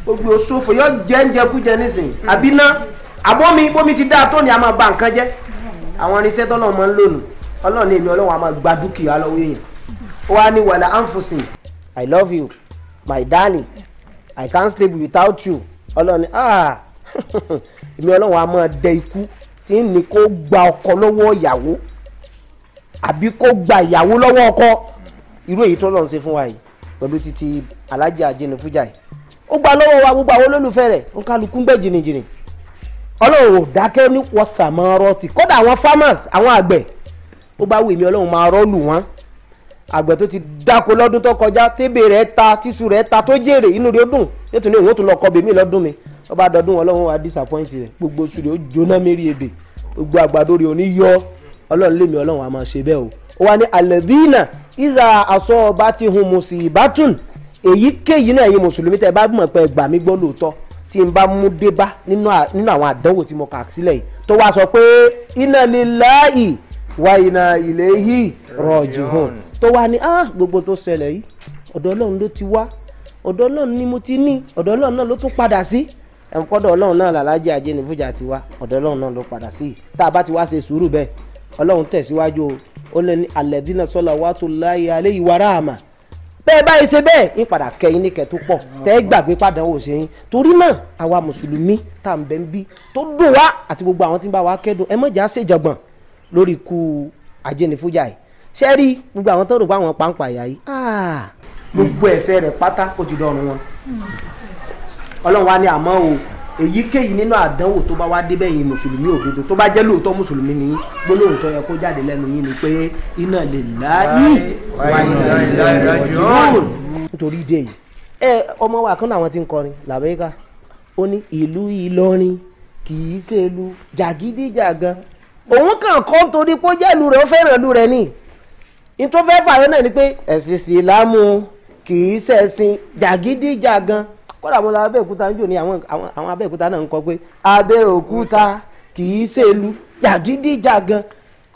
gbogbo òṣòfò yóò jẹ́ ń jẹkújẹ nísìnyí àbí ná àbómi bómi ti dáa tó ni a máa ba nǹkan jẹ́ àwọn irinṣẹ́ tọ́lọ́run máa lò nù ọlọ́run èmi ọlọ́run a máa gba dúkìá lọ́wọ́ èèyàn ó wá ní wàlà anfusin i love you my darling i can't sleep without you ọlọ́run ah èmi ọlọ́run a máa dẹ ikú tí ń ní kó gba ọkọ lọ́wọ́ ìyàwó àbí kó gba ìyàwó lọ́wọ́ ọkọ irú èyí tó lọ́n ṣe fún wa yìí pẹ̀lú títí alájà àjẹnifújà yìí ó gba lọ́wọ́ wa gbogbo àwọn olólùfẹ́ rẹ̀ ń kálukú ń gbẹ́ jìnnìjìnnì ọlọ́run ò dákẹ́ ní wọ́sàmọ́ ọrọ̀ tì kódà àwọn farmers àwọn àgbẹ̀ ó bá wù mí ọlọ́run máa rọ́ lù wọ́n àgbẹ̀ tó ti dáko lọ́dún tó kọjá tébè rẹ̀ ta tíṣu rẹ̀ ta tó jèrè inú rẹ̀ ó dùn ètò ní òun ó tún lọ kọ bèmí lọ́dún mi ó bá dọdún wọn lọ́wọ́ wa disappoint rẹ̀ gbogbo oṣù rẹ̀ ó jóná mérí ebè gbogbo àgbàdo rẹ̀ ò ní yọ ọlọ́run lèmi ọlọ́run a máa ṣe bẹ́ẹ̀ o ó wá ní alẹ́dínà ìzà aṣọ ọba ti hun musibatun èyíkéyìí náà ẹ̀yin mùsùlùmí tẹ́ ẹ bá mọ̀ pé ẹ gbà mí gbọ́ lóòótọ́ tí n bá mú dé bá nínú àwọn àdánwò tí mo kà sílẹ̀ yìí tó wá sọ pé inna lillahi wàyìnà ilayhi rajihun tó wà ní ah, gbogbo tó ṣẹlẹ̀ yìí ọ̀dọ̀ ọlọ́run ló ti wá ọ̀dọ̀ ọlọ́run ni mo ti ní ọ̀dọ̀ ọlọ́run náà ló tún padà sí ẹ̀kọ́dọ̀ ọlọ́run náà làlájì ajé ní fújà ti wá ọ̀dọ̀ ọlọ́run náà ló padà sí tá a bá ti wá ṣe sùúrù bẹ́ẹ̀ ọlọ́run tẹ̀síwájú o ó lé ní alladhina salawatullahi alayhi wa rahma bẹ́ẹ̀ báyìí ṣe bẹ́ẹ̀ ń padà kẹ́yìn ní kẹ́tó pọ̀ tẹ́ ẹ gbàgbé padà ṣe yín torí náà àwa mùsùlùmí tá à ń bẹ́ ń bí tó dùn wá àti gbogbo àwọn tí ń bá wa kẹ́dùn ẹ mọ̀jà ṣèjọ̀gbọ̀n lórí ikú ajínifújà yìí ṣe rí gbogbo àwọn tó rò pé àwọn pàǹpà ìyá yìí ah. gbogbo ẹ̀ṣẹ̀ rẹ̀ pátá ó ti dọ̀rùn wọn ọlọ́run wa ni àmọ́ o èyíkéyìí nínú àdánwò tó bá wá débẹ̀ yìí mùsùlùmí òdodo tó bá jẹ́ lóòótọ́ mùsùlùmí ni gbólóhùn tó yẹ kó jáde lẹ́nu yín ni pé inna lillahi wa inna ilaihi raji'un. nítorí ìdí èyí ẹ ọmọ wa kan làwọn ti ń kọrin làbẹ́yíká ó ní ìlú Ìlọrin kì í ṣèlú jàgídíjàgan òun kàn kọ́ torí pé ó jẹ́ ìlú rẹ̀ ó fẹ́ràn ìlú rẹ̀ ni ní tó fẹ́ fààyàn náà ni pé ẹ̀sìn ìsìlámù kì í ṣẹ̀sìn jàgídíjàgan kódà mo la abẹ́òkúta níjò ní àwọn àwọn abẹ́òkúta náà ń kọ pé abẹ́òkúta kì í ṣèlú jàgídíjàgan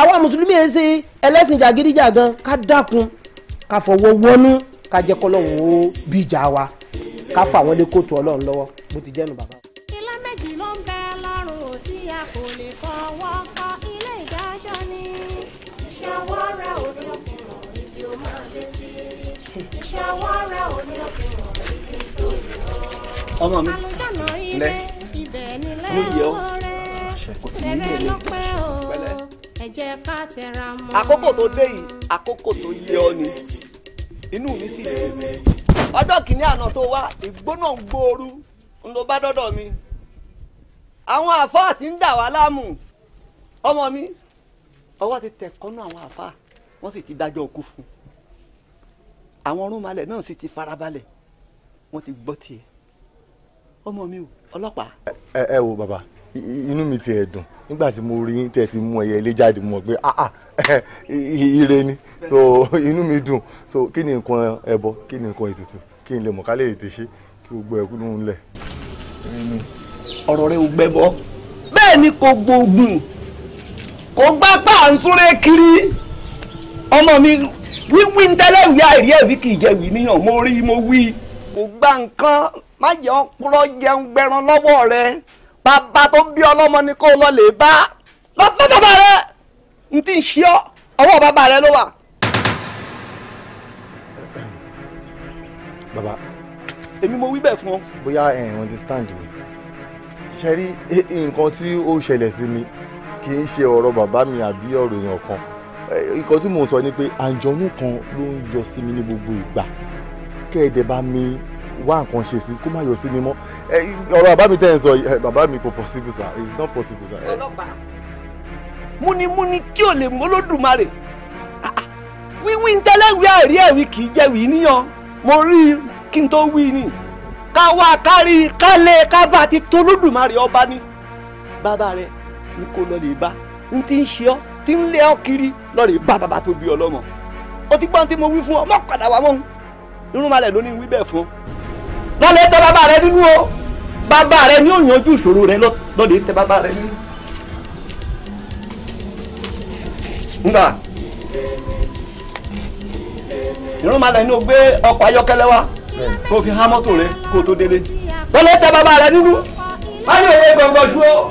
àwa mùsùlùmí ẹ̀ ṣe ẹlẹ́sìn jàgídíjàgan ká dákun ká fọwọ́ wọnú ká jẹ́ kọ́lọ́hún ó bíjà wa ká fà wọ́n lé kóòtù ọlọ́run lọ́wọ́ bó ti jẹ́nu bàbá. ọmọ mi lẹ mú yẹ ọ àkókò tó dé yìí àkókò tó yẹ ọ ni inú mi sì yẹ ọjọ́ kìíní àná tó wá ìgbóná ń gbóoru ló mi àwọn àfáà ti ń dà ọmọ mi ọwọ́ ti tẹ̀ kọ́nú àwọn àfáà wọ́n sì ti dájọ́ àwọn ọ̀rúnmalẹ̀ náà sì ti farabalẹ̀ wọ́n ti gbọ́ tiẹ̀ ọmọ mi o ọlọ́pàá. ẹ ẹ wo bàbá inú mi ti ẹ̀ dùn nígbà tí mo rí tẹ̀ ti mú ẹyẹ ilé jáde mọ̀ pé ah ah ire ni so inú mi dùn so kí ni nǹkan ẹbọ kí ni nǹkan ètùtù kí n lè mọ̀ ká lè tè ṣe kí gbogbo ẹ̀kú ló ń lẹ̀. ọ̀rọ̀ rẹ ò gbẹ́bọ bẹ́ẹ̀ ni kò gbóògùn kò gbá pàǹsúrẹ́ kiri ọmọ mi wíwí ń tẹ́lẹ̀ wí àìrí ẹ̀rí kì í jẹ́ wí níyàn mo rí mo wí. kò gba nǹkan má jẹ́ ọpọlọ jẹun gbẹran lọ́wọ́ rẹ bàbá tó bí ọlọ́mọ ni kó lọ lè bá lọ́pọ̀ bàbá rẹ n ti ń ṣe ọ́ ọwọ́ bàbá rẹ ló wà. bàbá èmi mo wí bẹ́ẹ̀ fún ọ. bóyá ẹ ẹ understand mi ṣe rí nǹkan tí ó ṣẹlẹ̀ sí mi kì í ṣe ọ̀rọ̀ bàbá mi àbí ọ̀rọ̀ èèyàn kan ikọ̀ tí mo sọ ni pé àǹjọ̀nú kan ló ń yọ sí mi ní gbogbo ìgbà kẹ́ẹ̀dẹ̀ bá mi wá nǹkan ṣe sí kó má yọ sí mi mọ́ ọ̀rọ̀ bàbá mi tẹ́ ẹ̀ sọ bàbá mi kò possible sir it's not possible sir. ọlọ́pàá múnimúni kí o lè mú Olódùmarè wíwí ń tẹ́lẹ̀wé àìrí ẹ̀rí kì í jẹ́ wí níyàn mo rí kí n tó wí ni ká wá kárí ká lé e, ká bá ọba ní bàbá rẹ n kò lọ lè bá n ti ń ṣe ọ́ ti ń lé ọ kiri lọ́ọ̀rì bá bàbá tó bí ọlọ́mọ o ti gbọ́n tí mo wí fún ọ mọ́ padà mọ́ nínú malẹ̀ ló ní wí bẹ́ẹ̀ fún ọ lọ́lẹ̀ tẹ bàbá rẹ nínú o bàbá rẹ ní òyìnbó ìṣòro rẹ lọ́lẹ̀ tẹ bàbá rẹ nínú. nga nínú malẹ̀ ní o gbé ọkọ̀ ayọ́kẹ́lẹ́ wa kó o fi há mọ́tò rẹ kó o tó délé lọ́lẹ̀ tẹ bàbá rẹ nínú báyọ̀ ìwé gbọ̀ngbọ̀n ṣú o.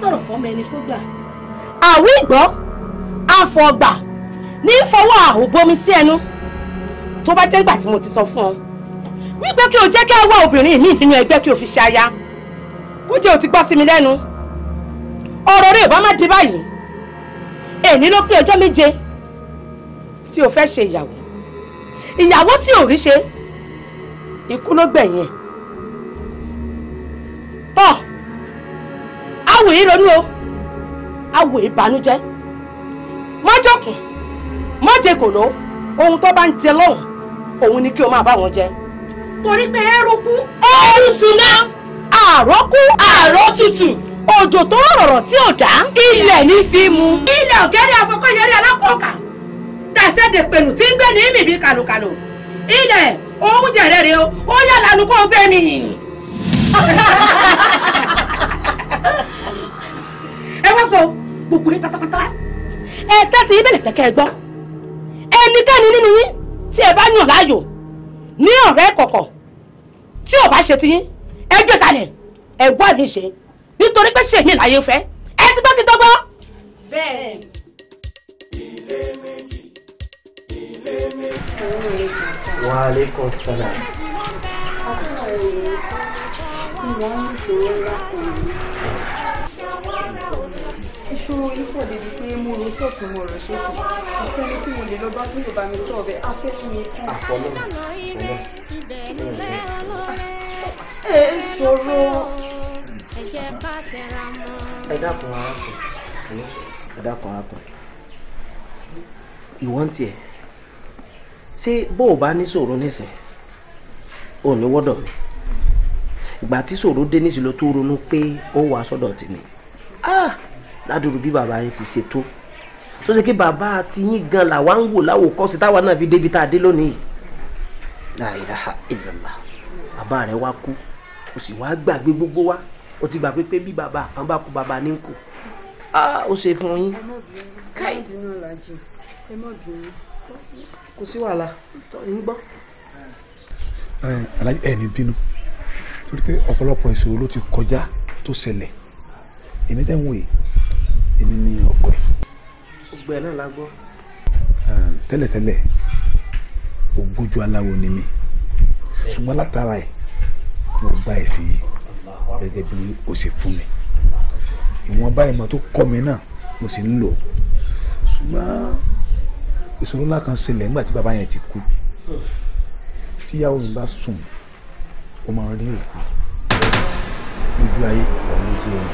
sọ̀rọ̀ fọ́mọ ẹni kó gbà. àwí ìgbọ́ àfọ̀gbà ní fọwọ́ àhòbomi sí ẹnu tó bá jẹ́ ìgbà tí mo ti sọ fún ọ wípé kí o jẹ́ kí a wá obìnrin míì nínú ẹgbẹ́ kí o fi ṣe aya kó jẹ́ o ti gbọ́ sí mi lẹ́nu ọ̀rọ̀ rẹ̀ bá má di báyìí èní ló pé ọjọ́ méje tí o fẹ́ ṣe ìyàwó ìyàwó tí ò rí ṣe ikú ló gbẹ̀yìn ẹ̀ àwò ìrònú o àwò ìbànújẹ́ má jọkùn ohun tó bá ń jẹ lọ́hùn òun ni kí o máa bá wọn jẹ. torí pé ẹrùkú. ẹrù sùnà. àrókù. àrò tutù. òjò tó rọ̀rọ̀ tí ò dá. ilẹ̀ ní fi mu. ilẹ̀ ọ̀gẹ́rẹ́ afọkọ́yẹrí alápọ̀ọ̀kà tàṣẹ́ tí ń kàlùkàlù ilẹ̀ ó yà ẹ gbogbo yín pátápátá ẹ tẹ́tí ibẹ̀lẹ̀ tẹ́kẹ́ ẹ gbọ́ ẹnikẹ́ni nínú yín tí ẹ bá yàn láàyò ní ọ̀rẹ́ kọ̀kọ̀ tí ò bá ṣe ti yín ẹ gbé kalẹ̀ ẹ wá mi ṣe nítorí pé ṣèmi láyé fẹ́ ẹ ti gbọ́ kí dọ́gbọ́. bẹ́ẹ̀ ilé méjì ilé méjì. wa alaikum salaam. àfihàn rẹ̀ ìwọ̀n ń ṣòro lápò yìí ìṣòro yìí pọ̀ débi pé mo rò sọ́ọ̀tù mo rò sókè àti ẹni tí mo lè lọ bá tí mo bá mi sọ ọbẹ̀ afẹ́fẹ́ mi kú. àfọlọ́ ẹ ń sọ̀rọ̀. ẹ dákun arákùnrin ẹ dákun arákùnrin ìwọ́n tiẹ̀ ṣé bó o bá ní ṣòro nísìn ò ní wọ́dọ̀ mi ìgbà tí ṣòro dé nísìn tó ronú pé ó wà sọ́dọ̀ tì ní. ah ládùúrú bí bàbá yín sì ṣe tó tó ṣe kí bàbá àti yín gan làwa ń wò láwòkọ́sí táwa náà fi débi tá a dé lónìí la ilaha illallah bàbá rẹ̀ wá kú o sì wá gbàgbé gbogbo wa o ti gbàgbé pé bí bàbá kan bá kú bàbá ní kù o ṣe fún yín. káì kò sí wàhálà tó ń gbọ́. alájí ẹ ní bínú torí pé ọ̀pọ̀lọpọ̀ ìṣòro ló ti kọjá tó ṣẹlẹ̀ èmi tẹ́ ń wòye èmi ni ọkọ ẹ̀. ọgbà ẹ̀ náà la gbọ́. tẹ́lẹ̀tẹ́lẹ̀ ògbójú aláwo ni mi ṣùgbọ́n látara ẹ̀ mo gba èsì yìí gẹ́gẹ́ bí o ṣe fún mi ìwọ̀nba ìmọ̀ tó kọ́ mi náà mo sì ń lò ṣùgbọ́n ìṣòro ńlá kan ṣẹlẹ̀ nígbà tí bàbá yẹn ti kú tíyàwó mi bá sùn ó máa rí òkú lójú ayé àwọn lójú ọ̀run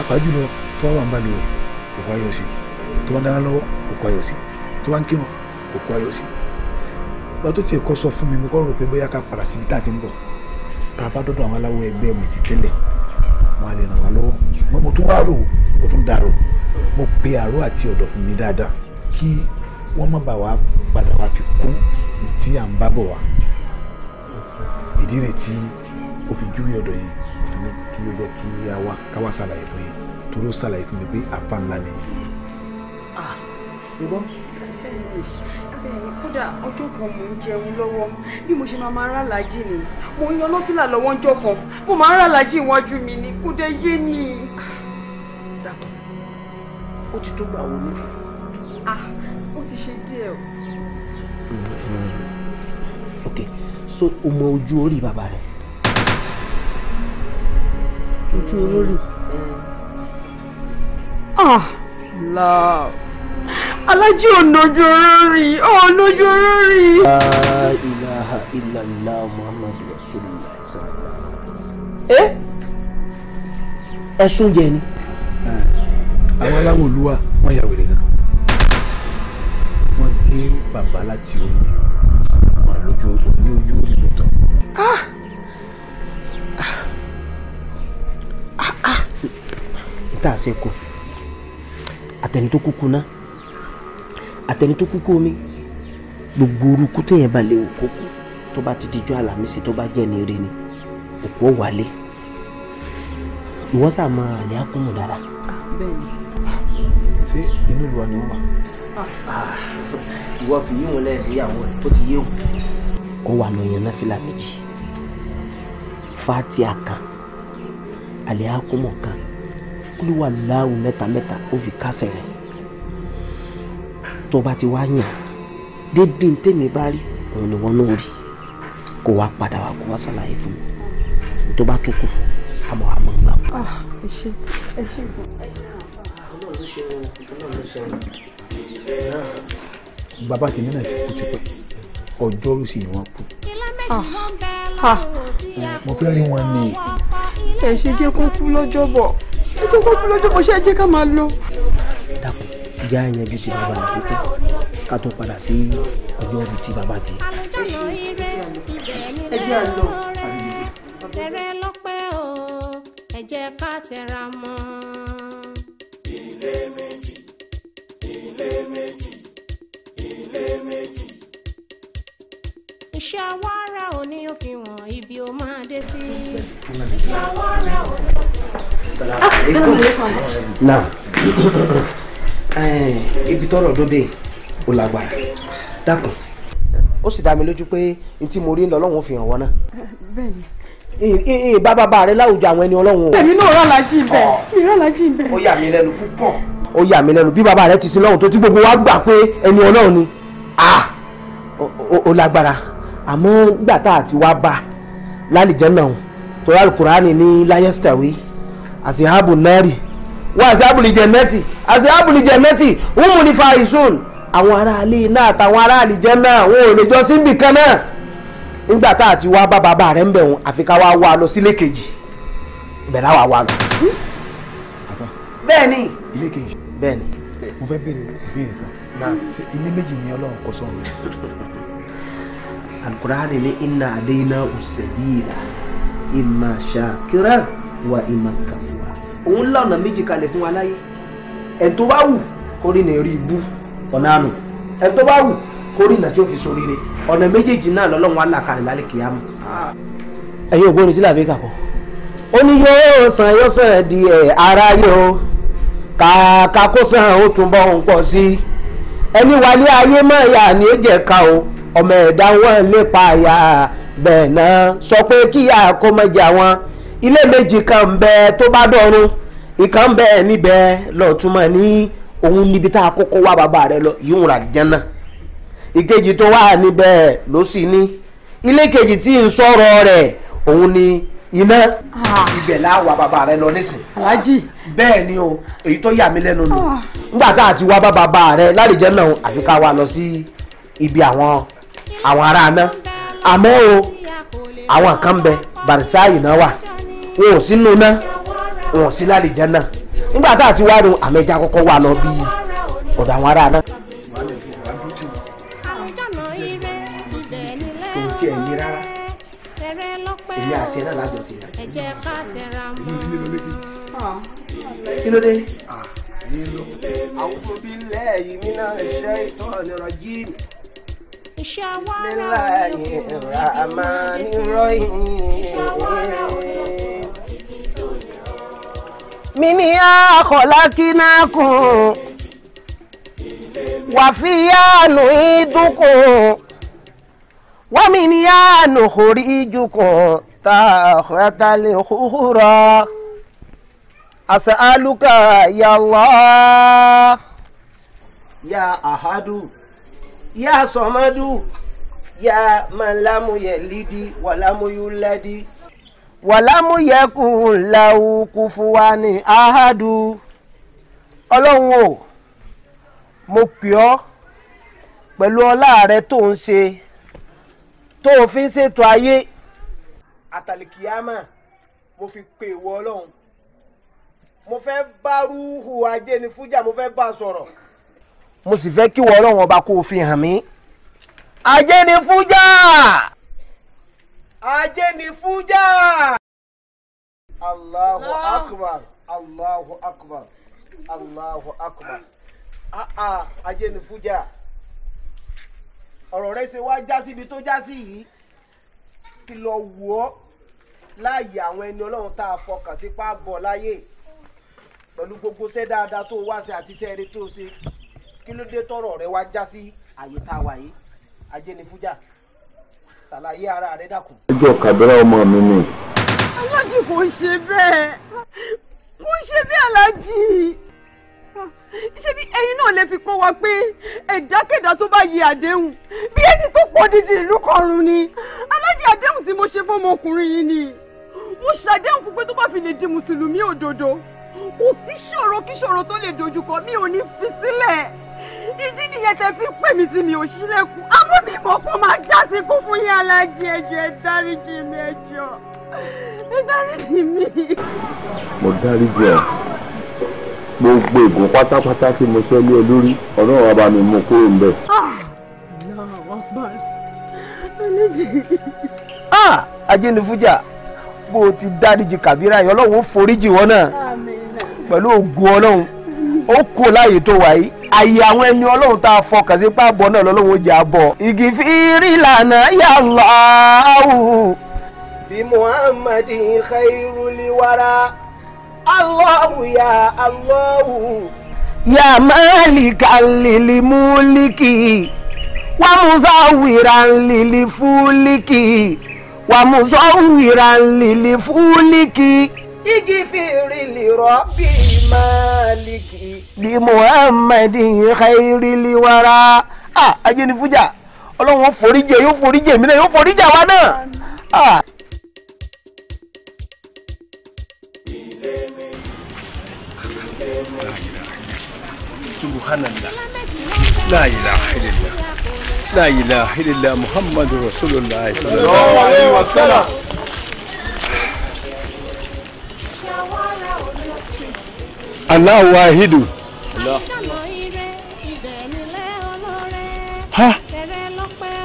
apájùlọ tó bá wà ń bá lu òkú ayọ̀ sí tó bá dáná lọ́wọ́ òkú ayọ̀ sí tó bá ń kírun òkú ayọ̀ sí. bá tó tiẹ̀ kọ́ sọ fún mi mo kọ́ rò pé bóyá ká padà síbi tá a ti ń bọ̀ tá a bá dọ́dọ̀ àwọn aláwọ̀ ẹgbẹ́ mi ti tẹ́lẹ̀ wọn á lè ràn wá lọ́wọ́ ṣùgbọ́n mo tún wá rò mo tún dàrò mo pe àrò àti ọ̀dọ̀ fún mi dáadáa kí wọ́n má bà wá padà wá fi kún tí à ń bá bọ̀ wá ìdí rẹ̀ tí ó fi júwe ọ̀dọ̀ yẹn òfin kí ó lọ kí a wá ká wá ṣàlàyé fún yẹn torí ó ṣàlàyé fún mi pé àfa ńlá ni. ah ń gbọ́. kódà ọjọ́ kan mò ń jẹun lọ́wọ́ bí mo ṣe máa máa rálàájì ni mò ń yan lọ́fílà lọ́wọ́ ọjọ́ kan mo máa ń rálàájì iwájú mi ni kó dé yé ni. dàtọ̀ ó ti tó gbà wo nísìn. ah ó ti ṣe díẹ̀ o. Mm-hmm. ok so o mọ ojú orí bàbá rẹ ojú olórí love alájí ònàjò rírì ònàjò rírì. la ilaha illallah muhammadu rasulullah sallallahu alaihi wasallam. ẹ eh? ẹsùn jẹ ni. Eh, àwọn aláwọ̀ olúwa wọ́n yà wèrè gan. wọ́n gbé bàbá láti orí mi wọ́n lójú oní ojú orí mi tán. n tà sí kù àtẹni tó kúkú ná àtẹni tó kúkú omi gbogbo orúkú téèyàn bá lè wò kókó tó bá ti dijọ́ àlàmísì tó bá jẹ́ ní eré ni òkú ò wálé ìwọ sá mọ àlẹ́ àkúnnù dára. ṣé inú ìlú wa ni wọ́n wà. Ah. Ah. ìwọ fi yíwọn lẹ́ẹ̀dún ìyàwó rẹ̀ ó ti yé o. ó wà lọ́yàn náfìlà méjì fatia kan àlẹ́ àkúnnù kan kúlúwà láàrún mẹ́ta mẹ́ta ó fi kásẹ̀ rẹ̀ tó bá ti wá yàn dédé ní tèmi bá rí òun ni wọn náà rí kó wá padà wá kó wá ṣàlàyé fún mi tó bá tó kù àmọ́ àmọ́ gbà. Ah, ẹ ṣe ẹ ṣe bọ. bàbá kìíní náà ti kú tipẹ́ ọjọ́rú sì ni wọ́n kú. Ah, mo fẹ́ rí wọn ní. ẹ jẹ́ kó kú lọ́jọ́ bọ̀ ẹjọ́ padà sí ọjọ́ ibi tí bàbá ti. ọ̀bẹ̀rẹ̀ lọ́pẹ́ o ẹ ká tẹra mọ́. ilé méjì ilé méjì ilé méjì. iṣẹ́ awára ò ní òfin wọ̀n ibi ó máa dé sí. iṣẹ́ awára ò ní òfin wọ̀n. Ah, now eh, ibi tọ́rọ̀ dóde ò lágbára dákun ó sì dá mi lójú pé n tí mo rí lọ lọ́hùn fi hàn wọ́n náà. bẹ́ẹ̀ni. bá bàbá rẹ láwùjọ àwọn ẹni ọlọ́hùn o. èmi náà rà lájì bẹ́ẹ̀ mi rà lájì bẹ́ẹ̀. ó yà mí lẹ́nu púpọ̀. ó yà mí lẹ́nu bí bàbá rẹ ti sin lọ́hùn tó tí gbogbo wa gbà pé ẹni ọlọ́hùn ni ó lágbára àmọ́ gbàtà àti wá bá lálìjẹ́ náà tó rà lùkùránì ní láyé sítẹ̀wé asihabu nari wa asihabu lijẹnẹti asihabu lijẹnẹti umu ni faisun àwọn aráalé náà àtàwọn aráàlú jẹ náà wọn ò lè jọ síbi kan náà nígbà tá a ti wá bá bàbá rẹ ń bẹ̀ wọn àfi ká wá wá lọ sílé kejì ibẹ̀ láwa wá lọ. bẹ́ẹ̀ ni ilé kejì bẹ́ẹ̀ ni. mo fẹ́ béèrè ìbéèrè kan náà ṣe ilé méjì ni ọlọ́run kọ sọ́run. alukur'ani ni inna adayna usabila imma shakira wa iman kafura òun lànà méjì kalẹ̀ fún wa láyé ẹ̀ tó bá wù kórì ní rí ibú ọ̀nà àánú ẹ̀ tó bá wù kórì náà tí ó fi soríire ọ̀nà méjèèjì náà lọ́lọ́run wa là kalẹ̀ lálẹ́ kìyàmù. ẹ̀yin ògbóni tí làbí kà kọ́ ó ní yóò san yóò di ẹ̀ aráyé o kàkà kó san ó túnbọ̀ ń pọ̀ sí i ẹni wálé ayé máa yà ọmọ ẹ̀dá wọn lépa àyà bẹ́ẹ̀ náà sọ pé kíyà kó mọ̀jà wọn ilé méjì kan ń bẹ tó bá dọ̀run ìkan ń bẹ níbẹ̀ lọ́ọ̀túnmọ̀ ní òun níbi tá a kọ́kọ́ wá bàbá rẹ lọ yìí ń ra jẹ́nà ìkejì tó wà níbẹ̀ ló sì ní ilé kejì tí ń sọ̀rọ̀ rẹ̀ òun ni iná ah. ibẹ̀ láwa bàbá rẹ lọ nísìn. alájì ni o èyí tó yà mí lẹ́nu nù ah. nígbà tá a ti wá bàbá rẹ lálejẹ́ náà àfi ká wa lọ sí ibi àwọn àwọn ará aná àmọ́ o àwọn kan bẹ barista yìí náà wà wọn ò sí nuná wọn ò sí lálejò náà nígbà tá a ti wá run àmẹjà kọ́kọ́ wà lọ bí ọ̀dọ̀ àwọn ará náà. èmi àti ẹ náà lájọsìn náà. Ah. kí ló dé. أعوذ بالله من الشيطان الرجيم بسم الله الرحمن الرحيم mi ni akọlákínákùn wàfíyàánù ìdúnkùn wọ́n mi ni àánú orí ìjùkùn tá a rẹ́tàlẹ̀ òhúrọ̀ as'aluka ya Allah ya ahadu ya somadu ya man lamu yelidi wa lamu yuladi wàlámù yẹkùn làwù kù fún wa ní ahadu ọlọ́run o mo pè ọ́ pẹ̀lú ọlá rẹ tó ń ṣe tó o fi ń ṣètò ayé àtàlìkìyàmà mo fi pè wọ ọlọ́run mo fẹ́ bá rúhù ajé ni fújà mo fẹ́ bá a sọ̀rọ̀ mo sì fẹ́ kí wọ ọlọ́run ọba kó o fi hàn mí ajé ni fújà ajé ni fújà. Allahu akbar Allahu akbar Allahu akbar aa ajé ni fújà ọ̀rọ̀ rẹ ṣe wá já síbi tó já sí yìí kí lọ wù ọ́ láàyè àwọn ẹni ọlọ́run tá a fọkàn sí pábọ̀ láyè pẹ̀lú gbogbo iṣẹ́ dáadáa tó wá ṣe àti iṣẹ́ eré tó ṣe kí ló dé tọ̀rọ̀ rẹ wá já sí àyè tá a wà yìí ajé ni fújà ṣàlàyé ara rẹ dákun. ẹjọ́ kàbẹ́rẹ́ ọmọ mi ni. aláàjì kò ṣe bẹ́ẹ̀ kò ṣe bẹ́ẹ̀ aláàjì ṣebí ẹ̀yin náà lè fi kọ́ wa pé ẹ̀dákẹ́dá tó bá yẹ àdéhùn bí ẹni tó pọ̀ dídì ìlú kọrùn ni aláàjì àdéhùn tí mo ṣe fún ọmọkùnrin yìí ni mo ṣàdéhùn fún pé tó bá fi lè di mùsùlùmí òdodo kò sí ṣòro kí ṣòro tó lè dojúkọ mi ò ní fi sílẹ̀ ìdí nìyẹn tẹ fi pè mí tí mi ò ṣílẹ̀kùn àmọ́ mi mọ̀ kó máa já sí kú fún yín alájí ẹjọ́ ẹ dáríjì mi ẹjọ́ ẹ dáríjì mi. mo dáríjì ẹ gbogbo ègún pátápátá tí mo ṣe lé ẹ lórí ọ̀nà ọ̀rọ̀ bá mi mú kúrò ń bẹ̀. Ah, ah, ajínlifújà bó o ti dáríjì kàbírà yìí ọlọ́run ó foríjì wọn náà pẹ̀lú ògùn ọlọ́run ó kú láàyè tó wà yìí àyè àwọn ẹni ọlọ́run tá a fọkàn sí pàbọ náà lọ́lọ́run jà bọ̀. igi fírí lànà yà lọ́wọ́. bí muhammadin khairul wara allahu ya allahu. ya malika lili muliki wa musawira lili fuliki wa musawira lili fuliki igi fìrì lìrọ bí máàlìkì. bí muhammadin khairi liwara. ah ajínifújà ọlọ́run foríjẹ yóò foríjẹ mí náà yóò foríjẹ àwa náà. ah. subhanallah la ilaha illallah la ilaha illallah Muhammadur rasulullah sallallahu alaihi wasallam. Allahu wahidu. ha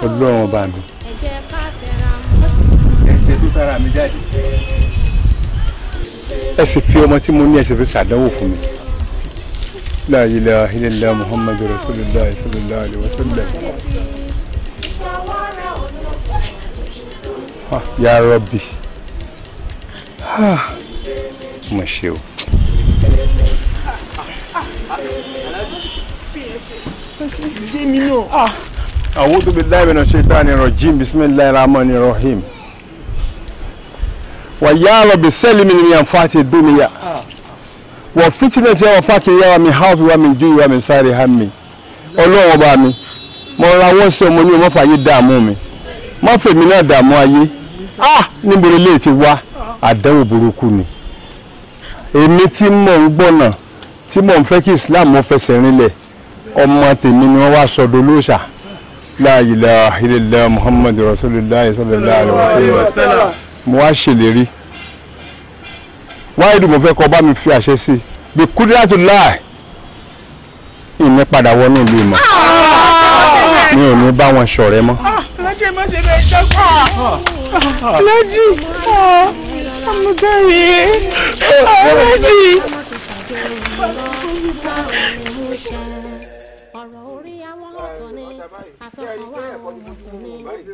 ọlọ́run ọba mi. ẹ̀jẹ̀ tó tara mi jáde. ẹ sì fi ọmọ tí mo ní ẹ sì fi ṣàdánwò fún mi. la ilaha illallah muhammadu rasulillah sallallahu alaihi wasallam. ya rabbi mo ṣe o. jẹ́ mi náà. a'udhu billahi minash shaitani rajim bismillahir rahmanir rahim wa ya rabbi sallim min yanfati dunya wa fitnati wa faqri ya min hawfi wa min ju'i wa min sari hammi Ọlọ́run ọba mi mo ra wọ́n sí ọmọ ní ọmọ fàyè dààmú mi má fèmí náà dààmú ayé ah níbo lè ti wá àdánwò burúkú ni èmi tí mò ń gbọ́nà tí mò ń fẹ́ kí Islam mo fẹsẹ̀ rinlẹ̀ ọmọ tèmi ni wọ́n wá sọ̀dọ̀ lóòṣà la ilaha illallah muhammadu rasulillah sallallahu alaihi wasallam mo wá ṣèlérí wáyédù mo fẹ́ kọ́ bá mi fi àṣẹ sí i bí kúdírátù láì ìní padà wọnú ìlú mọ́ ah! mi ò ní bá wọn ṣọ̀rẹ́ mọ́. lọ́jọ́ ah! mo ṣe fẹ́ jọ́pọ̀ ah! lọ́jì ọmọdé rèé lọ́jì.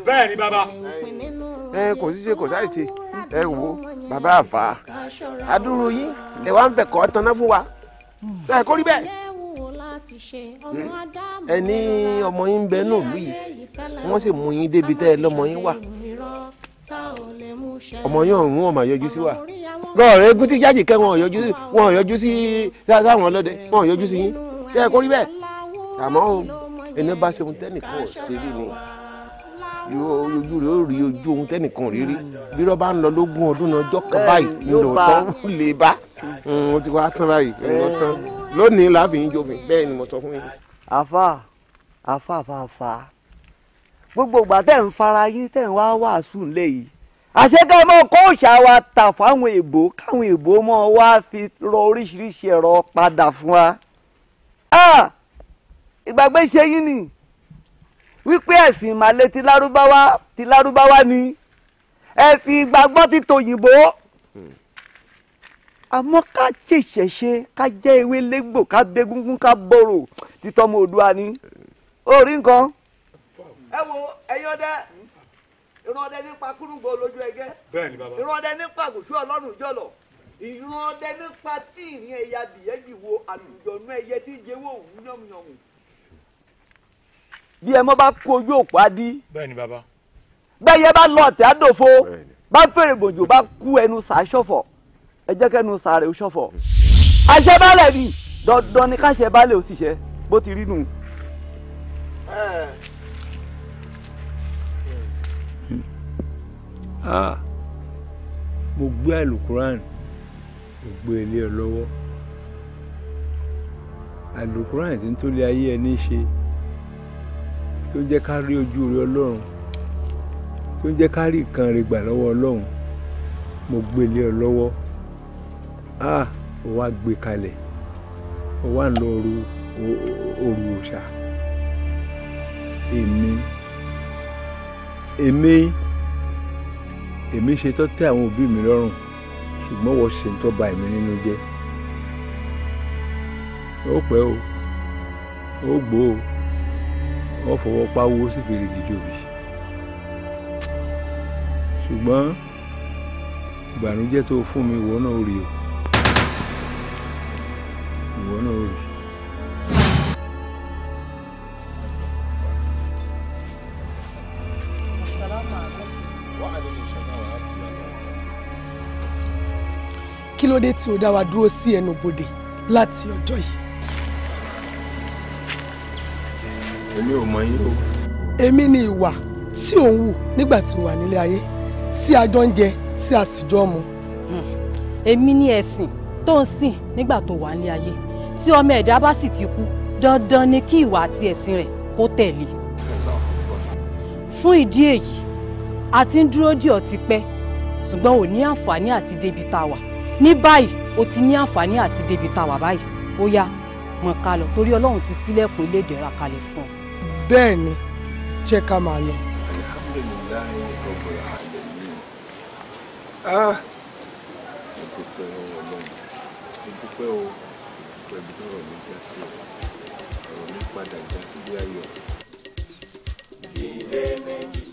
bẹ́ẹ̀ ni bàbá. ẹ kò sí ṣe kò sáré ṣe ẹ wo bàbá àfà àdúró yín lè wá ń fẹ́ kọ́ tanná fún wa ẹ kó rí bẹ́ẹ̀. Hmm. ẹ ní ọmọ yín ń bẹ ní òlú yìí wọ́n sì mú yín débi tẹ́ ẹ lọ́mọ yín wà ọmọ yín ọ̀hún ọ̀mà yọjú sí wa lọ́ọ̀rẹ́ egun tí jáde kẹ́ wọn yọjú wọn yọjú sí sáwọn ọlọ́dẹ wọn yọjú sí yín kẹ́ ẹ kó rí bẹ́ẹ̀ àmọ́ o ẹni bá ṣe ohun tẹ́nìkan ò ṣe rí ni ojú rẹ ó rí ojú ohun tẹ́nìkan rírí bí rọ́ bá ń lọ lógún ọdún náà ọjọ́ kan báyìí lóòótọ́ lè bá o ti wá tán báyìí lọ tán lónìí láàfin yín jófin bẹ́ẹ̀ ni mo sọ fún yín. àfa àfa àfa àfa gbogbo ìgbà tẹ̀ ń fara yín tẹ̀ ń wá wàásù ńlẹ̀ yìí àṣekẹ́ mọ́ kó ṣá wa tà fáwọn èbó káwọn èbó mọ́ wá fi rọ oríṣiríṣi ẹ̀rọ padà fún wa. Ah! ìgbàgbé ṣe yín ni wípé ẹ̀sìn ìmàle ti lárúbáwá ti lárúbáwá ni ẹ fi ìgbàgbọ́ ti tòyìnbó àmọ́ ká ṣèṣẹ̀ ṣe ká jẹ́ ewé légbò ká bẹ́gúngún ká bòrò títọ́mọ òdua ni orí nǹkan. ẹ wo ẹyin ọdẹ ìran nípa kúrúgbó lójú ẹgẹ ìran nípa gòṣù ọlọ́run jọlọ ìran nípa tí ìrìn ẹ̀yà bìyẹ́jì wo àlùjọ̀nú ẹ̀yẹ tí jẹ́wọ́ òun yànmùyànmù bí ẹ mọ́ bá kú ojú òpó adí. bẹ́ẹ̀ni bàbá. bẹ́ẹ̀ yẹ bá lọ ọ̀tẹ̀ àdòfo bá fèrè gbòjò bá kú ẹnu sàá ṣọ̀fọ̀ ẹ jẹ́ kẹ́nu sàá rẹ̀ ṣọ̀fọ̀. àṣẹ balẹ̀ ni dandan ni káṣẹ balẹ̀ òṣìṣẹ́ bó ti rí nù. mo gbé alukuran mo ilé ẹ lọ́wọ́ alukuran ti ń tó lé ayé ẹni ṣe tó ń jẹ́ ká rí ojú rẹ ọlọ́run tó ń jẹ́ ká rí nǹkan rẹ gbà lọ́wọ́ ọlọ́run mo gbé lé ọ lọ́wọ́ a ah, ò wá gbé kalẹ̀ ò wá ń lọ ru òru òòṣà èmi èmi èmi ṣe tọ́ àwọn òbí mi lọ́rùn ṣùgbọ́n wọ́n ṣe ń tọ́ ba èmi nínú jẹ́ ó pẹ́ o ó gbó o wọ́n fọwọ́ pa owó sí fèrè gidi òbí ṣùgbọ́n ìbànújẹ́ tó fún mi ìwọ náà rí o ìwọ náà rí. kí ló dé tí o dá wa dúró sí ẹnubodè láti ọjọ́ yìí. èmi ò mọ yín o. èmi ni ìwà tí òun wù nígbà tí mo wà nílé ayé tí a jọ ń jẹ tí a sì jọ mu. Hmm. èmi ni ẹ̀sìn tó ń sìn nígbà tó wà nílé ayé tí ọmọ ẹ̀dá bá sì ti kú dandan ni kí ìwà àti ẹ̀sìn rẹ̀ kó tẹ̀lé. fún ìdí èyí a ti ń dúró dì ọ́ ti pẹ́ ṣùgbọ́n ò ní àǹfààní àti débi tá a wà ní báyìí o ti ní àǹfààní àti débi tá a wà báyìí ó yá mọ̀ ká lọ torí ọlọ́run ti ṣílẹ̀kùn ilé ìdẹ̀ra kalẹ̀ fún ọ bẹ́ẹ̀ ni jẹ́ ká máa lọ. ah ilé méjì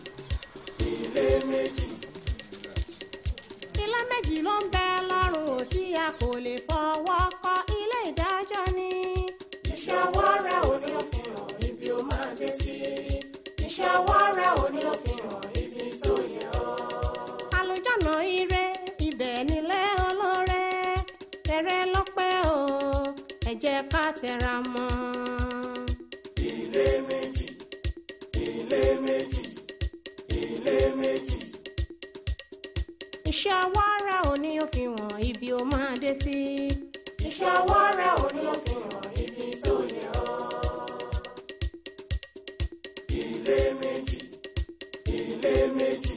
ló ń bẹ lọ́rùn tí a kò lè fọwọ́ kọ́ ọ̀nà ire ibẹ̀ nílẹ̀ ọlọ́rẹ́ tẹ̀rẹ̀ lọ́pẹ́ o ẹ jẹ́ ká tẹra mọ́. ilé méjì ilé méjì ilé méjì. iṣẹ́ ọwọ́ ara ò ní ó fi ibi ó máa dé sí. iṣẹ́ ọwọ́ ara ò ní ó fi ibi tó yẹ ọ́. ilé méjì ilé méjì.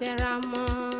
tẹra mọ́.